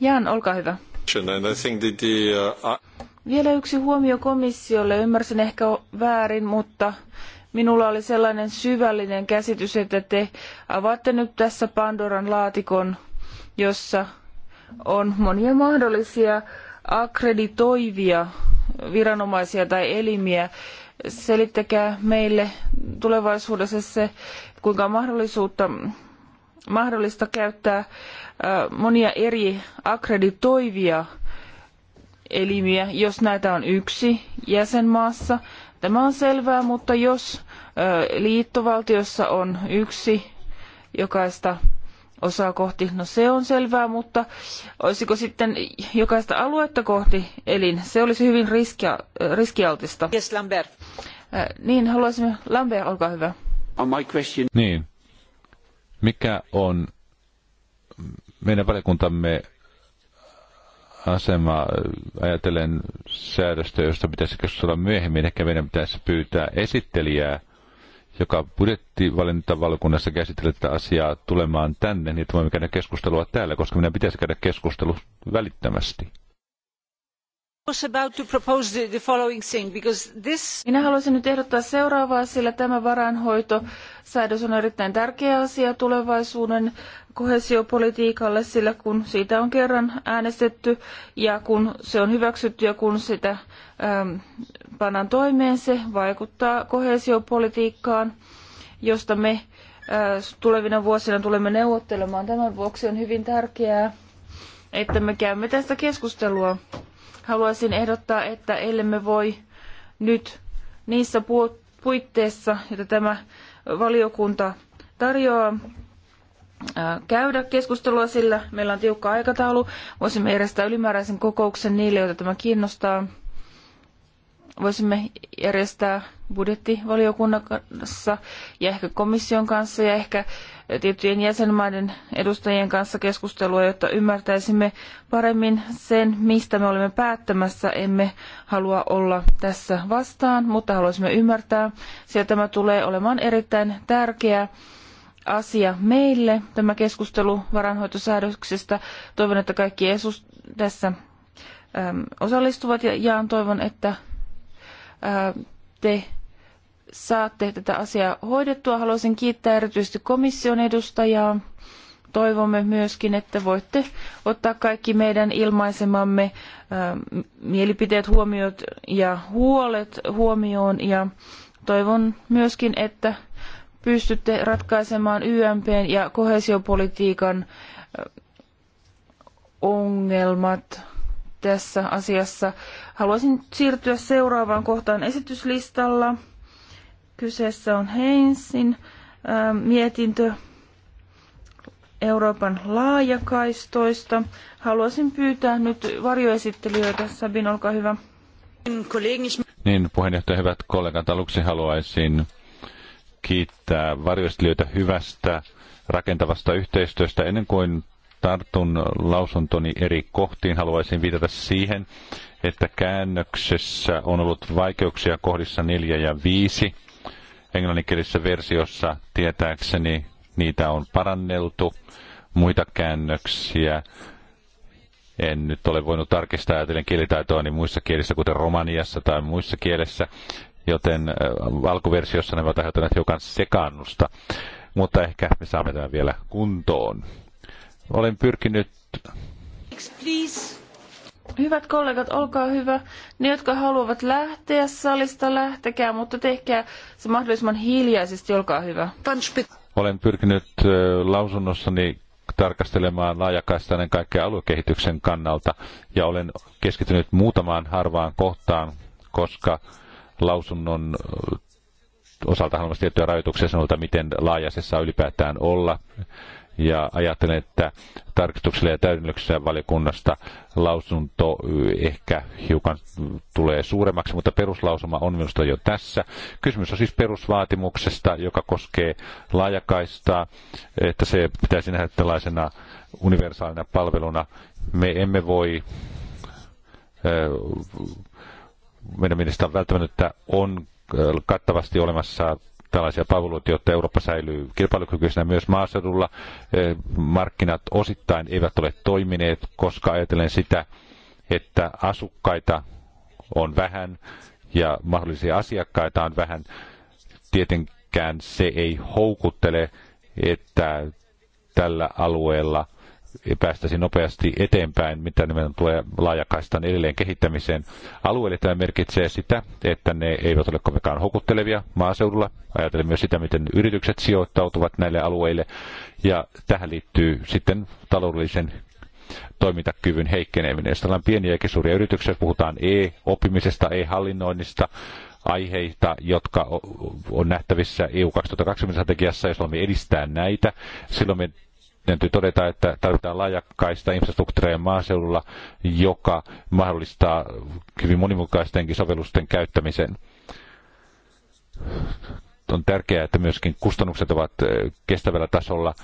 Jan, olkaa hyvä. Uh, Vielä yksi huomio komissiolle. Ymmärsin ehkä väärin, mutta minulla oli sellainen syvällinen käsitys, että te avaatte nyt tässä Pandoran laatikon, jossa on monia mahdollisia akkreditoivia viranomaisia tai elimiä. Selittäkää meille tulevaisuudessa se, kuinka on mahdollisuutta, mahdollista käyttää monia eri akkreditoivia elimiä, jos näitä on yksi jäsenmaassa. Tämä on selvää, mutta jos liittovaltiossa on yksi jokaista osaa kohti. No se on selvää, mutta olisiko sitten jokaista aluetta kohti elin? Se olisi hyvin riskia, äh, riskialtista. Yes, Lambert. Äh, niin, haluaisimme. Lambert, olkaa hyvä. On my question. Niin. Mikä on meidän valiokuntamme asema äh, ajatellen säädöstä, josta pitäisi keskustella myöhemmin. Ehkä meidän pitäisi pyytää esittelijää – joka budjettivalintavaliokunnassa käsittelee tätä asiaa tulemaan tänne, niin että voimme käydä keskustelua täällä, koska meidän pitäisi käydä keskustelu välittömästi. Minä haluaisin nyt ehdottaa seuraavaa, sillä tämä varainhoitosäädös on erittäin tärkeä asia tulevaisuuden kohesiopolitiikalle, sillä kun siitä on kerran äänestetty ja kun se on hyväksytty ja kun sitä äm, pannaan toimeen, se vaikuttaa kohesiopolitiikkaan, josta me äh, tulevina vuosina tulemme neuvottelemaan. Tämän vuoksi on hyvin tärkeää, että me käymme tästä keskustelua. Haluaisin ehdottaa, että ellemme voi nyt niissä puitteissa, joita tämä valiokunta tarjoaa, käydä keskustelua, sillä meillä on tiukka aikataulu. Voisimme järjestää ylimääräisen kokouksen niille, joita tämä kiinnostaa. Voisimme järjestää budjettivaliokunnassa ja ehkä komission kanssa ja ehkä tiettyjen jäsenmaiden edustajien kanssa keskustelua, jotta ymmärtäisimme paremmin sen, mistä me olemme päättämässä. Emme halua olla tässä vastaan, mutta haluaisimme ymmärtää, sillä tämä tulee olemaan erittäin tärkeää asia meille, tämä keskustelu varainhoitosäädöksestä. Toivon, että kaikki ESUS tässä ähm, osallistuvat ja jaan toivon, että ähm, te saatte tätä asiaa hoidettua. Haluaisin kiittää erityisesti komission edustajaa. Toivomme myöskin, että voitte ottaa kaikki meidän ilmaisemamme ähm, mielipiteet, huomiot ja huolet huomioon. Ja toivon myöskin, että pystytte ratkaisemaan YMPn ja kohesiopolitiikan ongelmat tässä asiassa. Haluaisin siirtyä seuraavaan kohtaan esityslistalla. Kyseessä on Heinsin mietintö Euroopan laajakaistoista. Haluaisin pyytää nyt varjoesittelijöitä. Sabin, olkaa hyvä. Niin, puheenjohtaja, hyvät kollegat, aluksi haluaisin kiittää varjoistelijoita hyvästä rakentavasta yhteistyöstä. Ennen kuin tartun lausuntoni eri kohtiin, haluaisin viitata siihen, että käännöksessä on ollut vaikeuksia kohdissa 4 ja 5. Englanninkielisessä versiossa tietääkseni niitä on paranneltu. Muita käännöksiä en nyt ole voinut tarkistaa ajatellen kielitaitoa niin muissa kielissä, kuten romaniassa tai muissa kielessä joten alkuversiossa ne ovat aiheuttaneet hiukan sekaannusta, mutta ehkä me saamme tämän vielä kuntoon. Olen pyrkinyt... Hyvät kollegat, olkaa hyvä. Ne, jotka haluavat lähteä salista, lähtekää, mutta tehkää se mahdollisimman hiljaisesti, olkaa hyvä. Olen pyrkinyt lausunnossani tarkastelemaan laajakaistainen kaikkea aluekehityksen kannalta ja olen keskittynyt muutamaan harvaan kohtaan, koska lausunnon osalta on tiettyjä rajoituksia sanolta, miten laaja se saa ylipäätään olla. Ja ajattelen, että tarkistuksella ja täydennyksellä valiokunnasta lausunto ehkä hiukan tulee suuremmaksi, mutta peruslausuma on minusta jo tässä. Kysymys on siis perusvaatimuksesta, joka koskee laajakaistaa, että se pitäisi nähdä tällaisena universaalina palveluna. Me emme voi meidän mielestä on välttämättä on äh, kattavasti olemassa tällaisia palveluita, jotta Eurooppa säilyy kilpailukykyisenä myös maaseudulla. Äh, markkinat osittain eivät ole toimineet, koska ajatellen sitä, että asukkaita on vähän ja mahdollisia asiakkaita on vähän. Tietenkään se ei houkuttele, että tällä alueella päästäisiin nopeasti eteenpäin, mitä nimenomaan tulee laajakaistan edelleen kehittämiseen. Alueelle tämä merkitsee sitä, että ne eivät ole kovinkaan houkuttelevia maaseudulla. Ajatellen myös sitä, miten yritykset sijoittautuvat näille alueille. Ja tähän liittyy sitten taloudellisen toimintakyvyn heikkeneminen. Jos ollaan pieniä ja suuria yrityksiä, puhutaan e-oppimisesta, e-hallinnoinnista, aiheita, jotka on nähtävissä EU 2020 strategiassa, jos haluamme edistää näitä. Silloin me täytyy todeta, että tarvitaan laajakkaista infrastruktuuria maaseudulla, joka mahdollistaa hyvin monimutkaistenkin sovellusten käyttämisen. On tärkeää, että myöskin kustannukset ovat eh, kestävällä tasolla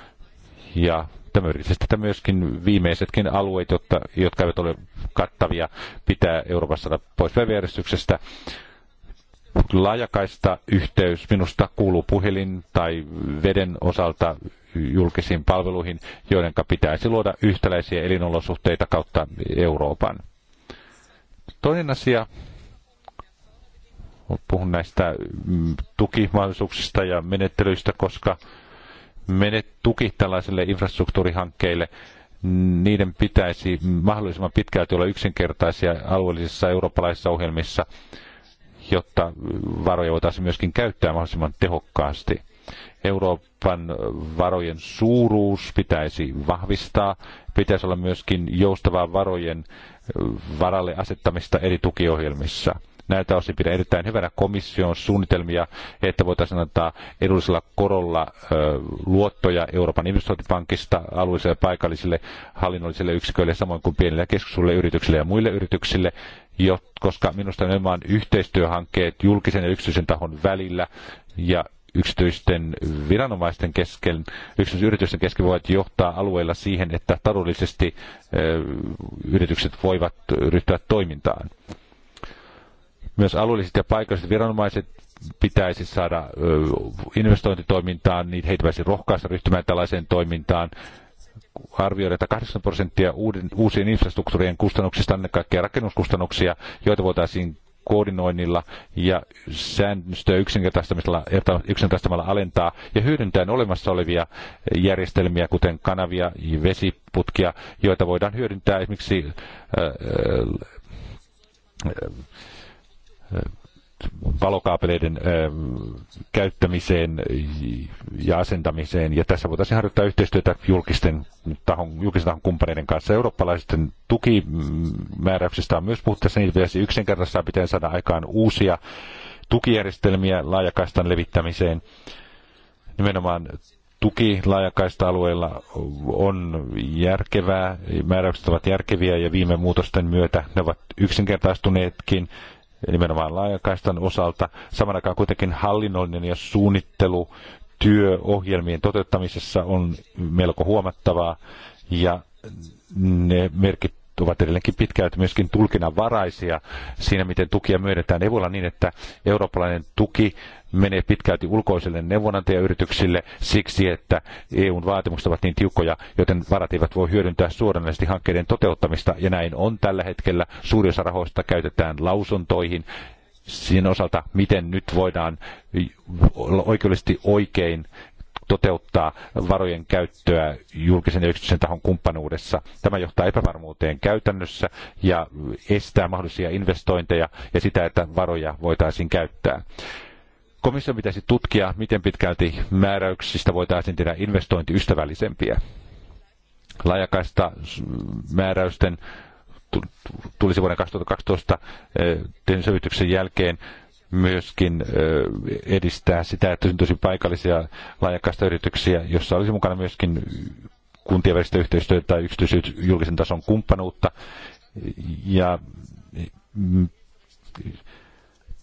ja tämä yritetään tätä myöskin viimeisetkin alueet, jotka, jotka eivät ole kattavia, pitää Euroopassa pois päiväjärjestyksestä laajakaista yhteys minusta kuuluu puhelin tai veden osalta julkisiin palveluihin, joiden pitäisi luoda yhtäläisiä elinolosuhteita kautta Euroopan. Toinen asia, puhun näistä mm, tukimahdollisuuksista ja menettelyistä, koska menet tuki tällaisille infrastruktuurihankkeille, niiden pitäisi mahdollisimman pitkälti olla yksinkertaisia alueellisissa eurooppalaisissa ohjelmissa, jotta varoja voitaisiin myöskin käyttää mahdollisimman tehokkaasti. Euroopan varojen suuruus pitäisi vahvistaa. Pitäisi olla myöskin joustavaa varojen varalle asettamista eri tukiohjelmissa. Näiltä osin pidän erittäin hyvänä komission suunnitelmia, että voitaisiin antaa edullisella korolla luottoja Euroopan investointipankista alueellisille ja paikallisille hallinnollisille yksiköille, samoin kuin pienille ja keskisuurille yrityksille ja muille yrityksille, jo, koska minusta nämä yhteistyöhankkeet julkisen ja yksityisen tahon välillä ja yksityisten viranomaisten kesken, yksityisten yritysten kesken voivat johtaa alueilla siihen, että taloudellisesti yritykset voivat ryhtyä toimintaan. Myös alueelliset ja paikalliset viranomaiset pitäisi saada investointitoimintaan, niin heitä pitäisi rohkaista ryhtymään tällaiseen toimintaan. Arvioida, että 80 prosenttia uusien infrastruktuurien kustannuksista, ennen kaikkea rakennuskustannuksia, joita voitaisiin koordinoinnilla ja säännöstöä yksinkertaistamalla, yksinkertaistamalla alentaa ja hyödyntäen olemassa olevia järjestelmiä, kuten kanavia ja vesiputkia, joita voidaan hyödyntää esimerkiksi äh, äh, valokaapeleiden käyttämiseen ja asentamiseen. Ja tässä voitaisiin harjoittaa yhteistyötä julkisten tahon, julkisen tahon kumppaneiden kanssa. Eurooppalaisten tukimääräyksistä on myös puhuttu tässä, niitä pitäisi yksinkertaisesti pitää saada aikaan uusia tukijärjestelmiä laajakaistan levittämiseen. Nimenomaan tuki laajakaista-alueilla on järkevää, määräykset ovat järkeviä ja viime muutosten myötä ne ovat yksinkertaistuneetkin nimenomaan laajakaistan osalta. Saman aikaan kuitenkin hallinnollinen ja suunnittelu työohjelmien toteuttamisessa on melko huomattavaa ja ne merkit ovat edelleenkin pitkälti myöskin tulkinnanvaraisia siinä, miten tukia myönnetään. Ei voi olla niin, että eurooppalainen tuki menee pitkälti ulkoiselle neuvonantajayrityksille siksi, että EUn vaatimukset ovat niin tiukkoja, joten varat eivät voi hyödyntää suoranaisesti hankkeiden toteuttamista, ja näin on tällä hetkellä. Suuri osa rahoista käytetään lausuntoihin, sen osalta, miten nyt voidaan oikeudellisesti oikein toteuttaa varojen käyttöä julkisen ja yksityisen tahon kumppanuudessa. Tämä johtaa epävarmuuteen käytännössä ja estää mahdollisia investointeja ja sitä, että varoja voitaisiin käyttää. Komissio pitäisi tutkia, miten pitkälti määräyksistä voitaisiin tehdä investointiystävällisempiä. Laajakaista määräysten tulisi vuoden 2012 tehdyn selvityksen jälkeen myöskin edistää sitä, että syntyisi paikallisia laajakaista yrityksiä, jossa olisi mukana myöskin kuntien välistä yhteistyötä tai yksityisjulkisen tason kumppanuutta. Ja mm,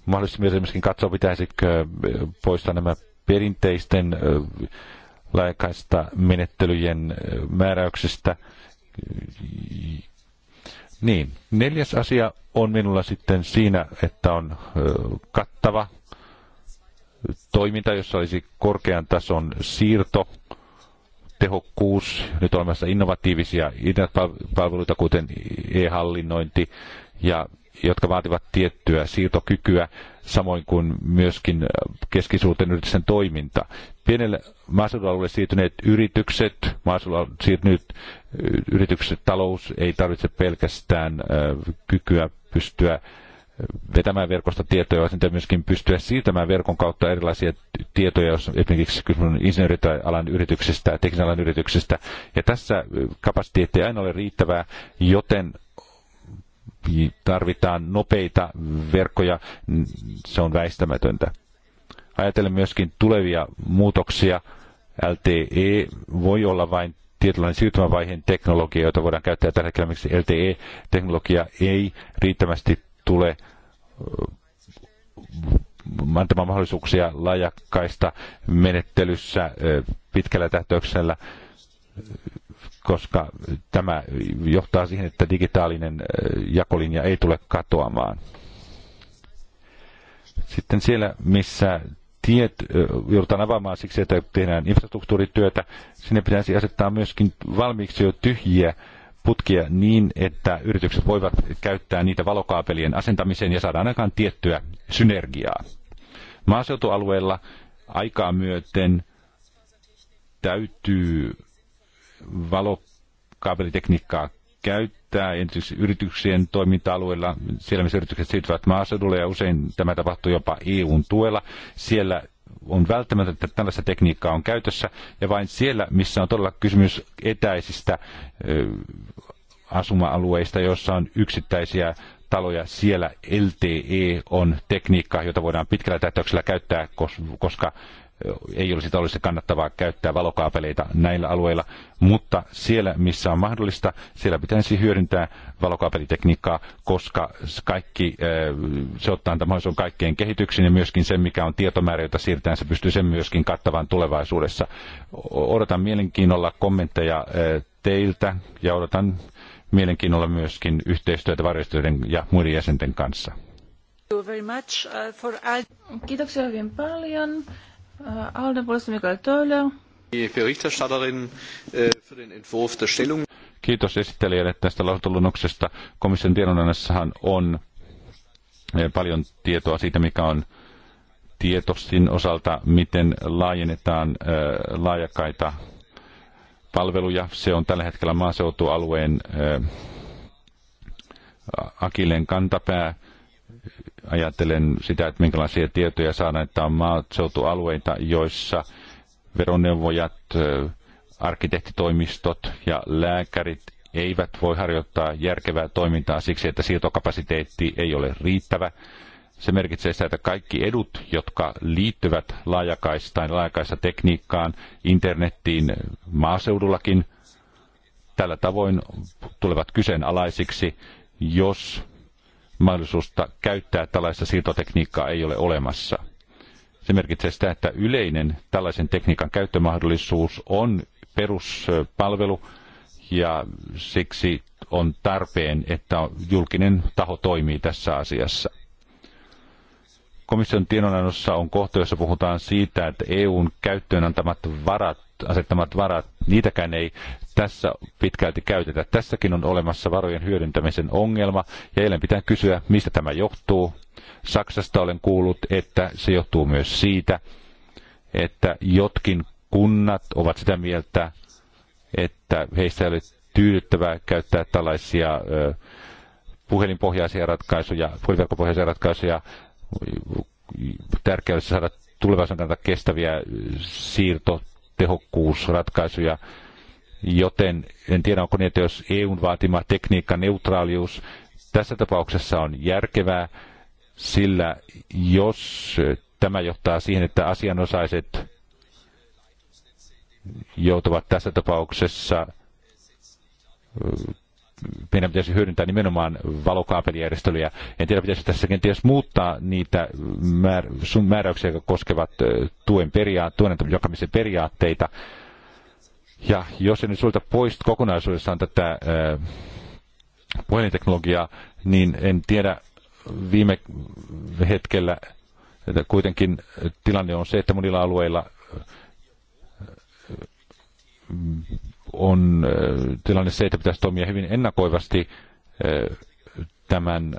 mahdollisesti myös esimerkiksi katsoa, pitäisikö poistaa nämä perinteisten laajakaista menettelyjen määräyksistä. Niin, neljäs asia on minulla sitten siinä, että on kattava toiminta, jossa olisi korkean tason siirto, tehokkuus, nyt olemassa innovatiivisia internetpalveluita, kuten e-hallinnointi ja jotka vaativat tiettyä siirtokykyä, samoin kuin myöskin keskisuuten yritysten toiminta. Pienelle maaseudualueelle siirtyneet yritykset, maaseudulla siirtyneet yritykset, talous ei tarvitse pelkästään kykyä pystyä vetämään verkosta tietoja, vaan niitä myöskin pystyä siirtämään verkon kautta erilaisia tietoja, jos esimerkiksi kysymys on insinööri- tai alan yrityksistä, teknisen alan yrityksistä. Ja tässä kapasiteetti ei aina ole riittävää, joten tarvitaan nopeita verkkoja, se on väistämätöntä. Ajatellen myöskin tulevia muutoksia, LTE voi olla vain tietynlainen siirtymävaiheen teknologia, jota voidaan käyttää tällä hetkellä, miksi LTE-teknologia ei riittävästi tule antamaan mahdollisuuksia laajakkaista menettelyssä pitkällä tähtäyksellä koska tämä johtaa siihen, että digitaalinen äh, jakolinja ei tule katoamaan. Sitten siellä, missä tiet äh, joudutaan avaamaan siksi, että tehdään infrastruktuurityötä, sinne pitäisi asettaa myöskin valmiiksi jo tyhjiä putkia niin, että yritykset voivat käyttää niitä valokaapelien asentamiseen ja saadaan aikaan tiettyä synergiaa. Maaseutualueella aikaa myöten täytyy valokaapelitekniikkaa käyttää esimerkiksi yrityksien toiminta-alueilla, siellä missä yritykset siirtyvät maaseudulle ja usein tämä tapahtuu jopa EUn tuella. Siellä on välttämätöntä, että tällaista tekniikkaa on käytössä ja vain siellä, missä on todella kysymys etäisistä asuma-alueista, joissa on yksittäisiä taloja, siellä LTE on tekniikka, jota voidaan pitkällä tähtäyksellä käyttää, koska ei olisi taloudellisesti kannattavaa käyttää valokaapeleita näillä alueilla, mutta siellä, missä on mahdollista, siellä pitäisi hyödyntää valokaapelitekniikkaa, koska kaikki, eh, se ottaa mahdollisuuden kaikkeen kehityksen ja myöskin sen, mikä on tietomäärä, jota siirretään, se pystyy sen myöskin kattavaan tulevaisuudessa. Odotan mielenkiinnolla kommentteja eh, teiltä ja odotan mielenkiinnolla myöskin yhteistyötä varjostyöiden ja muiden jäsenten kanssa. Uh, Kiitoksia hyvin paljon. Äh, äh, Kiitos esittelijälle tästä lausuntolunnoksesta. Komission tiedonannassahan on äh, paljon tietoa siitä, mikä on tietosin osalta, miten laajennetaan laajakaita palveluja. Se on tällä hetkellä maaseutualueen Akilen kantapää. Ajattelen sitä, että minkälaisia tietoja saadaan, että on maaseutualueita, joissa veroneuvojat, arkkitehtitoimistot ja lääkärit eivät voi harjoittaa järkevää toimintaa siksi, että siirtokapasiteetti ei ole riittävä. Se merkitsee sitä, että kaikki edut, jotka liittyvät laajakaistaan, laajakaista tekniikkaan, internettiin, maaseudullakin, tällä tavoin tulevat kyseenalaisiksi, jos mahdollisuutta käyttää tällaista siirtotekniikkaa ei ole olemassa. Se merkitsee sitä, että yleinen tällaisen tekniikan käyttömahdollisuus on peruspalvelu ja siksi on tarpeen, että julkinen taho toimii tässä asiassa. Komission tiedonannossa on kohta, jossa puhutaan siitä, että EUn käyttöön antamat varat asettamat varat, niitäkään ei tässä pitkälti käytetä. Tässäkin on olemassa varojen hyödyntämisen ongelma, ja eilen pitää kysyä, mistä tämä johtuu. Saksasta olen kuullut, että se johtuu myös siitä, että jotkin kunnat ovat sitä mieltä, että heistä ei ole tyydyttävää käyttää tällaisia ö, puhelinpohjaisia ratkaisuja, puhelinverkkopohjaisia ratkaisuja. Tärkeää olisi saada tulevaisuuden kannalta kestäviä siirto tehokkuusratkaisuja. Joten en tiedä, onko niin, että jos EUn vaatima tekniikkaneutraalius tässä tapauksessa on järkevää, sillä jos tämä johtaa siihen, että asianosaiset joutuvat tässä tapauksessa meidän pitäisi hyödyntää nimenomaan valokaapelijärjestelyjä. En tiedä, pitäisi tässä kenties muuttaa niitä määr- sun määräyksiä, jotka koskevat tuen, peria- tuen jakamisen periaatteita. Ja jos en nyt sulta pois kokonaisuudessaan tätä äh, puhelinteknologiaa, niin en tiedä viime hetkellä, että kuitenkin tilanne on se, että monilla alueilla on tilanne se, että pitäisi toimia hyvin ennakoivasti tämän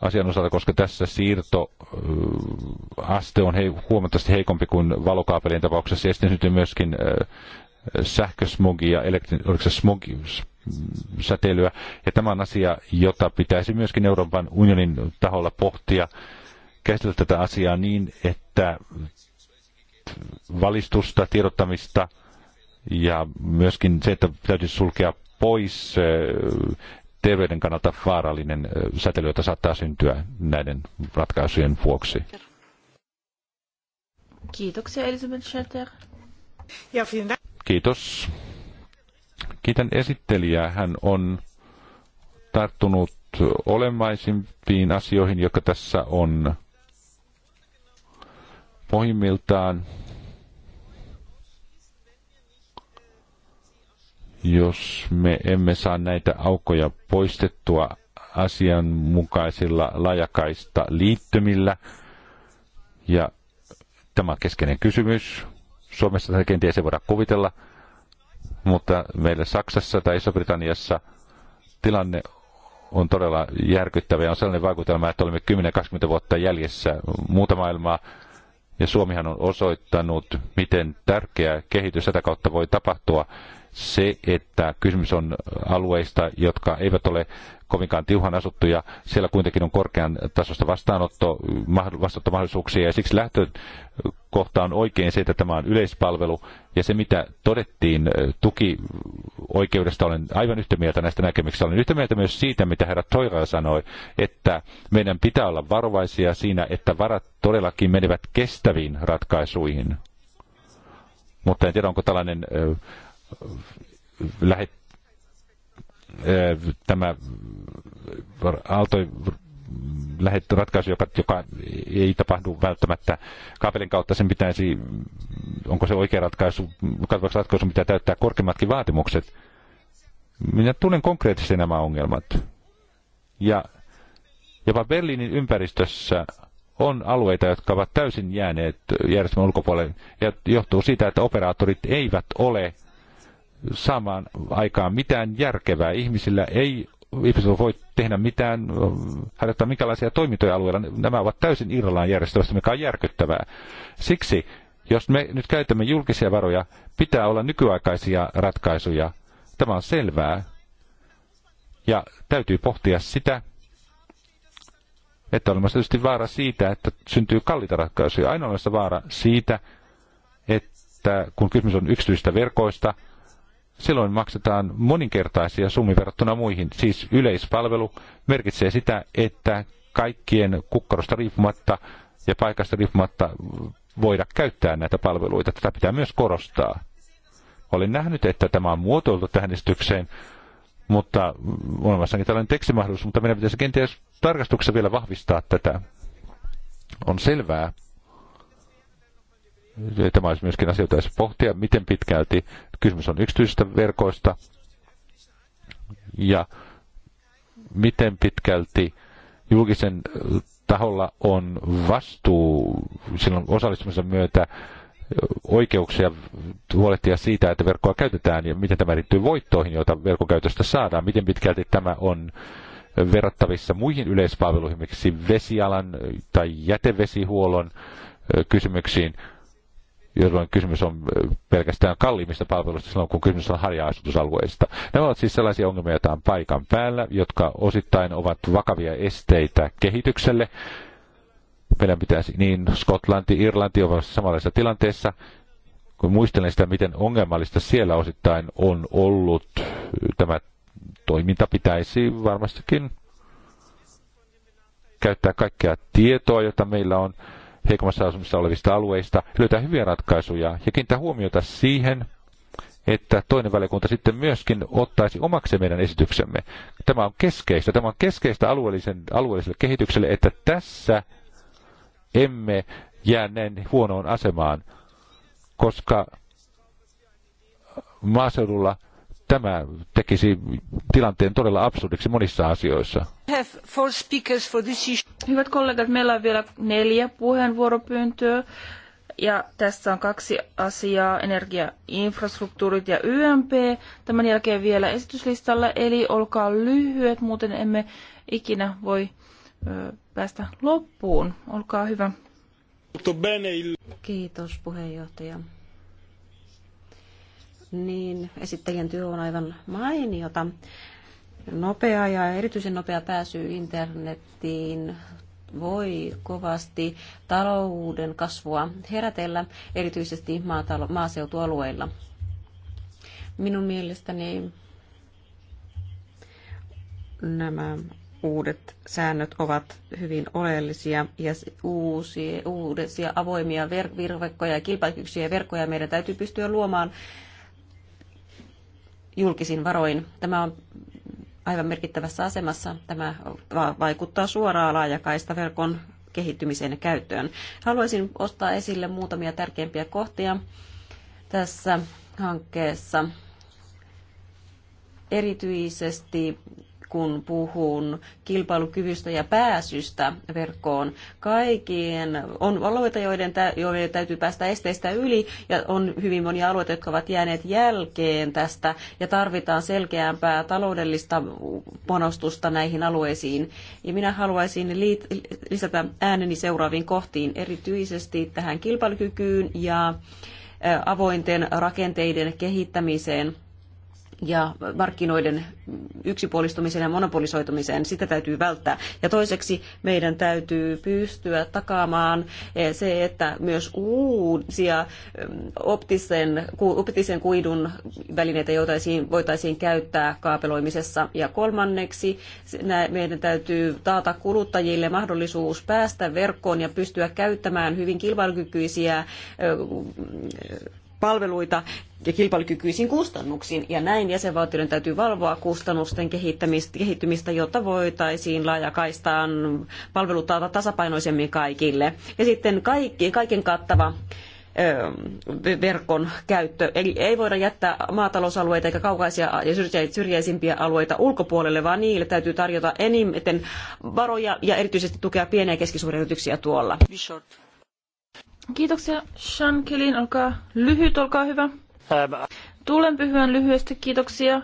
asian osalta, koska tässä siirtoaste on huomattavasti heikompi kuin valokaapelien tapauksessa. Ja sitten syntyy myöskin sähkösmogia, ja se smugi, säteilyä. Ja tämä on asia, jota pitäisi myöskin Euroopan unionin taholla pohtia, käsitellä tätä asiaa niin, että valistusta, tiedottamista – ja myöskin se, että täytyisi sulkea pois terveyden kannalta vaarallinen säteily, jota saattaa syntyä näiden ratkaisujen vuoksi. Kiitoksia Elisabeth Schelter. Kiitos. Kiitän esittelijää. Hän on tarttunut olemaisimpiin asioihin, jotka tässä on pohjimmiltaan Jos me emme saa näitä aukkoja poistettua asianmukaisilla lajakaista liittymillä, ja tämä on keskeinen kysymys, Suomessa tätä kenties ei voida kuvitella, mutta meillä Saksassa tai Iso-Britanniassa tilanne on todella järkyttävä ja on sellainen vaikutelma, että olemme 10-20 vuotta jäljessä muuta maailmaa. Ja Suomihan on osoittanut, miten tärkeää kehitys tätä kautta voi tapahtua se, että kysymys on alueista, jotka eivät ole kovinkaan tiuhan asuttuja, siellä kuitenkin on korkean tasosta vastaanotto, vastaanottomahdollisuuksia ja siksi lähtökohta on oikein se, että tämä on yleispalvelu ja se mitä todettiin tukioikeudesta, olen aivan yhtä mieltä näistä näkemyksistä. Olen yhtä mieltä myös siitä, mitä herra Toira sanoi, että meidän pitää olla varovaisia siinä, että varat todellakin menevät kestäviin ratkaisuihin. Mutta en tiedä, onko tällainen lähet, äh, tämä Aalto lähetty ratkaisu, joka, joka ei tapahdu välttämättä kaapelin kautta, sen pitäisi, onko se oikea ratkaisu, katsotaanko ratkaisu mitä täyttää korkeimmatkin vaatimukset. Minä tunnen konkreettisesti nämä ongelmat. Ja jopa Berliinin ympäristössä on alueita, jotka ovat täysin jääneet järjestelmän ulkopuolelle, ja johtuu siitä, että operaattorit eivät ole saamaan aikaan mitään järkevää. Ihmisillä ei ihmisillä voi tehdä mitään, harjoittaa minkälaisia toimintoja alueella. Nämä ovat täysin irrallaan järjestelmästä, mikä on järkyttävää. Siksi, jos me nyt käytämme julkisia varoja, pitää olla nykyaikaisia ratkaisuja. Tämä on selvää. Ja täytyy pohtia sitä, että on olemassa tietysti vaara siitä, että syntyy kalliita ratkaisuja. Ainoa vaara siitä, että kun kysymys on yksityistä verkoista, silloin maksetaan moninkertaisia summi verrattuna muihin. Siis yleispalvelu merkitsee sitä, että kaikkien kukkarosta riippumatta ja paikasta riippumatta voida käyttää näitä palveluita. Tätä pitää myös korostaa. Olen nähnyt, että tämä on muotoiltu tähän esitykseen, mutta on olemassakin tällainen tekstimahdollisuus, mutta meidän pitäisi kenties tarkastuksessa vielä vahvistaa tätä. On selvää, Tämä olisi myöskin asioita, jos pohtia, miten pitkälti kysymys on yksityisistä verkoista ja miten pitkälti julkisen taholla on vastuu silloin osallistumisen myötä oikeuksia huolehtia siitä, että verkkoa käytetään ja miten tämä liittyy voittoihin, joita verkkokäytöstä saadaan, miten pitkälti tämä on verrattavissa muihin yleispalveluihin, esimerkiksi vesialan tai jätevesihuollon kysymyksiin, jolloin kysymys on pelkästään kalliimmista palveluista silloin, kun kysymys on harja-asutusalueista. Nämä ovat siis sellaisia ongelmia, joita on paikan päällä, jotka osittain ovat vakavia esteitä kehitykselle. Meidän pitäisi niin Skotlanti, Irlanti ovat samanlaisessa tilanteessa, kun muistelen sitä, miten ongelmallista siellä osittain on ollut, tämä toiminta pitäisi varmastikin käyttää kaikkea tietoa, jota meillä on heikommassa asemassa olevista alueista, löytää hyviä ratkaisuja ja kiinnittää huomiota siihen, että toinen valiokunta sitten myöskin ottaisi omaksi meidän esityksemme. Tämä on keskeistä. Tämä on keskeistä alueellisen, alueelliselle kehitykselle, että tässä emme jää näin huonoon asemaan, koska maaseudulla – tämä tekisi tilanteen todella absurdiksi monissa asioissa. Hyvät kollegat, meillä on vielä neljä puheenvuoropyyntöä. Ja tässä on kaksi asiaa, energiainfrastruktuurit ja YMP. Tämän jälkeen vielä esityslistalla, eli olkaa lyhyet, muuten emme ikinä voi ö, päästä loppuun. Olkaa hyvä. Kiitos puheenjohtaja niin esittelijän työ on aivan mainiota. Nopea ja erityisen nopea pääsy internettiin voi kovasti talouden kasvua herätellä, erityisesti maatalo- maaseutualueilla. Minun mielestäni nämä uudet säännöt ovat hyvin oleellisia ja uusia, uusia avoimia ver- virvekkoja ja kilpailukyksiä verkkoja meidän täytyy pystyä luomaan julkisin varoin. Tämä on aivan merkittävässä asemassa. Tämä vaikuttaa suoraan laajakaista verkon kehittymiseen ja käyttöön. Haluaisin ostaa esille muutamia tärkeimpiä kohtia tässä hankkeessa. Erityisesti kun puhun kilpailukyvystä ja pääsystä verkkoon. Kaikkien on alueita, joiden, täytyy päästä esteistä yli ja on hyvin monia alueita, jotka ovat jääneet jälkeen tästä ja tarvitaan selkeämpää taloudellista panostusta näihin alueisiin. Ja minä haluaisin lisätä ääneni seuraaviin kohtiin, erityisesti tähän kilpailukykyyn ja avointen rakenteiden kehittämiseen ja markkinoiden yksipuolistumisen ja monopolisoitumiseen, sitä täytyy välttää. Ja toiseksi meidän täytyy pystyä takaamaan eh, se, että myös uusia eh, optisen, optisen kuidun välineitä joitaisiin, voitaisiin käyttää kaapeloimisessa. Ja kolmanneksi meidän täytyy taata kuluttajille mahdollisuus päästä verkkoon ja pystyä käyttämään hyvin kilpailukykyisiä eh, palveluita ja kilpailukykyisiin kustannuksiin. Ja näin jäsenvaltioiden täytyy valvoa kustannusten kehittymistä, jotta voitaisiin laajakaistaan palvelut taata tasapainoisemmin kaikille. Ja sitten kaikki, kaiken kattava verkon käyttö. Eli ei voida jättää maatalousalueita eikä kaukaisia ja syrjäisimpiä alueita ulkopuolelle, vaan niille täytyy tarjota eniten varoja ja erityisesti tukea pieniä ja keskisuuria yrityksiä tuolla. Kiitoksia Kilin, olkaa lyhyt, olkaa hyvä. Ähm, Tulen pyhyen lyhyesti, kiitoksia.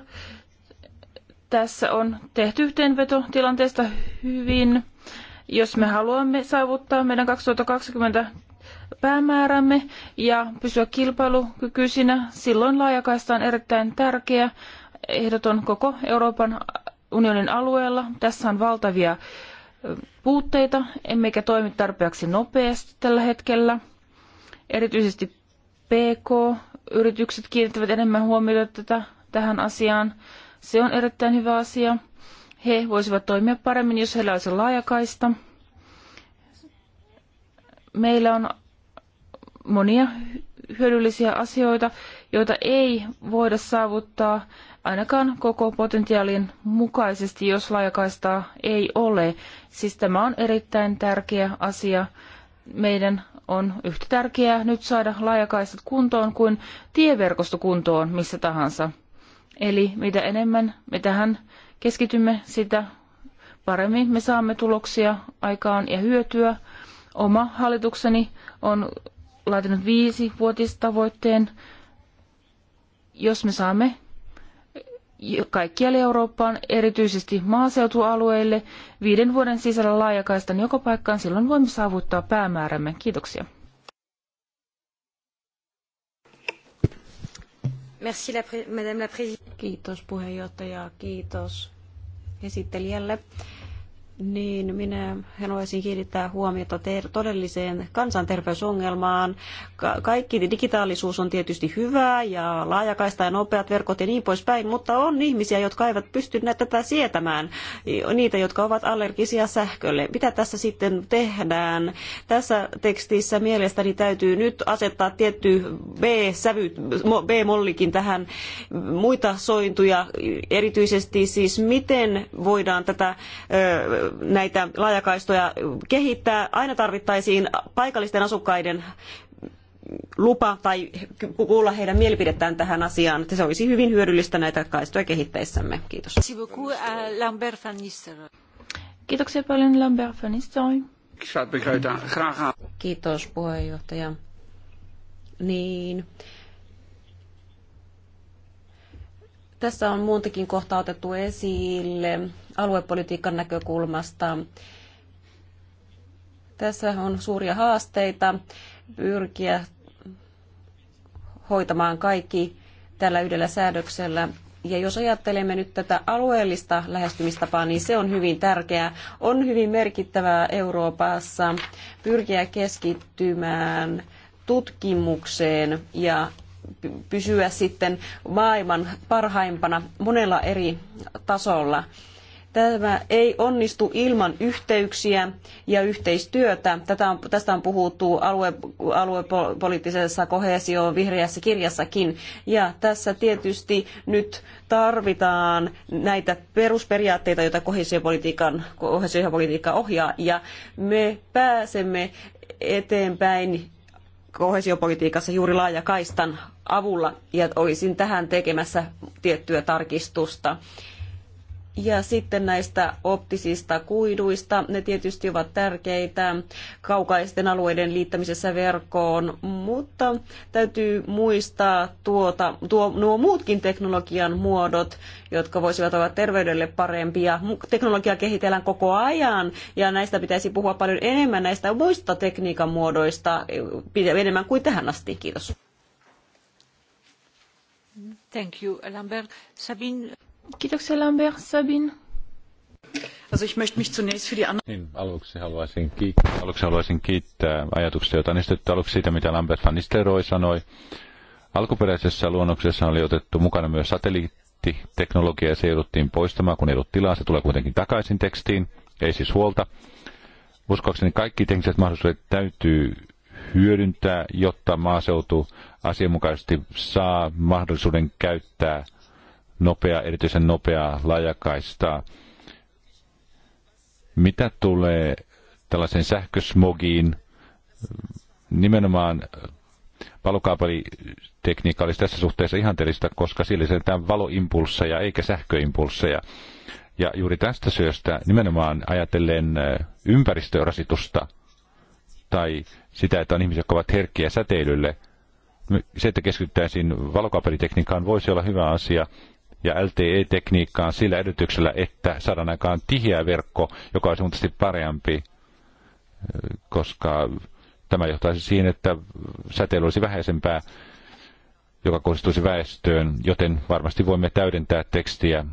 Tässä on tehty yhteenveto tilanteesta hyvin. Jos me haluamme saavuttaa meidän 2020 päämäärämme ja pysyä kilpailukykyisinä, silloin laajakaista on erittäin tärkeä ehdoton koko Euroopan unionin alueella. Tässä on valtavia puutteita, emmekä toimi tarpeeksi nopeasti tällä hetkellä. Erityisesti PK-yritykset kiinnittävät enemmän huomiota tätä, tähän asiaan. Se on erittäin hyvä asia. He voisivat toimia paremmin, jos heillä olisi laajakaista. Meillä on monia hyödyllisiä asioita, joita ei voida saavuttaa ainakaan koko potentiaalin mukaisesti, jos laajakaistaa ei ole. Siis tämä on erittäin tärkeä asia meidän on yhtä tärkeää nyt saada laajakaistat kuntoon kuin tieverkosto kuntoon missä tahansa. Eli mitä enemmän me tähän keskitymme, sitä paremmin me saamme tuloksia aikaan ja hyötyä. Oma hallitukseni on laatinut viisivuotistavoitteen. Jos me saamme kaikkialle Eurooppaan, erityisesti maaseutualueille, viiden vuoden sisällä laajakaistan joka paikkaan, silloin voimme saavuttaa päämäärämme. Kiitoksia. Merci la Kiitos puheenjohtaja, kiitos esittelijälle. Niin, minä haluaisin kiinnittää huomiota ter- todelliseen kansanterveysongelmaan. Ka- kaikki digitaalisuus on tietysti hyvää ja laajakaista ja nopeat verkot ja niin poispäin, mutta on ihmisiä, jotka eivät pysty tätä sietämään. Niitä, jotka ovat allergisia sähkölle. Mitä tässä sitten tehdään? Tässä tekstissä mielestäni täytyy nyt asettaa tietty B-sävy, B-mollikin tähän muita sointuja, erityisesti siis miten voidaan tätä näitä laajakaistoja kehittää. Aina tarvittaisiin paikallisten asukkaiden lupa tai kuulla heidän mielipidettään tähän asiaan. Se olisi hyvin hyödyllistä näitä kaistoja kehittäessämme. Kiitos. Uh, Kiitoksia paljon Lambert van Kiitos puheenjohtaja. Niin. Tässä on muutakin kohtaa otettu esille aluepolitiikan näkökulmasta. Tässä on suuria haasteita pyrkiä hoitamaan kaikki tällä yhdellä säädöksellä. Ja jos ajattelemme nyt tätä alueellista lähestymistapaa, niin se on hyvin tärkeää. On hyvin merkittävää Euroopassa pyrkiä keskittymään tutkimukseen ja pysyä sitten maailman parhaimpana monella eri tasolla. Tämä ei onnistu ilman yhteyksiä ja yhteistyötä. Tätä on, tästä on puhuttu alue, aluepoliittisessa kohesio vihreässä kirjassakin. Ja tässä tietysti nyt tarvitaan näitä perusperiaatteita, joita kohesiopolitiikan, kohesiopolitiikka ohjaa, ja me pääsemme eteenpäin kohesiopolitiikassa juuri laajakaistan avulla, ja olisin tähän tekemässä tiettyä tarkistusta. Ja sitten näistä optisista kuiduista, ne tietysti ovat tärkeitä kaukaisten alueiden liittämisessä verkkoon, mutta täytyy muistaa tuota, tuo, nuo muutkin teknologian muodot, jotka voisivat olla terveydelle parempia. Teknologia kehitellään koko ajan ja näistä pitäisi puhua paljon enemmän näistä muista tekniikan muodoista, eh, enemmän kuin tähän asti. Kiitos. Thank you, Lambert. Sabine... Kiitoksia Lambert Sabin. Also ich möchte mich zunächst für die niin, aluksi, haluaisin kiittää, aluksi haluaisin kiittää ajatuksia, joita on esitetty aluksi siitä, mitä Lambert van Nistelrooy sanoi. Alkuperäisessä luonnoksessa oli otettu mukana myös satelliittiteknologia ja se jouduttiin poistamaan, kun ei ollut tilaa. Se tulee kuitenkin takaisin tekstiin, ei siis huolta. Uskoakseni kaikki tekniset mahdollisuudet täytyy hyödyntää, jotta maaseutu asianmukaisesti saa mahdollisuuden käyttää – nopea, erityisen nopeaa laajakaistaa. Mitä tulee tällaiseen sähkösmogiin, nimenomaan valokaapelitekniikka olisi tässä suhteessa ihanteellista, koska sillä lisätään valoimpulsseja eikä sähköimpulsseja. Ja juuri tästä syöstä nimenomaan ajatellen ympäristörasitusta tai sitä, että on ihmisiä, jotka ovat herkkiä säteilylle, se, että keskittäisiin valokaapelitekniikkaan, voisi olla hyvä asia, ja LTE-tekniikkaan sillä edellytyksellä, että saadaan aikaan tiheä verkko, joka olisi huomattavasti parempi, koska tämä johtaisi siihen, että säteily olisi vähäisempää, joka kohdistuisi väestöön, joten varmasti voimme täydentää tekstiä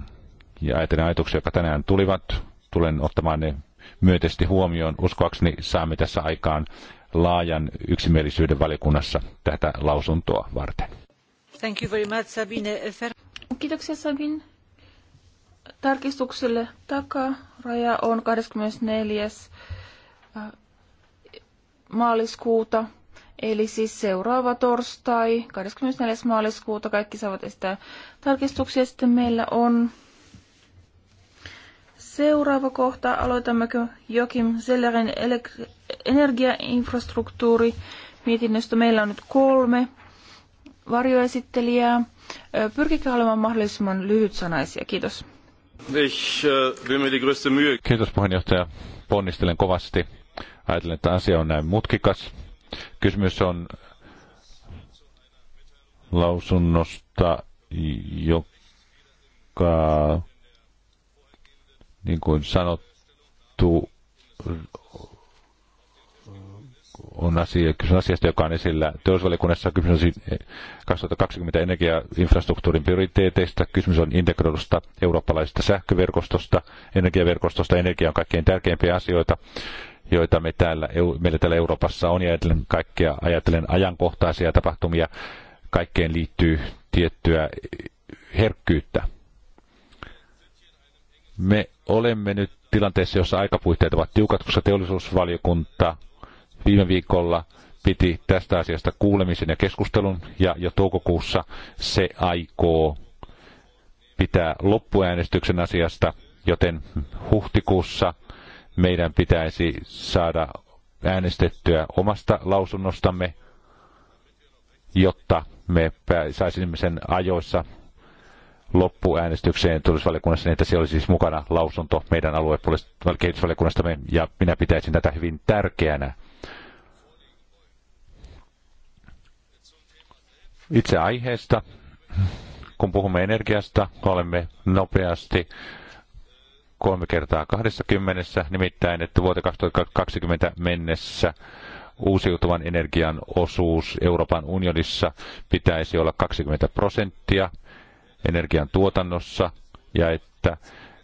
ja ajatellen ajatuksia, jotka tänään tulivat. Tulen ottamaan ne myönteisesti huomioon. Uskoakseni saamme tässä aikaan laajan yksimielisyyden valikunnassa tätä lausuntoa varten. Thank you very much, Sabine. Kiitoksia Sagin. Tarkistukselle takaraja on 24. Äh, maaliskuuta, eli siis seuraava torstai, 24. maaliskuuta. Kaikki saavat esittää tarkistuksia. Sitten meillä on seuraava kohta. Aloitammeko Jokim Sellerin energiainfrastruktuuri mietinnöstä. Meillä on nyt kolme varjoesittelijää. Pyrkikää olemaan mahdollisimman lyhytsanaisia. Kiitos. Ich, äh, Kiitos puheenjohtaja. Ponnistelen kovasti. Ajattelen, että asia on näin mutkikas. Kysymys on lausunnosta, joka, niin kuin sanottu, on asia, kysymys asiasta, joka on esillä teollisuusvaliokunnassa. Kysymys on 2020 energiainfrastruktuurin prioriteeteista. Kysymys on integroidusta eurooppalaisesta sähköverkostosta, energiaverkostosta. Energia on kaikkein tärkeimpiä asioita joita me täällä, meillä täällä Euroopassa on, ja ajatellen kaikkea, ajatellen ajankohtaisia tapahtumia, kaikkeen liittyy tiettyä herkkyyttä. Me olemme nyt tilanteessa, jossa aikapuitteet ovat tiukat, koska teollisuusvaliokunta viime viikolla piti tästä asiasta kuulemisen ja keskustelun, ja jo toukokuussa se aikoo pitää loppuäänestyksen asiasta, joten huhtikuussa meidän pitäisi saada äänestettyä omasta lausunnostamme, jotta me saisimme sen ajoissa loppuäänestykseen tullisvaliokunnassa, niin että siellä olisi siis mukana lausunto meidän aluepuolisesta kehitysvaliokunnastamme, ja minä pitäisin tätä hyvin tärkeänä. itse aiheesta. Kun puhumme energiasta, olemme nopeasti kolme kertaa 20, nimittäin että vuote 2020 mennessä uusiutuvan energian osuus Euroopan unionissa pitäisi olla 20 prosenttia energian tuotannossa ja että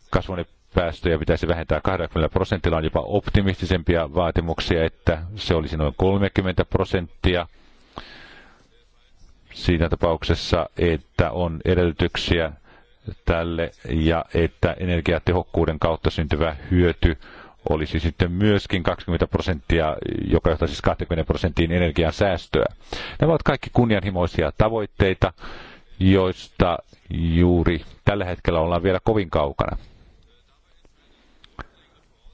kasvuhuonepäästöjä pitäisi vähentää 20 prosentilla on jopa optimistisempia vaatimuksia, että se olisi noin 30 prosenttia – siinä tapauksessa, että on edellytyksiä tälle ja että energiatehokkuuden kautta syntyvä hyöty olisi sitten myöskin 20 prosenttia, joka johtaisi siis 20 prosenttiin energian säästöä. Nämä ovat kaikki kunnianhimoisia tavoitteita, joista juuri tällä hetkellä ollaan vielä kovin kaukana.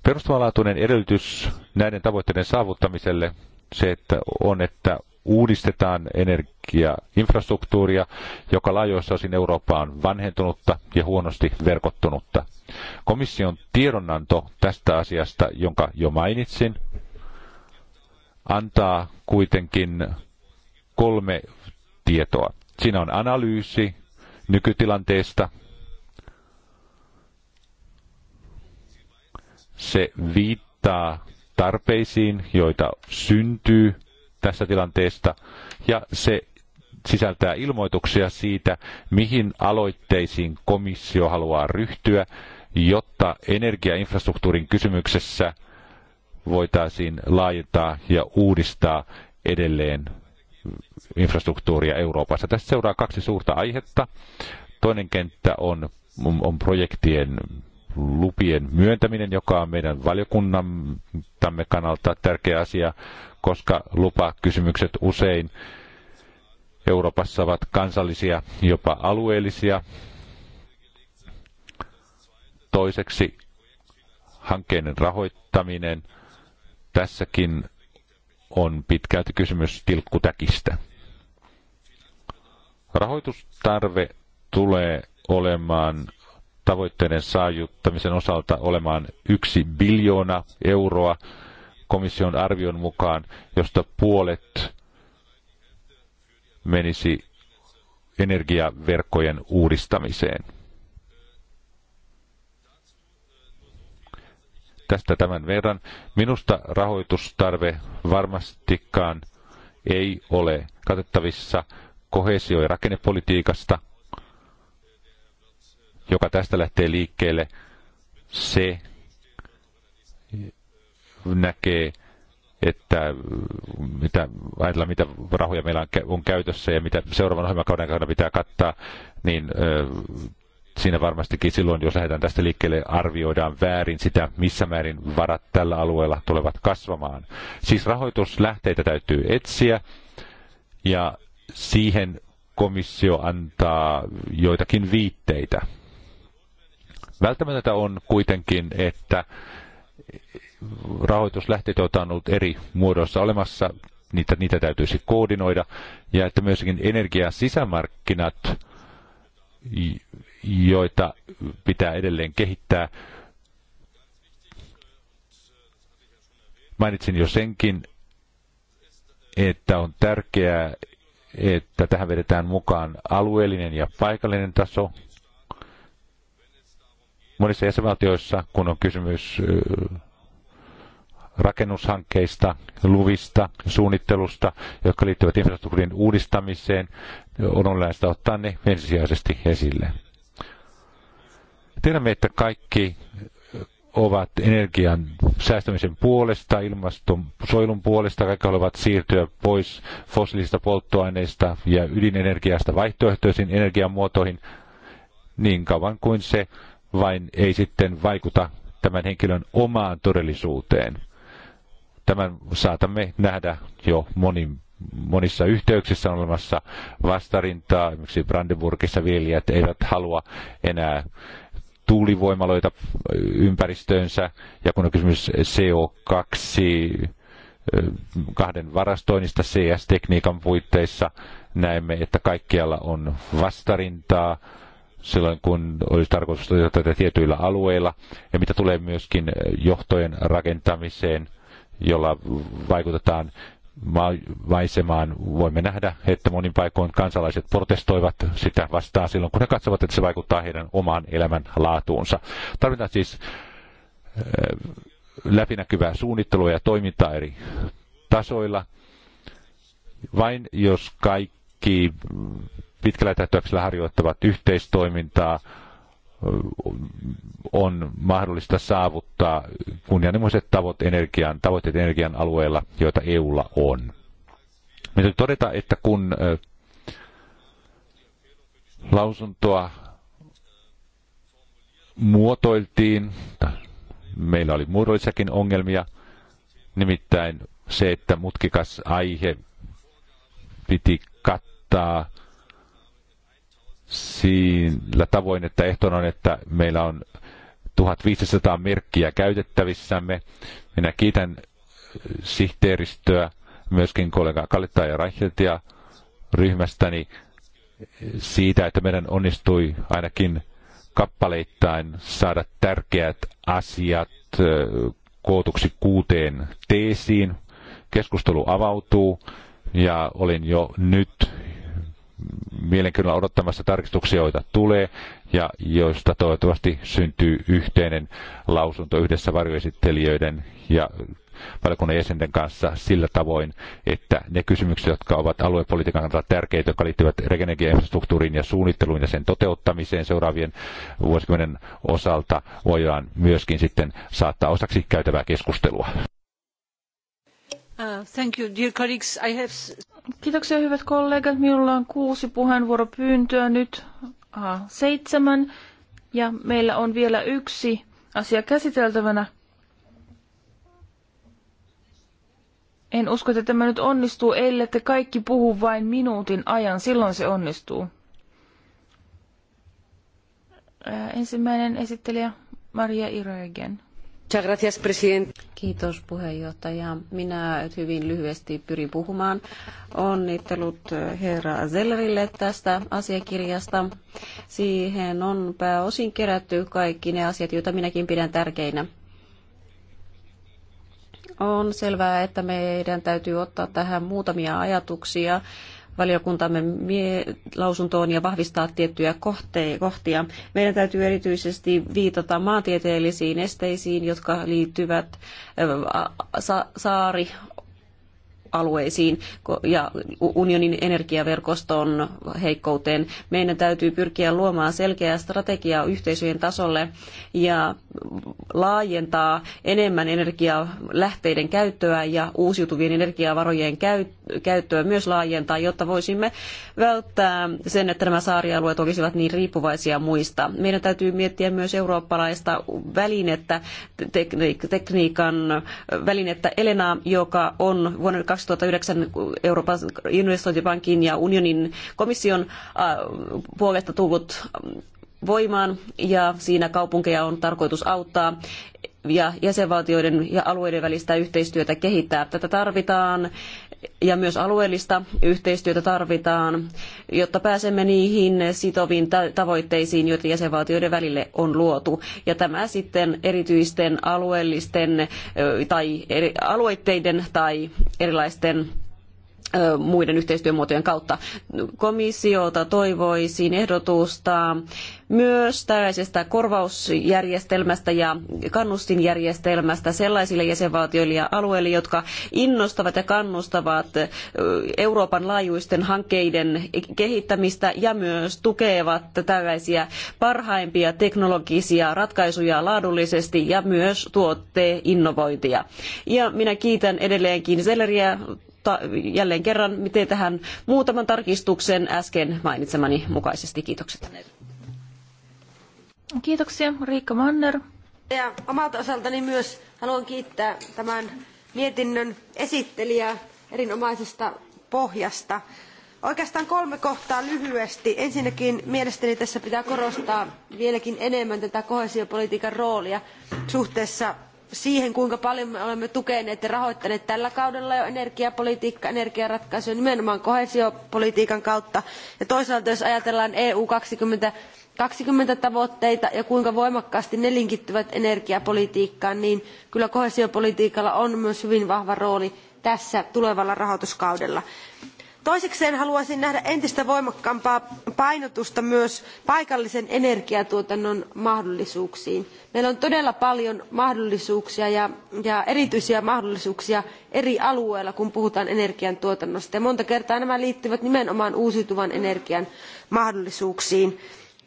Perustavanlaatuinen edellytys näiden tavoitteiden saavuttamiselle se, että on, että uudistetaan energiainfrastruktuuria, joka laajoissa osin Eurooppaa on vanhentunutta ja huonosti verkottunutta. Komission tiedonanto tästä asiasta, jonka jo mainitsin, antaa kuitenkin kolme tietoa. Siinä on analyysi nykytilanteesta, se viittaa tarpeisiin, joita syntyy tässä tilanteesta ja se sisältää ilmoituksia siitä, mihin aloitteisiin komissio haluaa ryhtyä, jotta energiainfrastruktuurin kysymyksessä voitaisiin laajentaa ja uudistaa edelleen infrastruktuuria Euroopassa. Tästä seuraa kaksi suurta aihetta. Toinen kenttä on, on projektien lupien myöntäminen, joka on meidän valiokunnamme kannalta tärkeä asia, koska lupakysymykset usein Euroopassa ovat kansallisia, jopa alueellisia. Toiseksi hankkeiden rahoittaminen. Tässäkin on pitkälti kysymys tilkkutäkistä. Rahoitustarve tulee olemaan tavoitteiden saajuttamisen osalta olemaan yksi biljoona euroa komission arvion mukaan, josta puolet menisi energiaverkkojen uudistamiseen. Tästä tämän verran. Minusta rahoitustarve varmastikaan ei ole katettavissa kohesio- ja rakennepolitiikasta – joka tästä lähtee liikkeelle, se näkee, että mitä, ajatella, mitä rahoja meillä on, käytössä ja mitä seuraavan ohjelmakauden aikana pitää kattaa, niin siinä varmastikin silloin, jos lähdetään tästä liikkeelle, arvioidaan väärin sitä, missä määrin varat tällä alueella tulevat kasvamaan. Siis rahoituslähteitä täytyy etsiä ja siihen komissio antaa joitakin viitteitä. Välttämätöntä on kuitenkin, että rahoituslähteet, joita on ollut eri muodoissa olemassa, niitä, niitä täytyisi siis koordinoida, ja että myöskin energiasisämarkkinat, joita pitää edelleen kehittää. Mainitsin jo senkin, että on tärkeää, että tähän vedetään mukaan alueellinen ja paikallinen taso, monissa jäsenvaltioissa, kun on kysymys rakennushankkeista, luvista, suunnittelusta, jotka liittyvät infrastruktuurin uudistamiseen, on olennaista ottaa ne ensisijaisesti esille. Tiedämme, että kaikki ovat energian säästämisen puolesta, soilun puolesta, kaikki haluavat siirtyä pois fossiilisista polttoaineista ja ydinenergiasta vaihtoehtoisiin energiamuotoihin niin kauan kuin se vain ei sitten vaikuta tämän henkilön omaan todellisuuteen. Tämän saatamme nähdä jo monin, monissa yhteyksissä on olemassa vastarintaa. Esimerkiksi Brandenburgissa viljelijät eivät halua enää tuulivoimaloita ympäristöönsä, ja kun on kysymys CO2 eh, kahden varastoinnista CS-tekniikan puitteissa, näemme, että kaikkialla on vastarintaa silloin, kun olisi tarkoitus toteuttaa tietyillä alueilla, ja mitä tulee myöskin johtojen rakentamiseen, jolla vaikutetaan maisemaan. Voimme nähdä, että monin paikoin kansalaiset protestoivat sitä vastaan silloin, kun he katsovat, että se vaikuttaa heidän omaan elämän laatuunsa. Tarvitaan siis eh, läpinäkyvää suunnittelua ja toimintaa eri tasoilla. Vain jos kaikki pitkällä tähtäyksellä harjoittavat yhteistoimintaa, on mahdollista saavuttaa kunnianhimoiset tavoitteet energian, tavoitteet energian alueella, joita EUlla on. Me täytyy todeta, että kun lausuntoa muotoiltiin, meillä oli muodollisiakin ongelmia, nimittäin se, että mutkikas aihe piti kattaa sillä tavoin, että ehtona on, että meillä on 1500 merkkiä käytettävissämme. Minä kiitän äh, sihteeristöä, myöskin kollega Kalletta ja Reicheltia ryhmästäni äh, siitä, että meidän onnistui ainakin kappaleittain saada tärkeät asiat äh, kootuksi kuuteen teesiin. Keskustelu avautuu ja olin jo nyt mielenkiinnolla odottamassa tarkistuksia, joita tulee ja joista toivottavasti syntyy yhteinen lausunto yhdessä varjoesittelijöiden ja valiokunnan jäsenten kanssa sillä tavoin, että ne kysymykset, jotka ovat aluepolitiikan kannalta tärkeitä, jotka liittyvät regenergiainfrastruktuuriin ja suunnitteluun ja sen toteuttamiseen seuraavien vuosikymmenen osalta, voidaan myöskin sitten saattaa osaksi käytävää keskustelua. Uh, Kiitoksia hyvät kollegat. Minulla on kuusi puheenvuoropyyntöä nyt. Aha, uh, seitsemän. Ja meillä on vielä yksi asia käsiteltävänä. En usko, että tämä nyt onnistuu, ellei te kaikki puhu vain minuutin ajan. Silloin se onnistuu. Uh, ensimmäinen esittelijä Maria Iroegen. Kiitos puheenjohtaja. Minä hyvin lyhyesti pyrin puhumaan. Onnittelut eh, herra Zellerille tästä asiakirjasta. Siihen on pääosin kerätty kaikki ne asiat, joita minäkin pidän tärkeinä. On selvää, että meidän täytyy ottaa tähän muutamia ajatuksia valiokuntamme lausuntoon ja vahvistaa tiettyjä kohtia. Meidän täytyy erityisesti viitata maantieteellisiin esteisiin, jotka liittyvät saari alueisiin ja unionin energiaverkoston heikkouteen. Meidän täytyy pyrkiä luomaan selkeää strategiaa yhteisöjen tasolle ja laajentaa enemmän energialähteiden käyttöä ja uusiutuvien energiavarojen käyttöä myös laajentaa, jotta voisimme välttää sen, että nämä saarialueet olisivat niin riippuvaisia muista. Meidän täytyy miettiä myös eurooppalaista välinettä, tekniikan välinettä Elena, joka on vuonna 2009 Euroopan investointipankin ja unionin komission äh, puolesta tullut mm, voimaan ja siinä kaupunkeja on tarkoitus auttaa ja jäsenvaltioiden ja alueiden välistä yhteistyötä kehittää. Tätä tarvitaan ja myös alueellista yhteistyötä tarvitaan, jotta pääsemme niihin sitoviin tavoitteisiin, joita jäsenvaltioiden välille on luotu. Ja tämä sitten erityisten alueellisten tai eri, alueiden tai erilaisten muiden yhteistyömuotojen kautta. Komissiota toivoisin ehdotusta myös tällaisesta korvausjärjestelmästä ja kannustinjärjestelmästä sellaisille jäsenvaltioille ja alueille, jotka innostavat ja kannustavat Euroopan laajuisten hankkeiden kehittämistä ja myös tukevat tällaisia parhaimpia teknologisia ratkaisuja laadullisesti ja myös tuotteinnovointia. Ja minä kiitän edelleenkin Selleriä mutta jälleen kerran miten tähän muutaman tarkistuksen äsken mainitsemani mukaisesti. Kiitokset. Kiitoksia. Riikka Manner. Ja omalta osaltani myös haluan kiittää tämän mietinnön esittelijää erinomaisesta pohjasta. Oikeastaan kolme kohtaa lyhyesti. Ensinnäkin mielestäni tässä pitää korostaa vieläkin enemmän tätä koheesiopolitiikan roolia suhteessa siihen, kuinka paljon me olemme tukeneet ja rahoittaneet tällä kaudella jo energiapolitiikkaa, energiaratkaisuja nimenomaan koheesiopolitiikan kautta. Ja toisaalta jos ajatellaan EU 20 kaksikymmentä tavoitteita ja kuinka voimakkaasti ne linkittyvät energiapolitiikkaan niin kyllä koheesiopolitiikalla on myös hyvin vahva rooli tässä tulevalla rahoituskaudella toisekseen haluaisin nähdä entistä voimakkaampaa painotusta myös paikallisen energiatuotannon mahdollisuuksiin. meillä on todella paljon mahdollisuuksia ja, ja erityisiä mahdollisuuksia eri alueilla kun puhutaan energiantuotannosta ja monta kertaa nämä liittyvät nimenomaan uusiutuvan energian mahdollisuuksiin.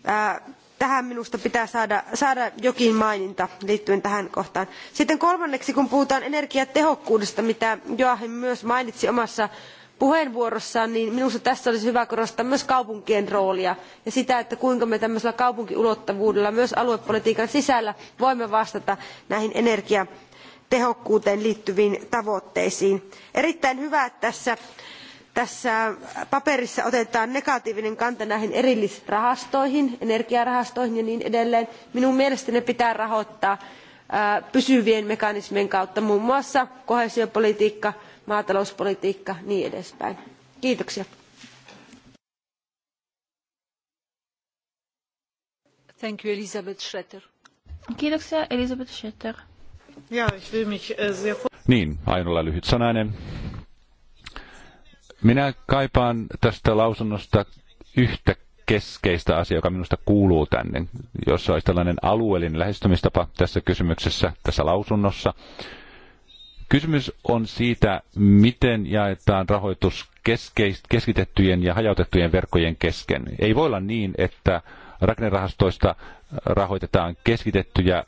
Ää, tähän minusta pitää saada, saada jokin maininta liittyen tähän kohtaan. sitten kolmanneksi kun puhutaan energiatehokkuudesta mitä joachim myös mainitsi omassa puheenvuorossaan niin minusta tässä olisi hyvä korostaa myös kaupunkien roolia ja sitä että kuinka me tällaisella kaupunkiulottuvuudella myös aluepolitiikan sisällä voimme vastata näihin energiatehokkuuteen liittyviin tavoitteisiin. erittäin hyvä että tässä, tässä paperissa otetaan negatiivinen kanta näihin erillisrahastoihin energiarahastoihin ja niin edelleen. minun mielestäni ne pitää rahoittaa pysyvien mekanismien kautta muun muassa koheesiopolitiikka maatalouspolitiikka ja niin edespäin. kiitoksia. Thank you, Elisabeth Schroeder. Kiitoksia, Elisabeth Schroeder. Ja, ich will mich äh, sehr... Niin, ainoa lyhyt sanainen. Minä kaipaan tästä lausunnosta yhtä keskeistä asiaa, joka minusta kuuluu tänne, jossa olisi tällainen alueellinen lähestymistapa tässä kysymyksessä, tässä lausunnossa. Kysymys on siitä, miten jaetaan rahoitus keskitettyjen ja hajautettujen verkkojen kesken. Ei voi olla niin, että rakennerahastoista rahoitetaan keskitettyjä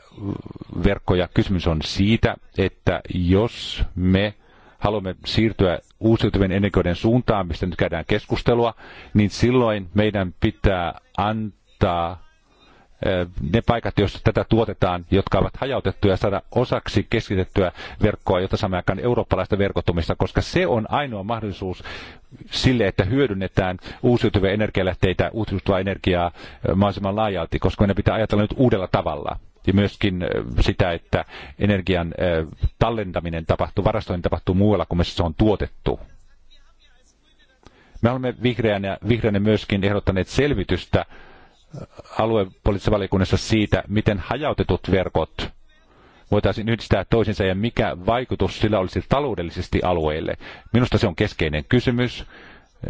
verkkoja. Kysymys on siitä, että jos me haluamme siirtyä uusiutuvien energioiden suuntaan, mistä nyt käydään keskustelua, niin silloin meidän pitää antaa ne paikat, joissa tätä tuotetaan, jotka ovat hajautettuja, saada osaksi keskitettyä verkkoa, jotta saamme aikaan eurooppalaista verkottumista, koska se on ainoa mahdollisuus sille, että hyödynnetään uusiutuvia energialähteitä, uusiutuvaa energiaa mahdollisimman laajalti, koska meidän pitää ajatella nyt uudella tavalla. Ja myöskin sitä, että energian tallentaminen tapahtuu, varastoin tapahtuu muualla kuin missä se on tuotettu. Me olemme vihreänä, vihreänä myöskin ehdottaneet selvitystä aluepoliittisessa siitä, miten hajautetut verkot voitaisiin yhdistää toisinsa ja mikä vaikutus sillä olisi taloudellisesti alueille. Minusta se on keskeinen kysymys.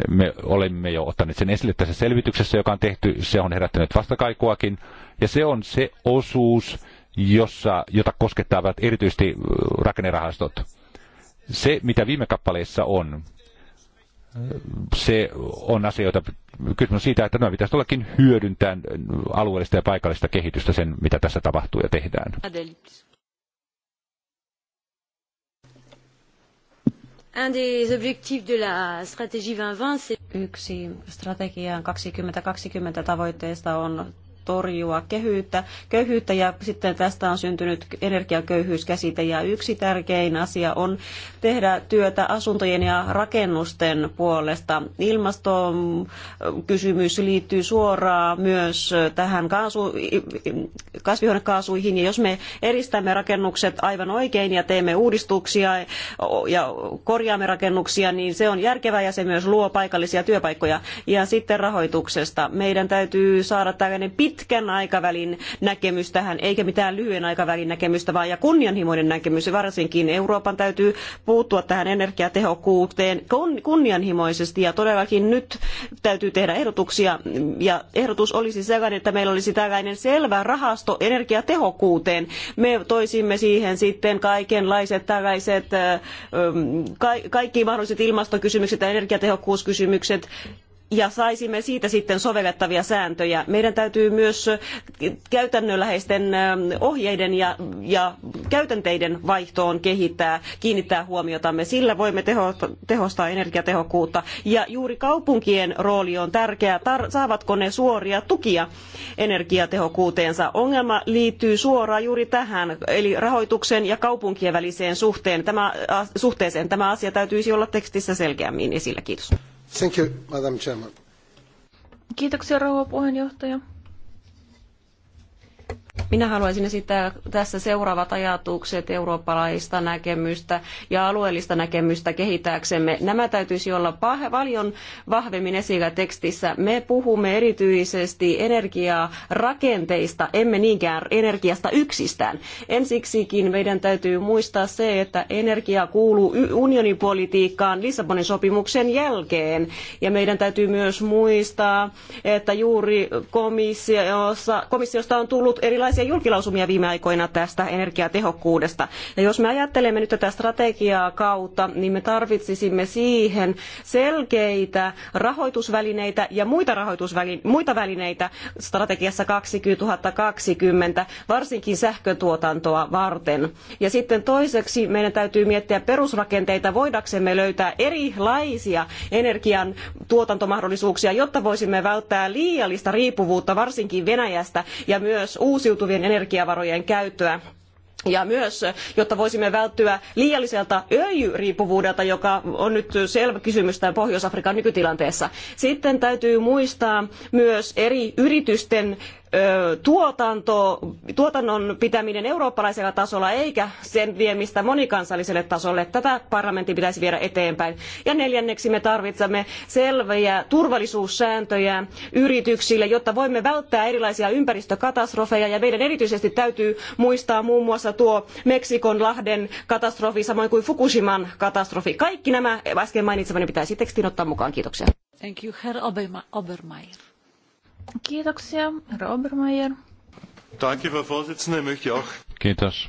Me olemme jo ottaneet sen esille tässä selvityksessä, joka on tehty. Se on herättänyt vastakaikuakin. Ja se on se osuus, jossa, jota koskettavat erityisesti rakennerahastot. Se, mitä viime kappaleissa on, se on asioita, kysymys siitä, että noin pitäisi ollakin hyödyntää alueellista ja paikallista kehitystä sen, mitä tässä tapahtuu ja tehdään. Adelips. Yksi strategian 2020 tavoitteista on torjua kehyyttä, köyhyyttä ja sitten tästä on syntynyt energiaköyhyyskäsite ja yksi tärkein asia on tehdä työtä asuntojen ja rakennusten puolesta. Ilmastokysymys liittyy suoraan myös tähän kaasu, kasvihuonekaasuihin ja jos me eristämme rakennukset aivan oikein ja teemme uudistuksia ja korjaamme rakennuksia, niin se on järkevää ja se myös luo paikallisia työpaikkoja. Ja sitten rahoituksesta. Meidän täytyy saada tällainen pit pitkän aikavälin näkemys tähän, eikä mitään lyhyen aikavälin näkemystä, vaan ja kunnianhimoinen näkemys. Varsinkin Euroopan täytyy puuttua tähän energiatehokkuuteen kunnianhimoisesti ja todellakin nyt täytyy tehdä ehdotuksia. Ja ehdotus olisi sellainen, että meillä olisi tällainen selvä rahasto energiatehokkuuteen. Me toisimme siihen sitten kaikenlaiset tällaiset, kaikki mahdolliset ilmastokysymykset ja energiatehokkuuskysymykset ja saisimme siitä sitten sovellettavia sääntöjä. Meidän täytyy myös käytännönläheisten ähm, ohjeiden ja, ja käytänteiden vaihtoon kehittää, kiinnittää huomiotamme. Sillä voimme tehostaa energiatehokkuutta. Ja juuri kaupunkien rooli on tärkeä. Tar- saavatko ne suoria tukia energiatehokkuuteensa? Ongelma liittyy suoraan juuri tähän, eli rahoituksen ja kaupunkien väliseen suhteen. Tämä, suhteeseen. Tämä asia täytyisi olla tekstissä selkeämmin esillä. Kiitos. Thank you, Madam Chairman. Kiitoksia rouva puheenjohtaja. Minä haluaisin esittää tässä seuraavat ajatukset eurooppalaista näkemystä ja alueellista näkemystä kehittääksemme. Nämä täytyisi olla paljon vahvemmin esillä tekstissä. Me puhumme erityisesti energiarakenteista, emme niinkään energiasta yksistään. Ensiksikin meidän täytyy muistaa se, että energia kuuluu unionipolitiikkaan Lissabonin sopimuksen jälkeen. Ja meidän täytyy myös muistaa, että juuri komissiossa, komissiosta on tullut erilaisia erilaisia julkilausumia viime aikoina tästä energiatehokkuudesta. Ja jos me ajattelemme nyt tätä strategiaa kautta, niin me tarvitsisimme siihen selkeitä rahoitusvälineitä ja muita, rahoitusväline- muita välineitä strategiassa 2020, varsinkin sähkötuotantoa varten. Ja sitten toiseksi meidän täytyy miettiä perusrakenteita, voidaksemme löytää erilaisia energian tuotantomahdollisuuksia, jotta voisimme välttää liiallista riippuvuutta varsinkin Venäjästä ja myös uusiutuvista uusiutuvien energiavarojen käyttöä ja myös, jotta voisimme välttyä liialliselta öljyriippuvuudelta, joka on nyt selvä kysymys tämän Pohjois-Afrikan nykytilanteessa. Sitten täytyy muistaa myös eri yritysten tuotanto, tuotannon pitäminen eurooppalaisella tasolla eikä sen viemistä monikansalliselle tasolle. Tätä parlamentti pitäisi viedä eteenpäin. Ja neljänneksi me tarvitsemme selviä turvallisuussääntöjä yrityksille, jotta voimme välttää erilaisia ympäristökatastrofeja ja meidän erityisesti täytyy muistaa muun muassa tuo Meksikon lahden katastrofi samoin kuin Fukushiman katastrofi. Kaikki nämä äsken mainitsemani pitäisi tekstiin ottaa mukaan. Kiitoksia. Thank you, Herr Obermeier. Kiitoksia, herra Obermeier. Danke, Frau Vorsitzende, möchte auch. Kiitos.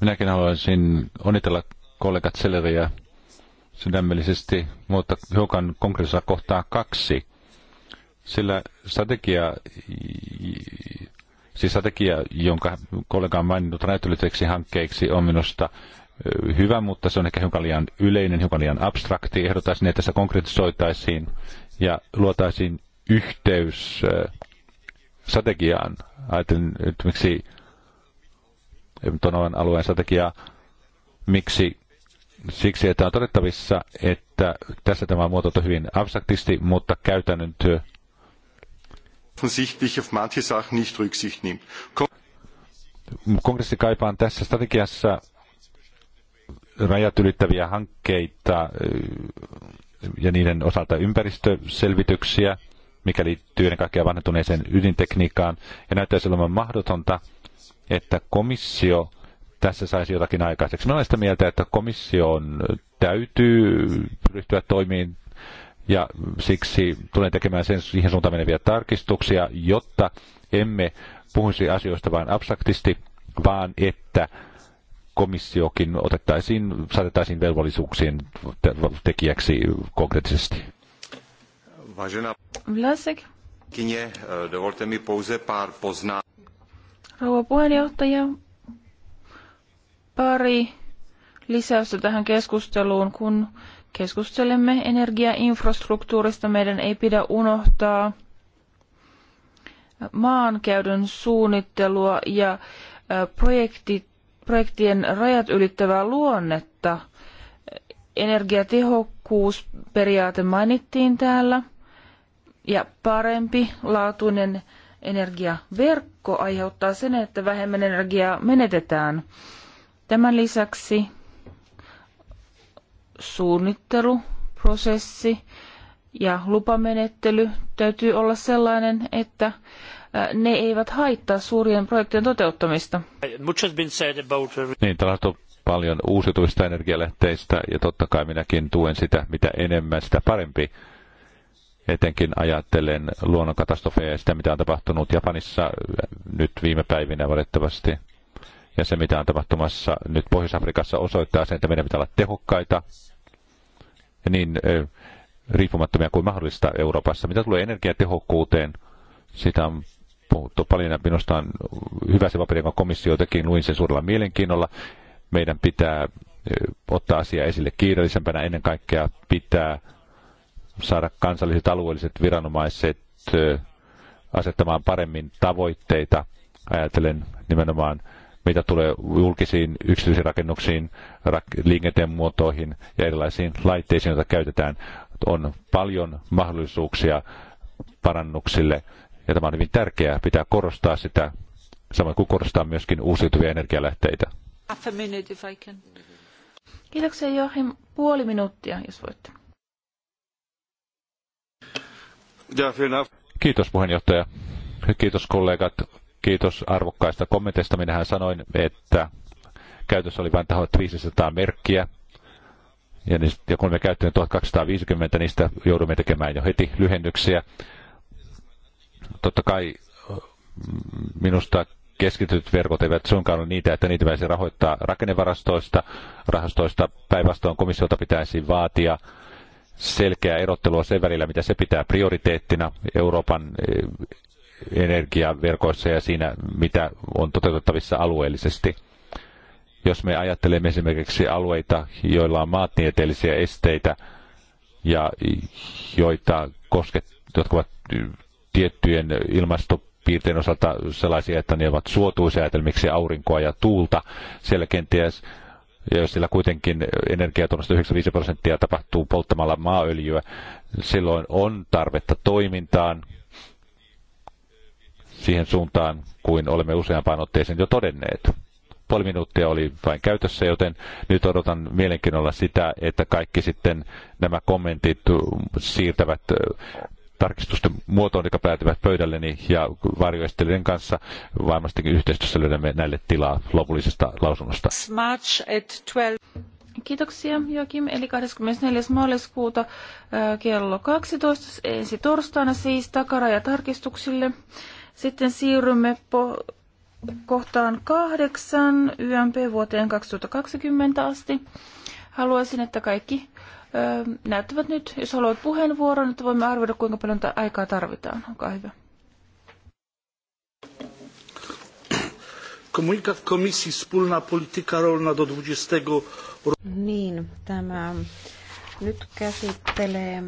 Minäkin haluaisin onnitella kollegat Selleriä sydämellisesti, mutta hiukan konkreettisella kohtaa kaksi. Sillä strategia, siis strategia, jonka kollega on maininnut näyttelyteksi hankkeiksi, on minusta hyvä, mutta se on ehkä hiukan liian yleinen, hiukan liian abstrakti. Ehdotaisin, että se konkretisoitaisiin ja luotaisiin yhteys äh, strategiaan. Ajattelin nyt miksi äh, Tonovan alueen strategia, miksi siksi, että on todettavissa, että tässä tämä muoto on hyvin abstraktisti, mutta käytännön työ Kongressi kaipaa tässä strategiassa rajat ylittäviä hankkeita äh, ja niiden osalta ympäristöselvityksiä mikä liittyy ennen kaikkea vanhentuneeseen ydintekniikkaan, ja näyttäisi olevan mahdotonta, että komissio tässä saisi jotakin aikaiseksi. Mä olen sitä mieltä, että komission täytyy ryhtyä toimiin ja siksi tulen tekemään sen siihen suuntaan meneviä tarkistuksia, jotta emme puhuisi asioista vain abstraktisti, vaan että komissiokin otettaisiin, saatettaisiin velvollisuuksien tekijäksi konkreettisesti. Vážená Vlasek. Kine, eh, dovolte mi pouze pár poznaa. Rouva puheenjohtaja, pari lisäystä tähän keskusteluun. Kun keskustelemme energiainfrastruktuurista, meidän ei pidä unohtaa maankäytön suunnittelua ja eh, projektit, projektien rajat ylittävää luonnetta. Energiatehokkuusperiaate mainittiin täällä – ja parempi laatuinen energiaverkko aiheuttaa sen, että vähemmän energiaa menetetään. Tämän lisäksi suunnitteluprosessi ja lupamenettely täytyy olla sellainen, että ne eivät haittaa suurien projektien toteuttamista. Niin, täällä on paljon uusiutuvista energialähteistä ja totta kai minäkin tuen sitä, mitä enemmän, sitä parempi etenkin ajattelen luonnonkatastrofeja ja sitä, mitä on tapahtunut Japanissa äh, nyt viime päivinä valitettavasti. Ja se, mitä on tapahtumassa nyt Pohjois-Afrikassa, osoittaa sen, että meidän pitää olla tehokkaita ja niin äh, riippumattomia kuin mahdollista Euroopassa. Mitä tulee energiatehokkuuteen, sitä on puhuttu paljon ja minusta on hyvä se paperi, komissio teki, luin sen suurella mielenkiinnolla. Meidän pitää äh, ottaa asia esille kiireellisempänä, ennen kaikkea pitää saada kansalliset alueelliset viranomaiset asettamaan paremmin tavoitteita, ajatellen nimenomaan mitä tulee julkisiin yksityisiin rakennuksiin, liikenteen muotoihin ja erilaisiin laitteisiin, joita käytetään, on paljon mahdollisuuksia parannuksille. Ja tämä on hyvin tärkeää, pitää korostaa sitä, samoin kuin korostaa myöskin uusiutuvia energialähteitä. minute if I can. Kiitoksia Joachim. Puoli minuuttia, jos voitte. Kiitos puheenjohtaja. Kiitos kollegat. Kiitos arvokkaista kommenteista. Minähän sanoin, että käytössä oli vain tahot 500 merkkiä. Ja, niistä, ja kun me käyttöön 1250, niistä joudumme tekemään jo heti lyhennyksiä. Totta kai mm, minusta keskityt verkot eivät suinkaan ole niitä, että niitä pitäisi rahoittaa rakennevarastoista, rahastoista. Päinvastoin komissiolta pitäisi vaatia selkeää erottelua sen välillä, mitä se pitää prioriteettina Euroopan eh, energiaverkoissa ja siinä, mitä on toteutettavissa alueellisesti. Jos me ajattelemme esimerkiksi alueita, joilla on maantieteellisiä esteitä ja joita kosket, jotka ovat eh, tiettyjen ilmastopiirteiden osalta sellaisia, että ne ovat suotuisia esimerkiksi aurinkoa ja tuulta, siellä kenties ja sillä kuitenkin energiatuotannosta 95 prosenttia tapahtuu polttamalla maaöljyä, silloin on tarvetta toimintaan siihen suuntaan, kuin olemme useampaan otteeseen jo todenneet. Puoli minuuttia oli vain käytössä, joten nyt odotan mielenkiinnolla sitä, että kaikki sitten nämä kommentit siirtävät tarkistusten muotoon, jotka päätyvät pöydälleni ja varjoistelijan kanssa varmastikin yhteistyössä löydämme näille tilaa lopullisesta lausunnosta. Kiitoksia Joakim. Eli 24. maaliskuuta kello 12 ensi torstaina siis takaraja tarkistuksille. Sitten siirrymme po- kohtaan kahdeksan YMP vuoteen 2020 asti. Haluaisin, että kaikki näyttävät nyt. Jos haluat puheenvuoron, että voimme arvioida, kuinka paljon aikaa tarvitaan. Olkaa hyvä. Komunikat komisji wspólna rolna do 20. Niin, tämä nyt käsittelee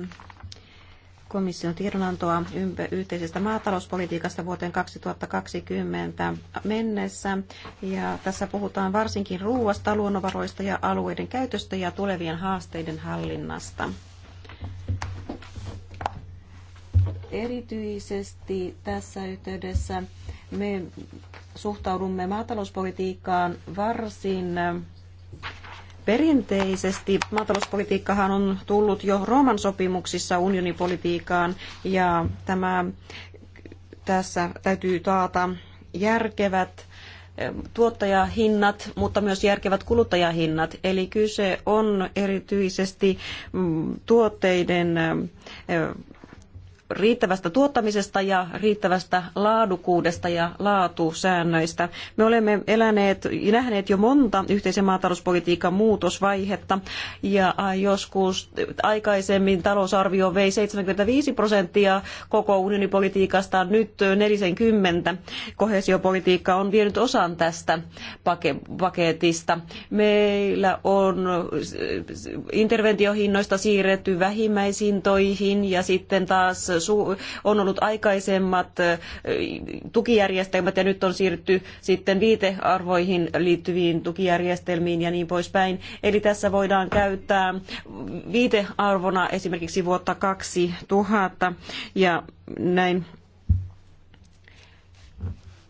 komission tiedonantoa yhteisestä maatalouspolitiikasta vuoteen 2020 mennessä. Ja tässä puhutaan varsinkin ruuasta, luonnonvaroista ja alueiden käytöstä ja tulevien haasteiden hallinnasta. Erityisesti tässä yhteydessä me suhtaudumme maatalouspolitiikkaan varsin Perinteisesti maatalouspolitiikkahan on tullut jo Rooman sopimuksissa unionipolitiikkaan ja tämä, tässä täytyy taata järkevät eh, tuottajahinnat, mutta myös järkevät kuluttajahinnat. Eli kyse on erityisesti mm, tuotteiden eh, riittävästä tuottamisesta ja riittävästä laadukkuudesta ja laatusäännöistä. Me olemme eläneet ja nähneet jo monta yhteisen maatalouspolitiikan muutosvaihetta ja joskus aikaisemmin talousarvio vei 75 prosenttia koko unionipolitiikasta, nyt 40. Kohesiopolitiikka on vienyt osan tästä paketista. Meillä on interventiohinnoista siirretty vähimmäisintoihin ja sitten taas on ollut aikaisemmat tukijärjestelmät ja nyt on siirrytty sitten viitearvoihin liittyviin tukijärjestelmiin ja niin poispäin. Eli tässä voidaan käyttää viitearvona esimerkiksi vuotta 2000 ja näin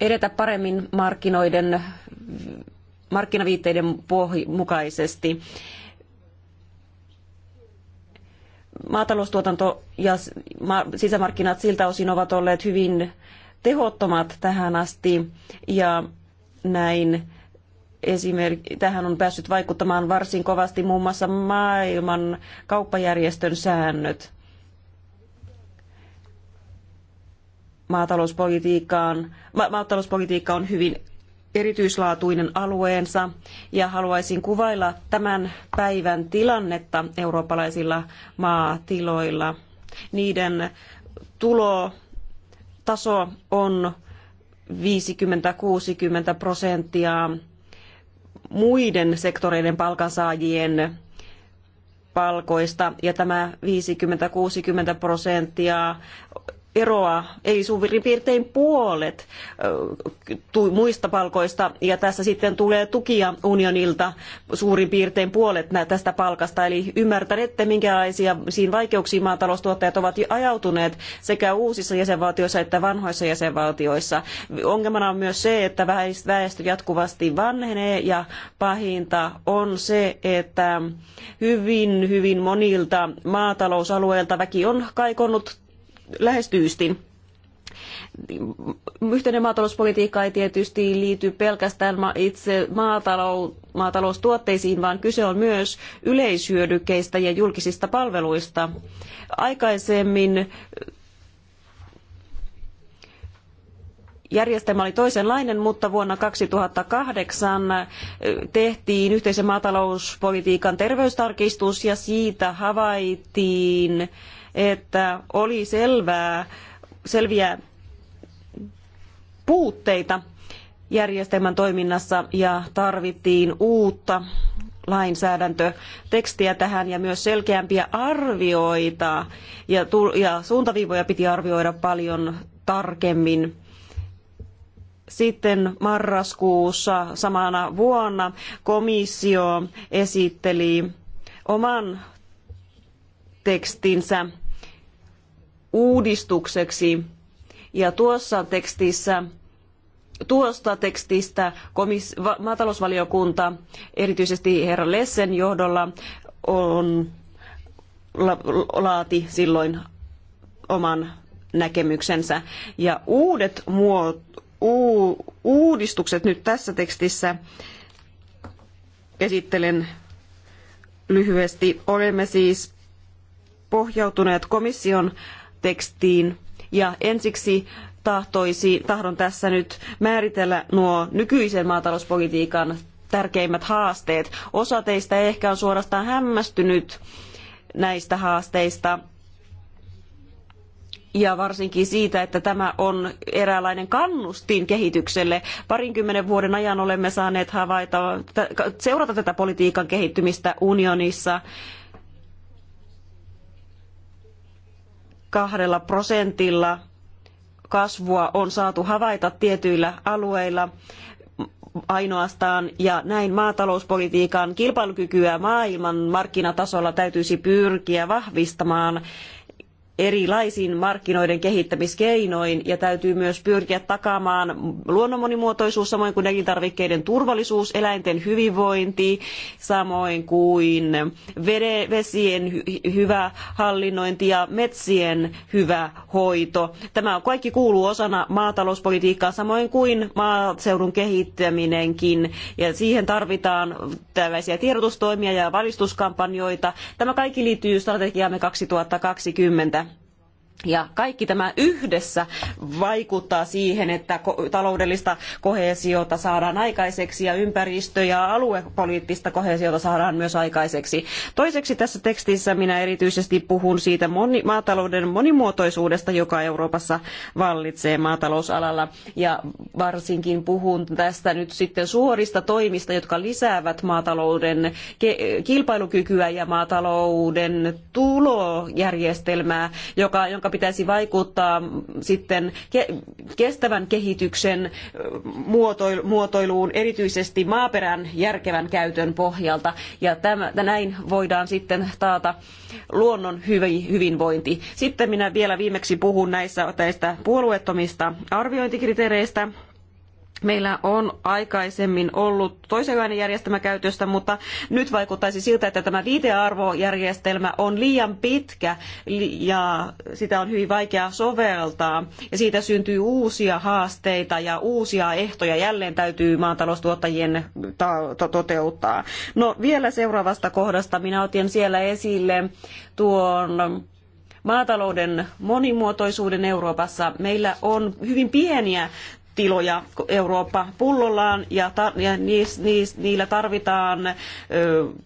edetä paremmin markkinoiden markkinaviitteiden mukaisesti maataloustuotanto ja sisämarkkinat siltä osin ovat olleet hyvin tehottomat tähän asti ja näin esimerkiksi tähän on päässyt vaikuttamaan varsin kovasti muun muassa maailman kauppajärjestön säännöt maatalouspolitiikkaan. Ma- maatalouspolitiikka on hyvin erityislaatuinen alueensa ja haluaisin kuvailla tämän päivän tilannetta eurooppalaisilla maatiloilla. Niiden tulotaso on 50-60 prosenttia muiden sektoreiden palkansaajien palkoista ja tämä 50-60 prosenttia eroaa ei suurin piirtein puolet muista palkoista ja tässä sitten tulee tukia unionilta suurin piirtein puolet tästä palkasta. Eli ymmärtänette, minkälaisia siinä vaikeuksia maataloustuottajat ovat ajautuneet sekä uusissa jäsenvaltioissa että vanhoissa jäsenvaltioissa. Ongelmana on myös se, että väestö jatkuvasti vanhenee ja pahinta on se, että hyvin, hyvin monilta maatalousalueilta väki on kaikonnut lähestyystin. Yhteinen maatalouspolitiikka ei tietysti liity pelkästään itse maatalou- maataloustuotteisiin, vaan kyse on myös yleishyödykkeistä ja julkisista palveluista. Aikaisemmin järjestelmä oli toisenlainen, mutta vuonna 2008 tehtiin yhteisen maatalouspolitiikan terveystarkistus ja siitä havaittiin että oli selvää, selviä puutteita järjestelmän toiminnassa ja tarvittiin uutta lainsäädäntötekstiä tähän ja myös selkeämpiä arvioita ja, ja suuntaviivoja piti arvioida paljon tarkemmin. Sitten marraskuussa samana vuonna komissio esitteli oman tekstinsä uudistukseksi. Ja tuossa tekstissä tuosta tekstistä komis- maatalousvaliokunta, erityisesti herra Lessen johdolla, on, la, laati silloin oman näkemyksensä. Ja uudet muot, u, uudistukset nyt tässä tekstissä esittelen lyhyesti. Olemme siis pohjautuneet komission tekstiin. Ja ensiksi tahtoisi, tahdon tässä nyt määritellä nuo nykyisen maatalouspolitiikan tärkeimmät haasteet. Osa teistä ehkä on suorastaan hämmästynyt näistä haasteista ja varsinkin siitä, että tämä on eräänlainen kannustin kehitykselle. Parinkymmenen vuoden ajan olemme saaneet havaita, seurata tätä politiikan kehittymistä unionissa kahdella prosentilla kasvua on saatu havaita tietyillä alueilla ainoastaan ja näin maatalouspolitiikan kilpailukykyä maailman markkinatasolla täytyisi pyrkiä vahvistamaan erilaisin markkinoiden kehittämiskeinoin ja täytyy myös pyrkiä takaamaan luonnon monimuotoisuus samoin kuin elintarvikkeiden turvallisuus, eläinten hyvinvointi, samoin kuin vede, vesien hyvä hallinnointi ja metsien hyvä hoito. Tämä kaikki kuuluu osana maatalouspolitiikkaa samoin kuin maaseudun kehittäminenkin ja siihen tarvitaan tällaisia tiedotustoimia ja valistuskampanjoita. Tämä kaikki liittyy strategiaamme 2020 ja kaikki tämä yhdessä vaikuttaa siihen, että taloudellista koheesiota saadaan aikaiseksi ja ympäristö- ja aluepoliittista koheesiota saadaan myös aikaiseksi. Toiseksi tässä tekstissä minä erityisesti puhun siitä moni maatalouden monimuotoisuudesta, joka Euroopassa vallitsee maatalousalalla. Ja varsinkin puhun tästä nyt sitten suorista toimista, jotka lisäävät maatalouden kilpailukykyä ja maatalouden tulojärjestelmää, joka, jonka jonka pitäisi vaikuttaa sitten kestävän kehityksen muotoiluun, erityisesti maaperän järkevän käytön pohjalta. Ja tämä, näin voidaan sitten taata luonnon hyvinvointi. Sitten minä vielä viimeksi puhun näissä puolueettomista arviointikriteereistä Meillä on aikaisemmin ollut toisenlainen järjestelmä käytöstä, mutta nyt vaikuttaisi siltä, että tämä viitearvojärjestelmä on liian pitkä ja sitä on hyvin vaikea soveltaa. Ja siitä syntyy uusia haasteita ja uusia ehtoja jälleen täytyy maataloustuottajien toteuttaa. No vielä seuraavasta kohdasta minä otin siellä esille tuon maatalouden monimuotoisuuden Euroopassa. Meillä on hyvin pieniä tiloja Eurooppa pullollaan ja, ja niis, niis, niillä tarvitaan ö,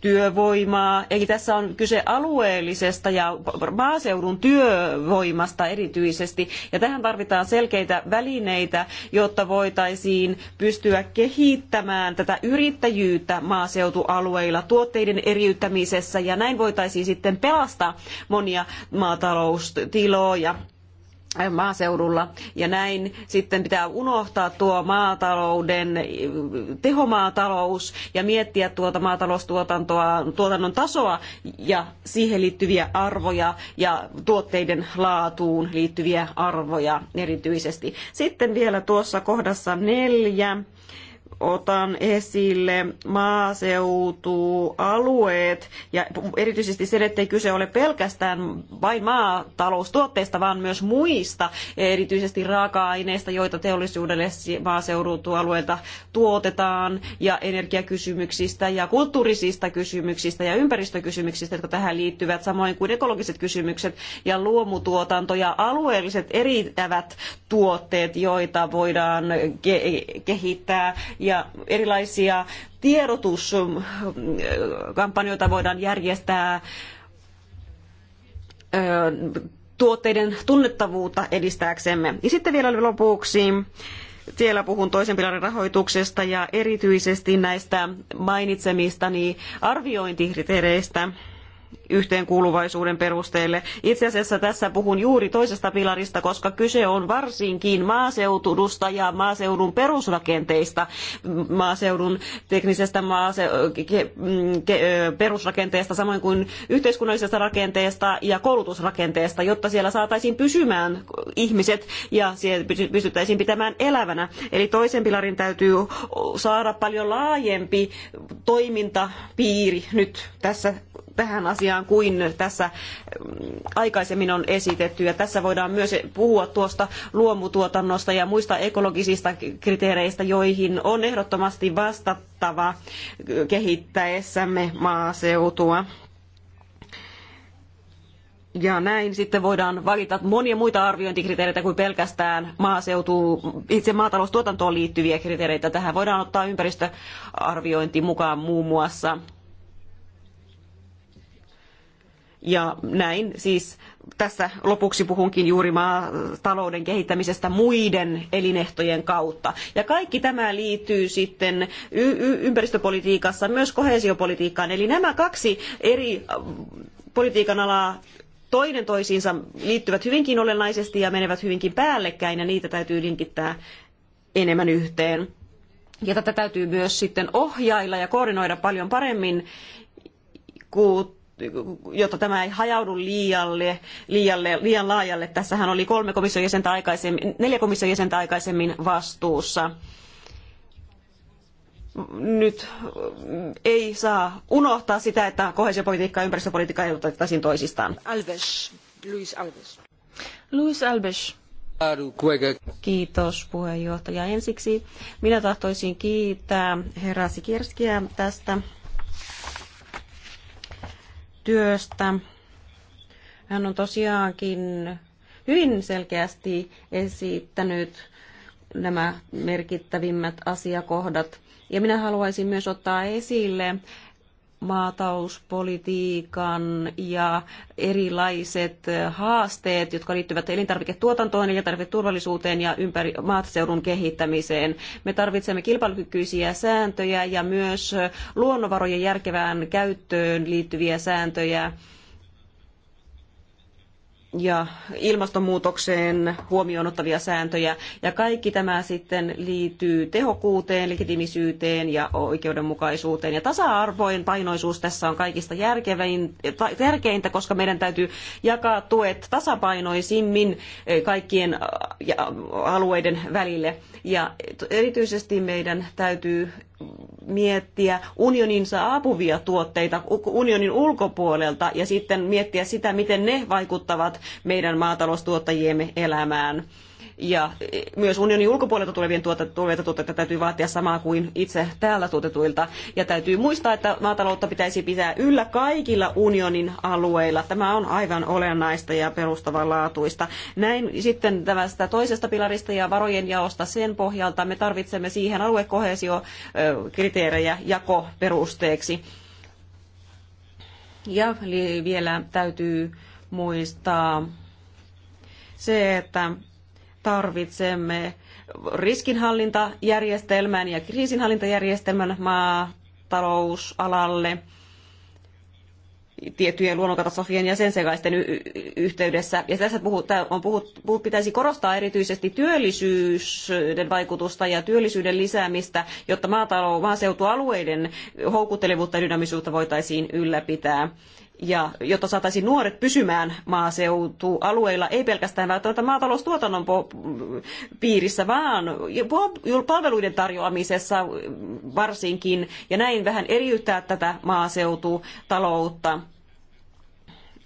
työvoimaa. Eli tässä on kyse alueellisesta ja maaseudun työvoimasta erityisesti. Ja tähän tarvitaan selkeitä välineitä, jotta voitaisiin pystyä kehittämään tätä yrittäjyyttä maaseutualueilla tuotteiden eriyttämisessä ja näin voitaisiin sitten pelastaa monia maataloustiloja maaseudulla. Ja näin sitten pitää unohtaa tuo maatalouden tehomaatalous ja miettiä tuota maataloustuotantoa, tuotannon tasoa ja siihen liittyviä arvoja ja tuotteiden laatuun liittyviä arvoja erityisesti. Sitten vielä tuossa kohdassa neljä otan esille maaseutualueet ja erityisesti sen, ettei kyse ole pelkästään vain maataloustuotteista, vaan myös muista, erityisesti raaka-aineista, joita teollisuudelle maaseutualueelta tuotetaan ja energiakysymyksistä ja kulttuurisista kysymyksistä ja ympäristökysymyksistä, jotka tähän liittyvät, samoin kuin ekologiset kysymykset ja luomutuotanto ja alueelliset eritävät tuotteet, joita voidaan ke kehittää ja ja erilaisia tiedotuskampanjoita voidaan järjestää tuotteiden tunnettavuutta edistääksemme. Ja sitten vielä lopuksi siellä puhun toisen pilarin rahoituksesta ja erityisesti näistä mainitsemistani arviointikriteereistä yhteenkuuluvaisuuden perusteelle. Itse asiassa tässä puhun juuri toisesta pilarista, koska kyse on varsinkin maaseutudusta ja maaseudun perusrakenteista, maaseudun teknisestä maase- mm, perusrakenteesta, samoin kuin yhteiskunnallisesta rakenteesta ja koulutusrakenteesta, jotta siellä saataisiin pysymään ihmiset ja siellä pystyttäisiin pitämään elävänä. Eli toisen pilarin täytyy saada paljon laajempi toimintapiiri nyt tässä tähän asiaan kuin tässä mm, aikaisemmin on esitetty. Ja tässä voidaan myös puhua tuosta luomutuotannosta ja muista ekologisista kriteereistä, joihin on ehdottomasti vastattava kehittäessämme maaseutua. Ja näin sitten voidaan valita monia muita arviointikriteereitä kuin pelkästään maaseutu, itse maataloustuotantoon liittyviä kriteereitä. Tähän voidaan ottaa ympäristöarviointi mukaan muun muassa. Ja näin siis tässä lopuksi puhunkin juuri maatalouden kehittämisestä muiden elinehtojen kautta. Ja kaikki tämä liittyy sitten ympäristöpolitiikassa myös koheesiopolitiikkaan, Eli nämä kaksi eri äh, politiikan alaa toinen toisiinsa liittyvät hyvinkin olennaisesti ja menevät hyvinkin päällekkäin ja niitä täytyy linkittää enemmän yhteen. Ja tätä täytyy myös sitten ohjailla ja koordinoida paljon paremmin, kun jotta tämä ei hajaudu liialle, liialle, liian laajalle. Tässähän oli kolme komission jäsentä aikaisemmin, neljä komission jäsentä aikaisemmin vastuussa nyt ei saa unohtaa sitä, että kohesiopolitiikka ja ympäristöpolitiikka erotettaisiin toisistaan. Alves, Luis Alves. Luis Alves. Kiitos puheenjohtaja. Ensiksi minä tahtoisin kiittää herra Sikirskiä tästä työstä. Hän on tosiaankin hyvin selkeästi esittänyt nämä merkittävimmät asiakohdat. Ja minä haluaisin myös ottaa esille maatauspolitiikan ja erilaiset haasteet, jotka liittyvät elintarviketuotantoon, elintarviketurvallisuuteen ja ympäri maatseudun kehittämiseen. Me tarvitsemme kilpailukykyisiä sääntöjä ja myös luonnonvarojen järkevään käyttöön liittyviä sääntöjä ja ilmastonmuutokseen huomioon ottavia sääntöjä. Ja kaikki tämä sitten liittyy tehokkuuteen, legitimisyyteen ja oikeudenmukaisuuteen. Ja tasa-arvoin painoisuus tässä on kaikista järkeväin, tärkeintä, koska meidän täytyy jakaa tuet tasapainoisimmin eh, kaikkien eh, alueiden välille. Ja erityisesti meidän täytyy miettiä unionin saapuvia tuotteita unionin ulkopuolelta ja sitten miettiä sitä, miten ne vaikuttavat meidän maataloustuottajiemme elämään. Ja myös unionin ulkopuolelta tulevien tuotteita, tuotteita täytyy vaatia samaa kuin itse täällä tuotetuilta. Ja täytyy muistaa, että maataloutta pitäisi pitää yllä kaikilla unionin alueilla. Tämä on aivan olennaista ja perustavanlaatuista. Näin sitten tästä toisesta pilarista ja varojen jaosta sen pohjalta me tarvitsemme siihen aluekohesiokriteerejä jakoperusteeksi. Ja vielä täytyy muistaa se, että tarvitsemme riskinhallintajärjestelmän ja kriisinhallintajärjestelmän maatalousalalle tiettyjen luonnonkatastrofien ja sen sekaisten yhteydessä. Ja tässä on puhut, pitäisi korostaa erityisesti työllisyyden vaikutusta ja työllisyyden lisäämistä, jotta maatalou, maaseutualueiden houkuttelevuutta ja dynamisuutta voitaisiin ylläpitää ja jotta saataisiin nuoret pysymään maaseutualueilla, ei pelkästään välttämättä maataloustuotannon piirissä, vaan palveluiden tarjoamisessa varsinkin, ja näin vähän eriyttää tätä maaseututaloutta.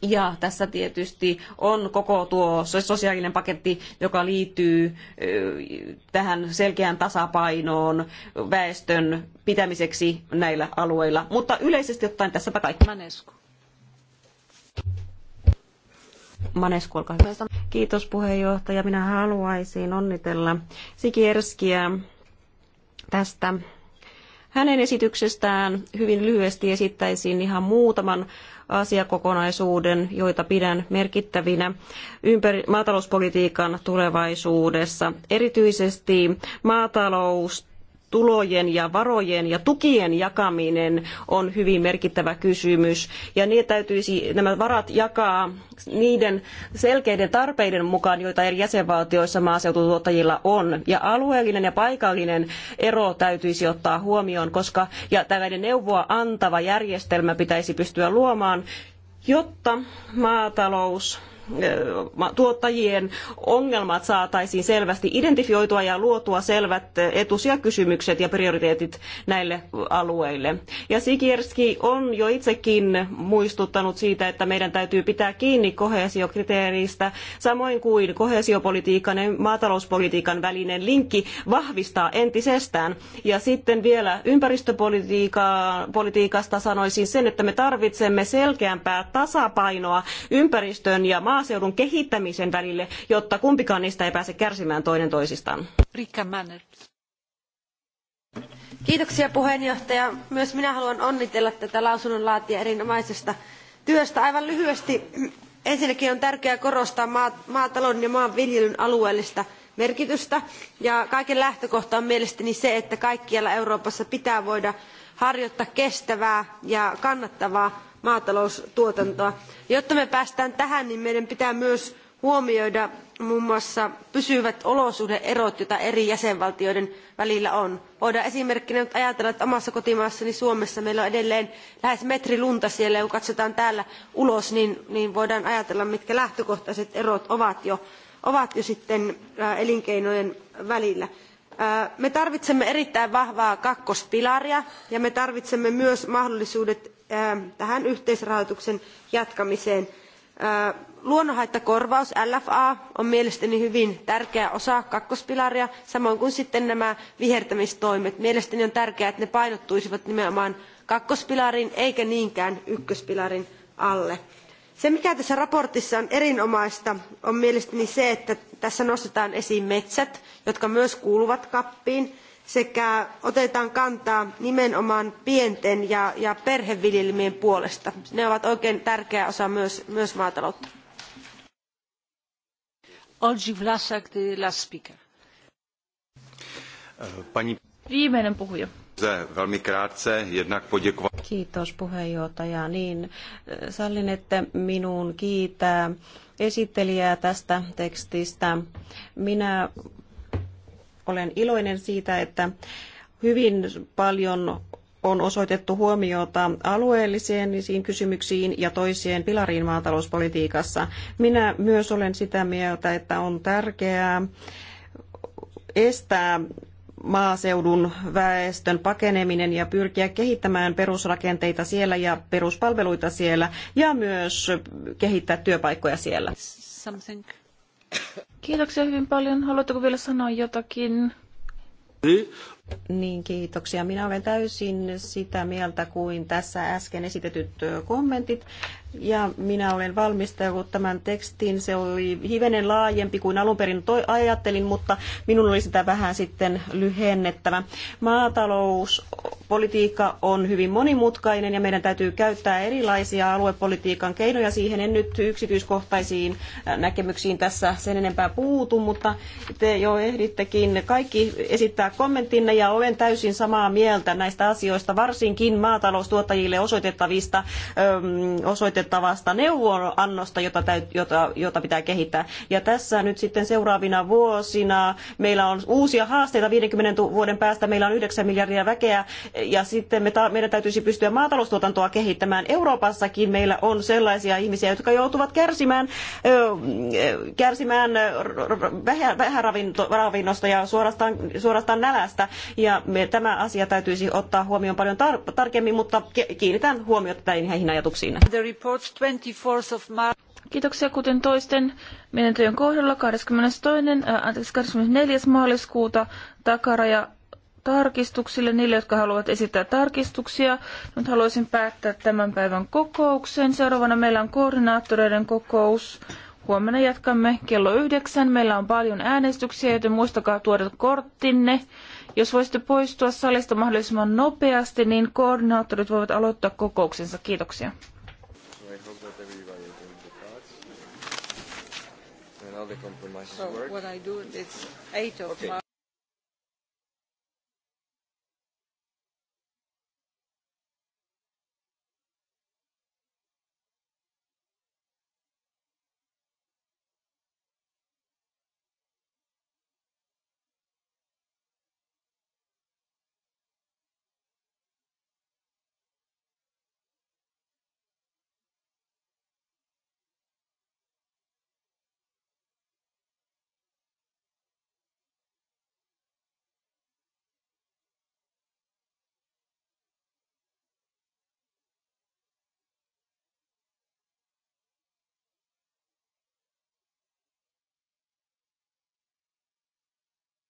Ja tässä tietysti on koko tuo sosiaalinen paketti, joka liittyy tähän selkeään tasapainoon väestön pitämiseksi näillä alueilla. Mutta yleisesti ottaen tässäpä kaikki. Manesku. Manesku, olkaa hyvä. Kiitos puheenjohtaja. Minä haluaisin onnitella Sikierskiä tästä hänen esityksestään. Hyvin lyhyesti esittäisin ihan muutaman asiakokonaisuuden, joita pidän merkittävinä maatalouspolitiikan tulevaisuudessa. Erityisesti maatalous tulojen ja varojen ja tukien jakaminen on hyvin merkittävä kysymys. Ja niitä täytyisi nämä varat jakaa niiden selkeiden tarpeiden mukaan, joita eri jäsenvaltioissa maaseututuottajilla on. Ja alueellinen ja paikallinen ero täytyisi ottaa huomioon, koska ja tällainen neuvoa antava järjestelmä pitäisi pystyä luomaan, jotta maatalous tuottajien ongelmat saataisiin selvästi identifioitua ja luotua selvät etusijakysymykset ja prioriteetit näille alueille. Ja Sikierski on jo itsekin muistuttanut siitä, että meidän täytyy pitää kiinni kohesiokriteeristä, samoin kuin kohesiopolitiikan ja maatalouspolitiikan välinen linkki vahvistaa entisestään. Ja sitten vielä ympäristöpolitiikasta sanoisin sen, että me tarvitsemme selkeämpää tasapainoa ympäristön ja maatalouden maaseudun kehittämisen välille, jotta kumpikaan niistä ei pääse kärsimään toinen toisistaan. Rikka Manner. Kiitoksia puheenjohtaja. Myös minä haluan onnitella tätä lausunnonlaatia erinomaisesta työstä. Aivan lyhyesti ensinnäkin on tärkeää korostaa maatalouden ja maanviljelyn alueellista merkitystä ja kaiken lähtökohta on mielestäni se että kaikkialla euroopassa pitää voida harjoittaa kestävää ja kannattavaa maataloustuotantoa. Jotta me päästään tähän, niin meidän pitää myös huomioida muun mm. muassa pysyvät olosuhdeerot, joita eri jäsenvaltioiden välillä on. Voidaan esimerkkinä nyt ajatella, että omassa kotimaassani Suomessa meillä on edelleen lähes metri lunta siellä, ja kun katsotaan täällä ulos, niin, niin voidaan ajatella, mitkä lähtökohtaiset erot ovat jo, ovat jo sitten elinkeinojen välillä me tarvitsemme erittäin vahvaa kakkospilaria ja me tarvitsemme myös mahdollisuudet tähän yhteisrahoituksen jatkamiseen. luonnonhaittakorvaus lfa on mielestäni hyvin tärkeä osa kakkospilaria samoin kuin sitten nämä vihertämistoimet. mielestäni on tärkeää että ne painottuisivat nimenomaan kakkospilariin eikä niinkään ykköspilarin alle. Se, mikä tässä raportissa on erinomaista, on mielestäni se, että tässä nostetaan esiin metsät, jotka myös kuuluvat kappiin, sekä otetaan kantaa nimenomaan pienten ja, ja perheviljelmien puolesta. Ne ovat oikein tärkeä osa myös, myös maataloutta. Viimeinen puhuja. Velmi krátce, jednak poděkovat. Kiitos puheenjohtaja. Niin, sallin, että minun kiittää esittelijää tästä tekstistä. Minä olen iloinen siitä, että hyvin paljon on osoitettu huomiota alueellisiin kysymyksiin ja toiseen pilariin maatalouspolitiikassa. Minä myös olen sitä mieltä, että on tärkeää estää maaseudun väestön pakeneminen ja pyrkiä kehittämään perusrakenteita siellä ja peruspalveluita siellä ja myös kehittää työpaikkoja siellä. Something. Kiitoksia hyvin paljon. Haluatteko vielä sanoa jotakin? Niin, kiitoksia. Minä olen täysin sitä mieltä kuin tässä äsken esitetyt kommentit ja minä olen valmistellut tämän tekstin. Se oli hivenen laajempi kuin alun perin toi ajattelin, mutta minun oli sitä vähän sitten lyhennettävä. Maatalouspolitiikka on hyvin monimutkainen ja meidän täytyy käyttää erilaisia aluepolitiikan keinoja. Siihen en nyt yksityiskohtaisiin äh, näkemyksiin tässä sen enempää puutu, mutta te jo ehdittekin kaikki esittää kommenttinne ja olen täysin samaa mieltä näistä asioista, varsinkin maataloustuottajille osoitettavista, osoitettavista vaikuttavasta neuvonannosta, jota, täyt, jota, jota pitää kehittää. Ja tässä nyt sitten seuraavina vuosina meillä on uusia haasteita 50 vuoden päästä. Meillä on 9 miljardia väkeä ja sitten me ta- meidän täytyisi pystyä maataloustuotantoa kehittämään. Euroopassakin meillä on sellaisia ihmisiä, jotka joutuvat kärsimään, kärsimään vähäravinnosta ja suorastaan, suorastaan nälästä. Ja me, tämä asia täytyisi ottaa huomioon paljon tar tarkemmin, mutta kiinnitän huomiota näihin ajatuksiin. Kiitoksia kuten toisten mietintöjen kohdalla 22. maaliskuuta takaraja tarkistuksille, niille, jotka haluavat esittää tarkistuksia. Nyt haluaisin päättää tämän päivän kokouksen. Seuraavana meillä on koordinaattoreiden kokous. Huomenna jatkamme kello yhdeksän. Meillä on paljon äänestyksiä, joten muistakaa tuoda korttinne. Jos voisitte poistua salista mahdollisimman nopeasti, niin koordinaattorit voivat aloittaa kokouksensa. Kiitoksia. compromises so work. What I do, is eight of okay. March.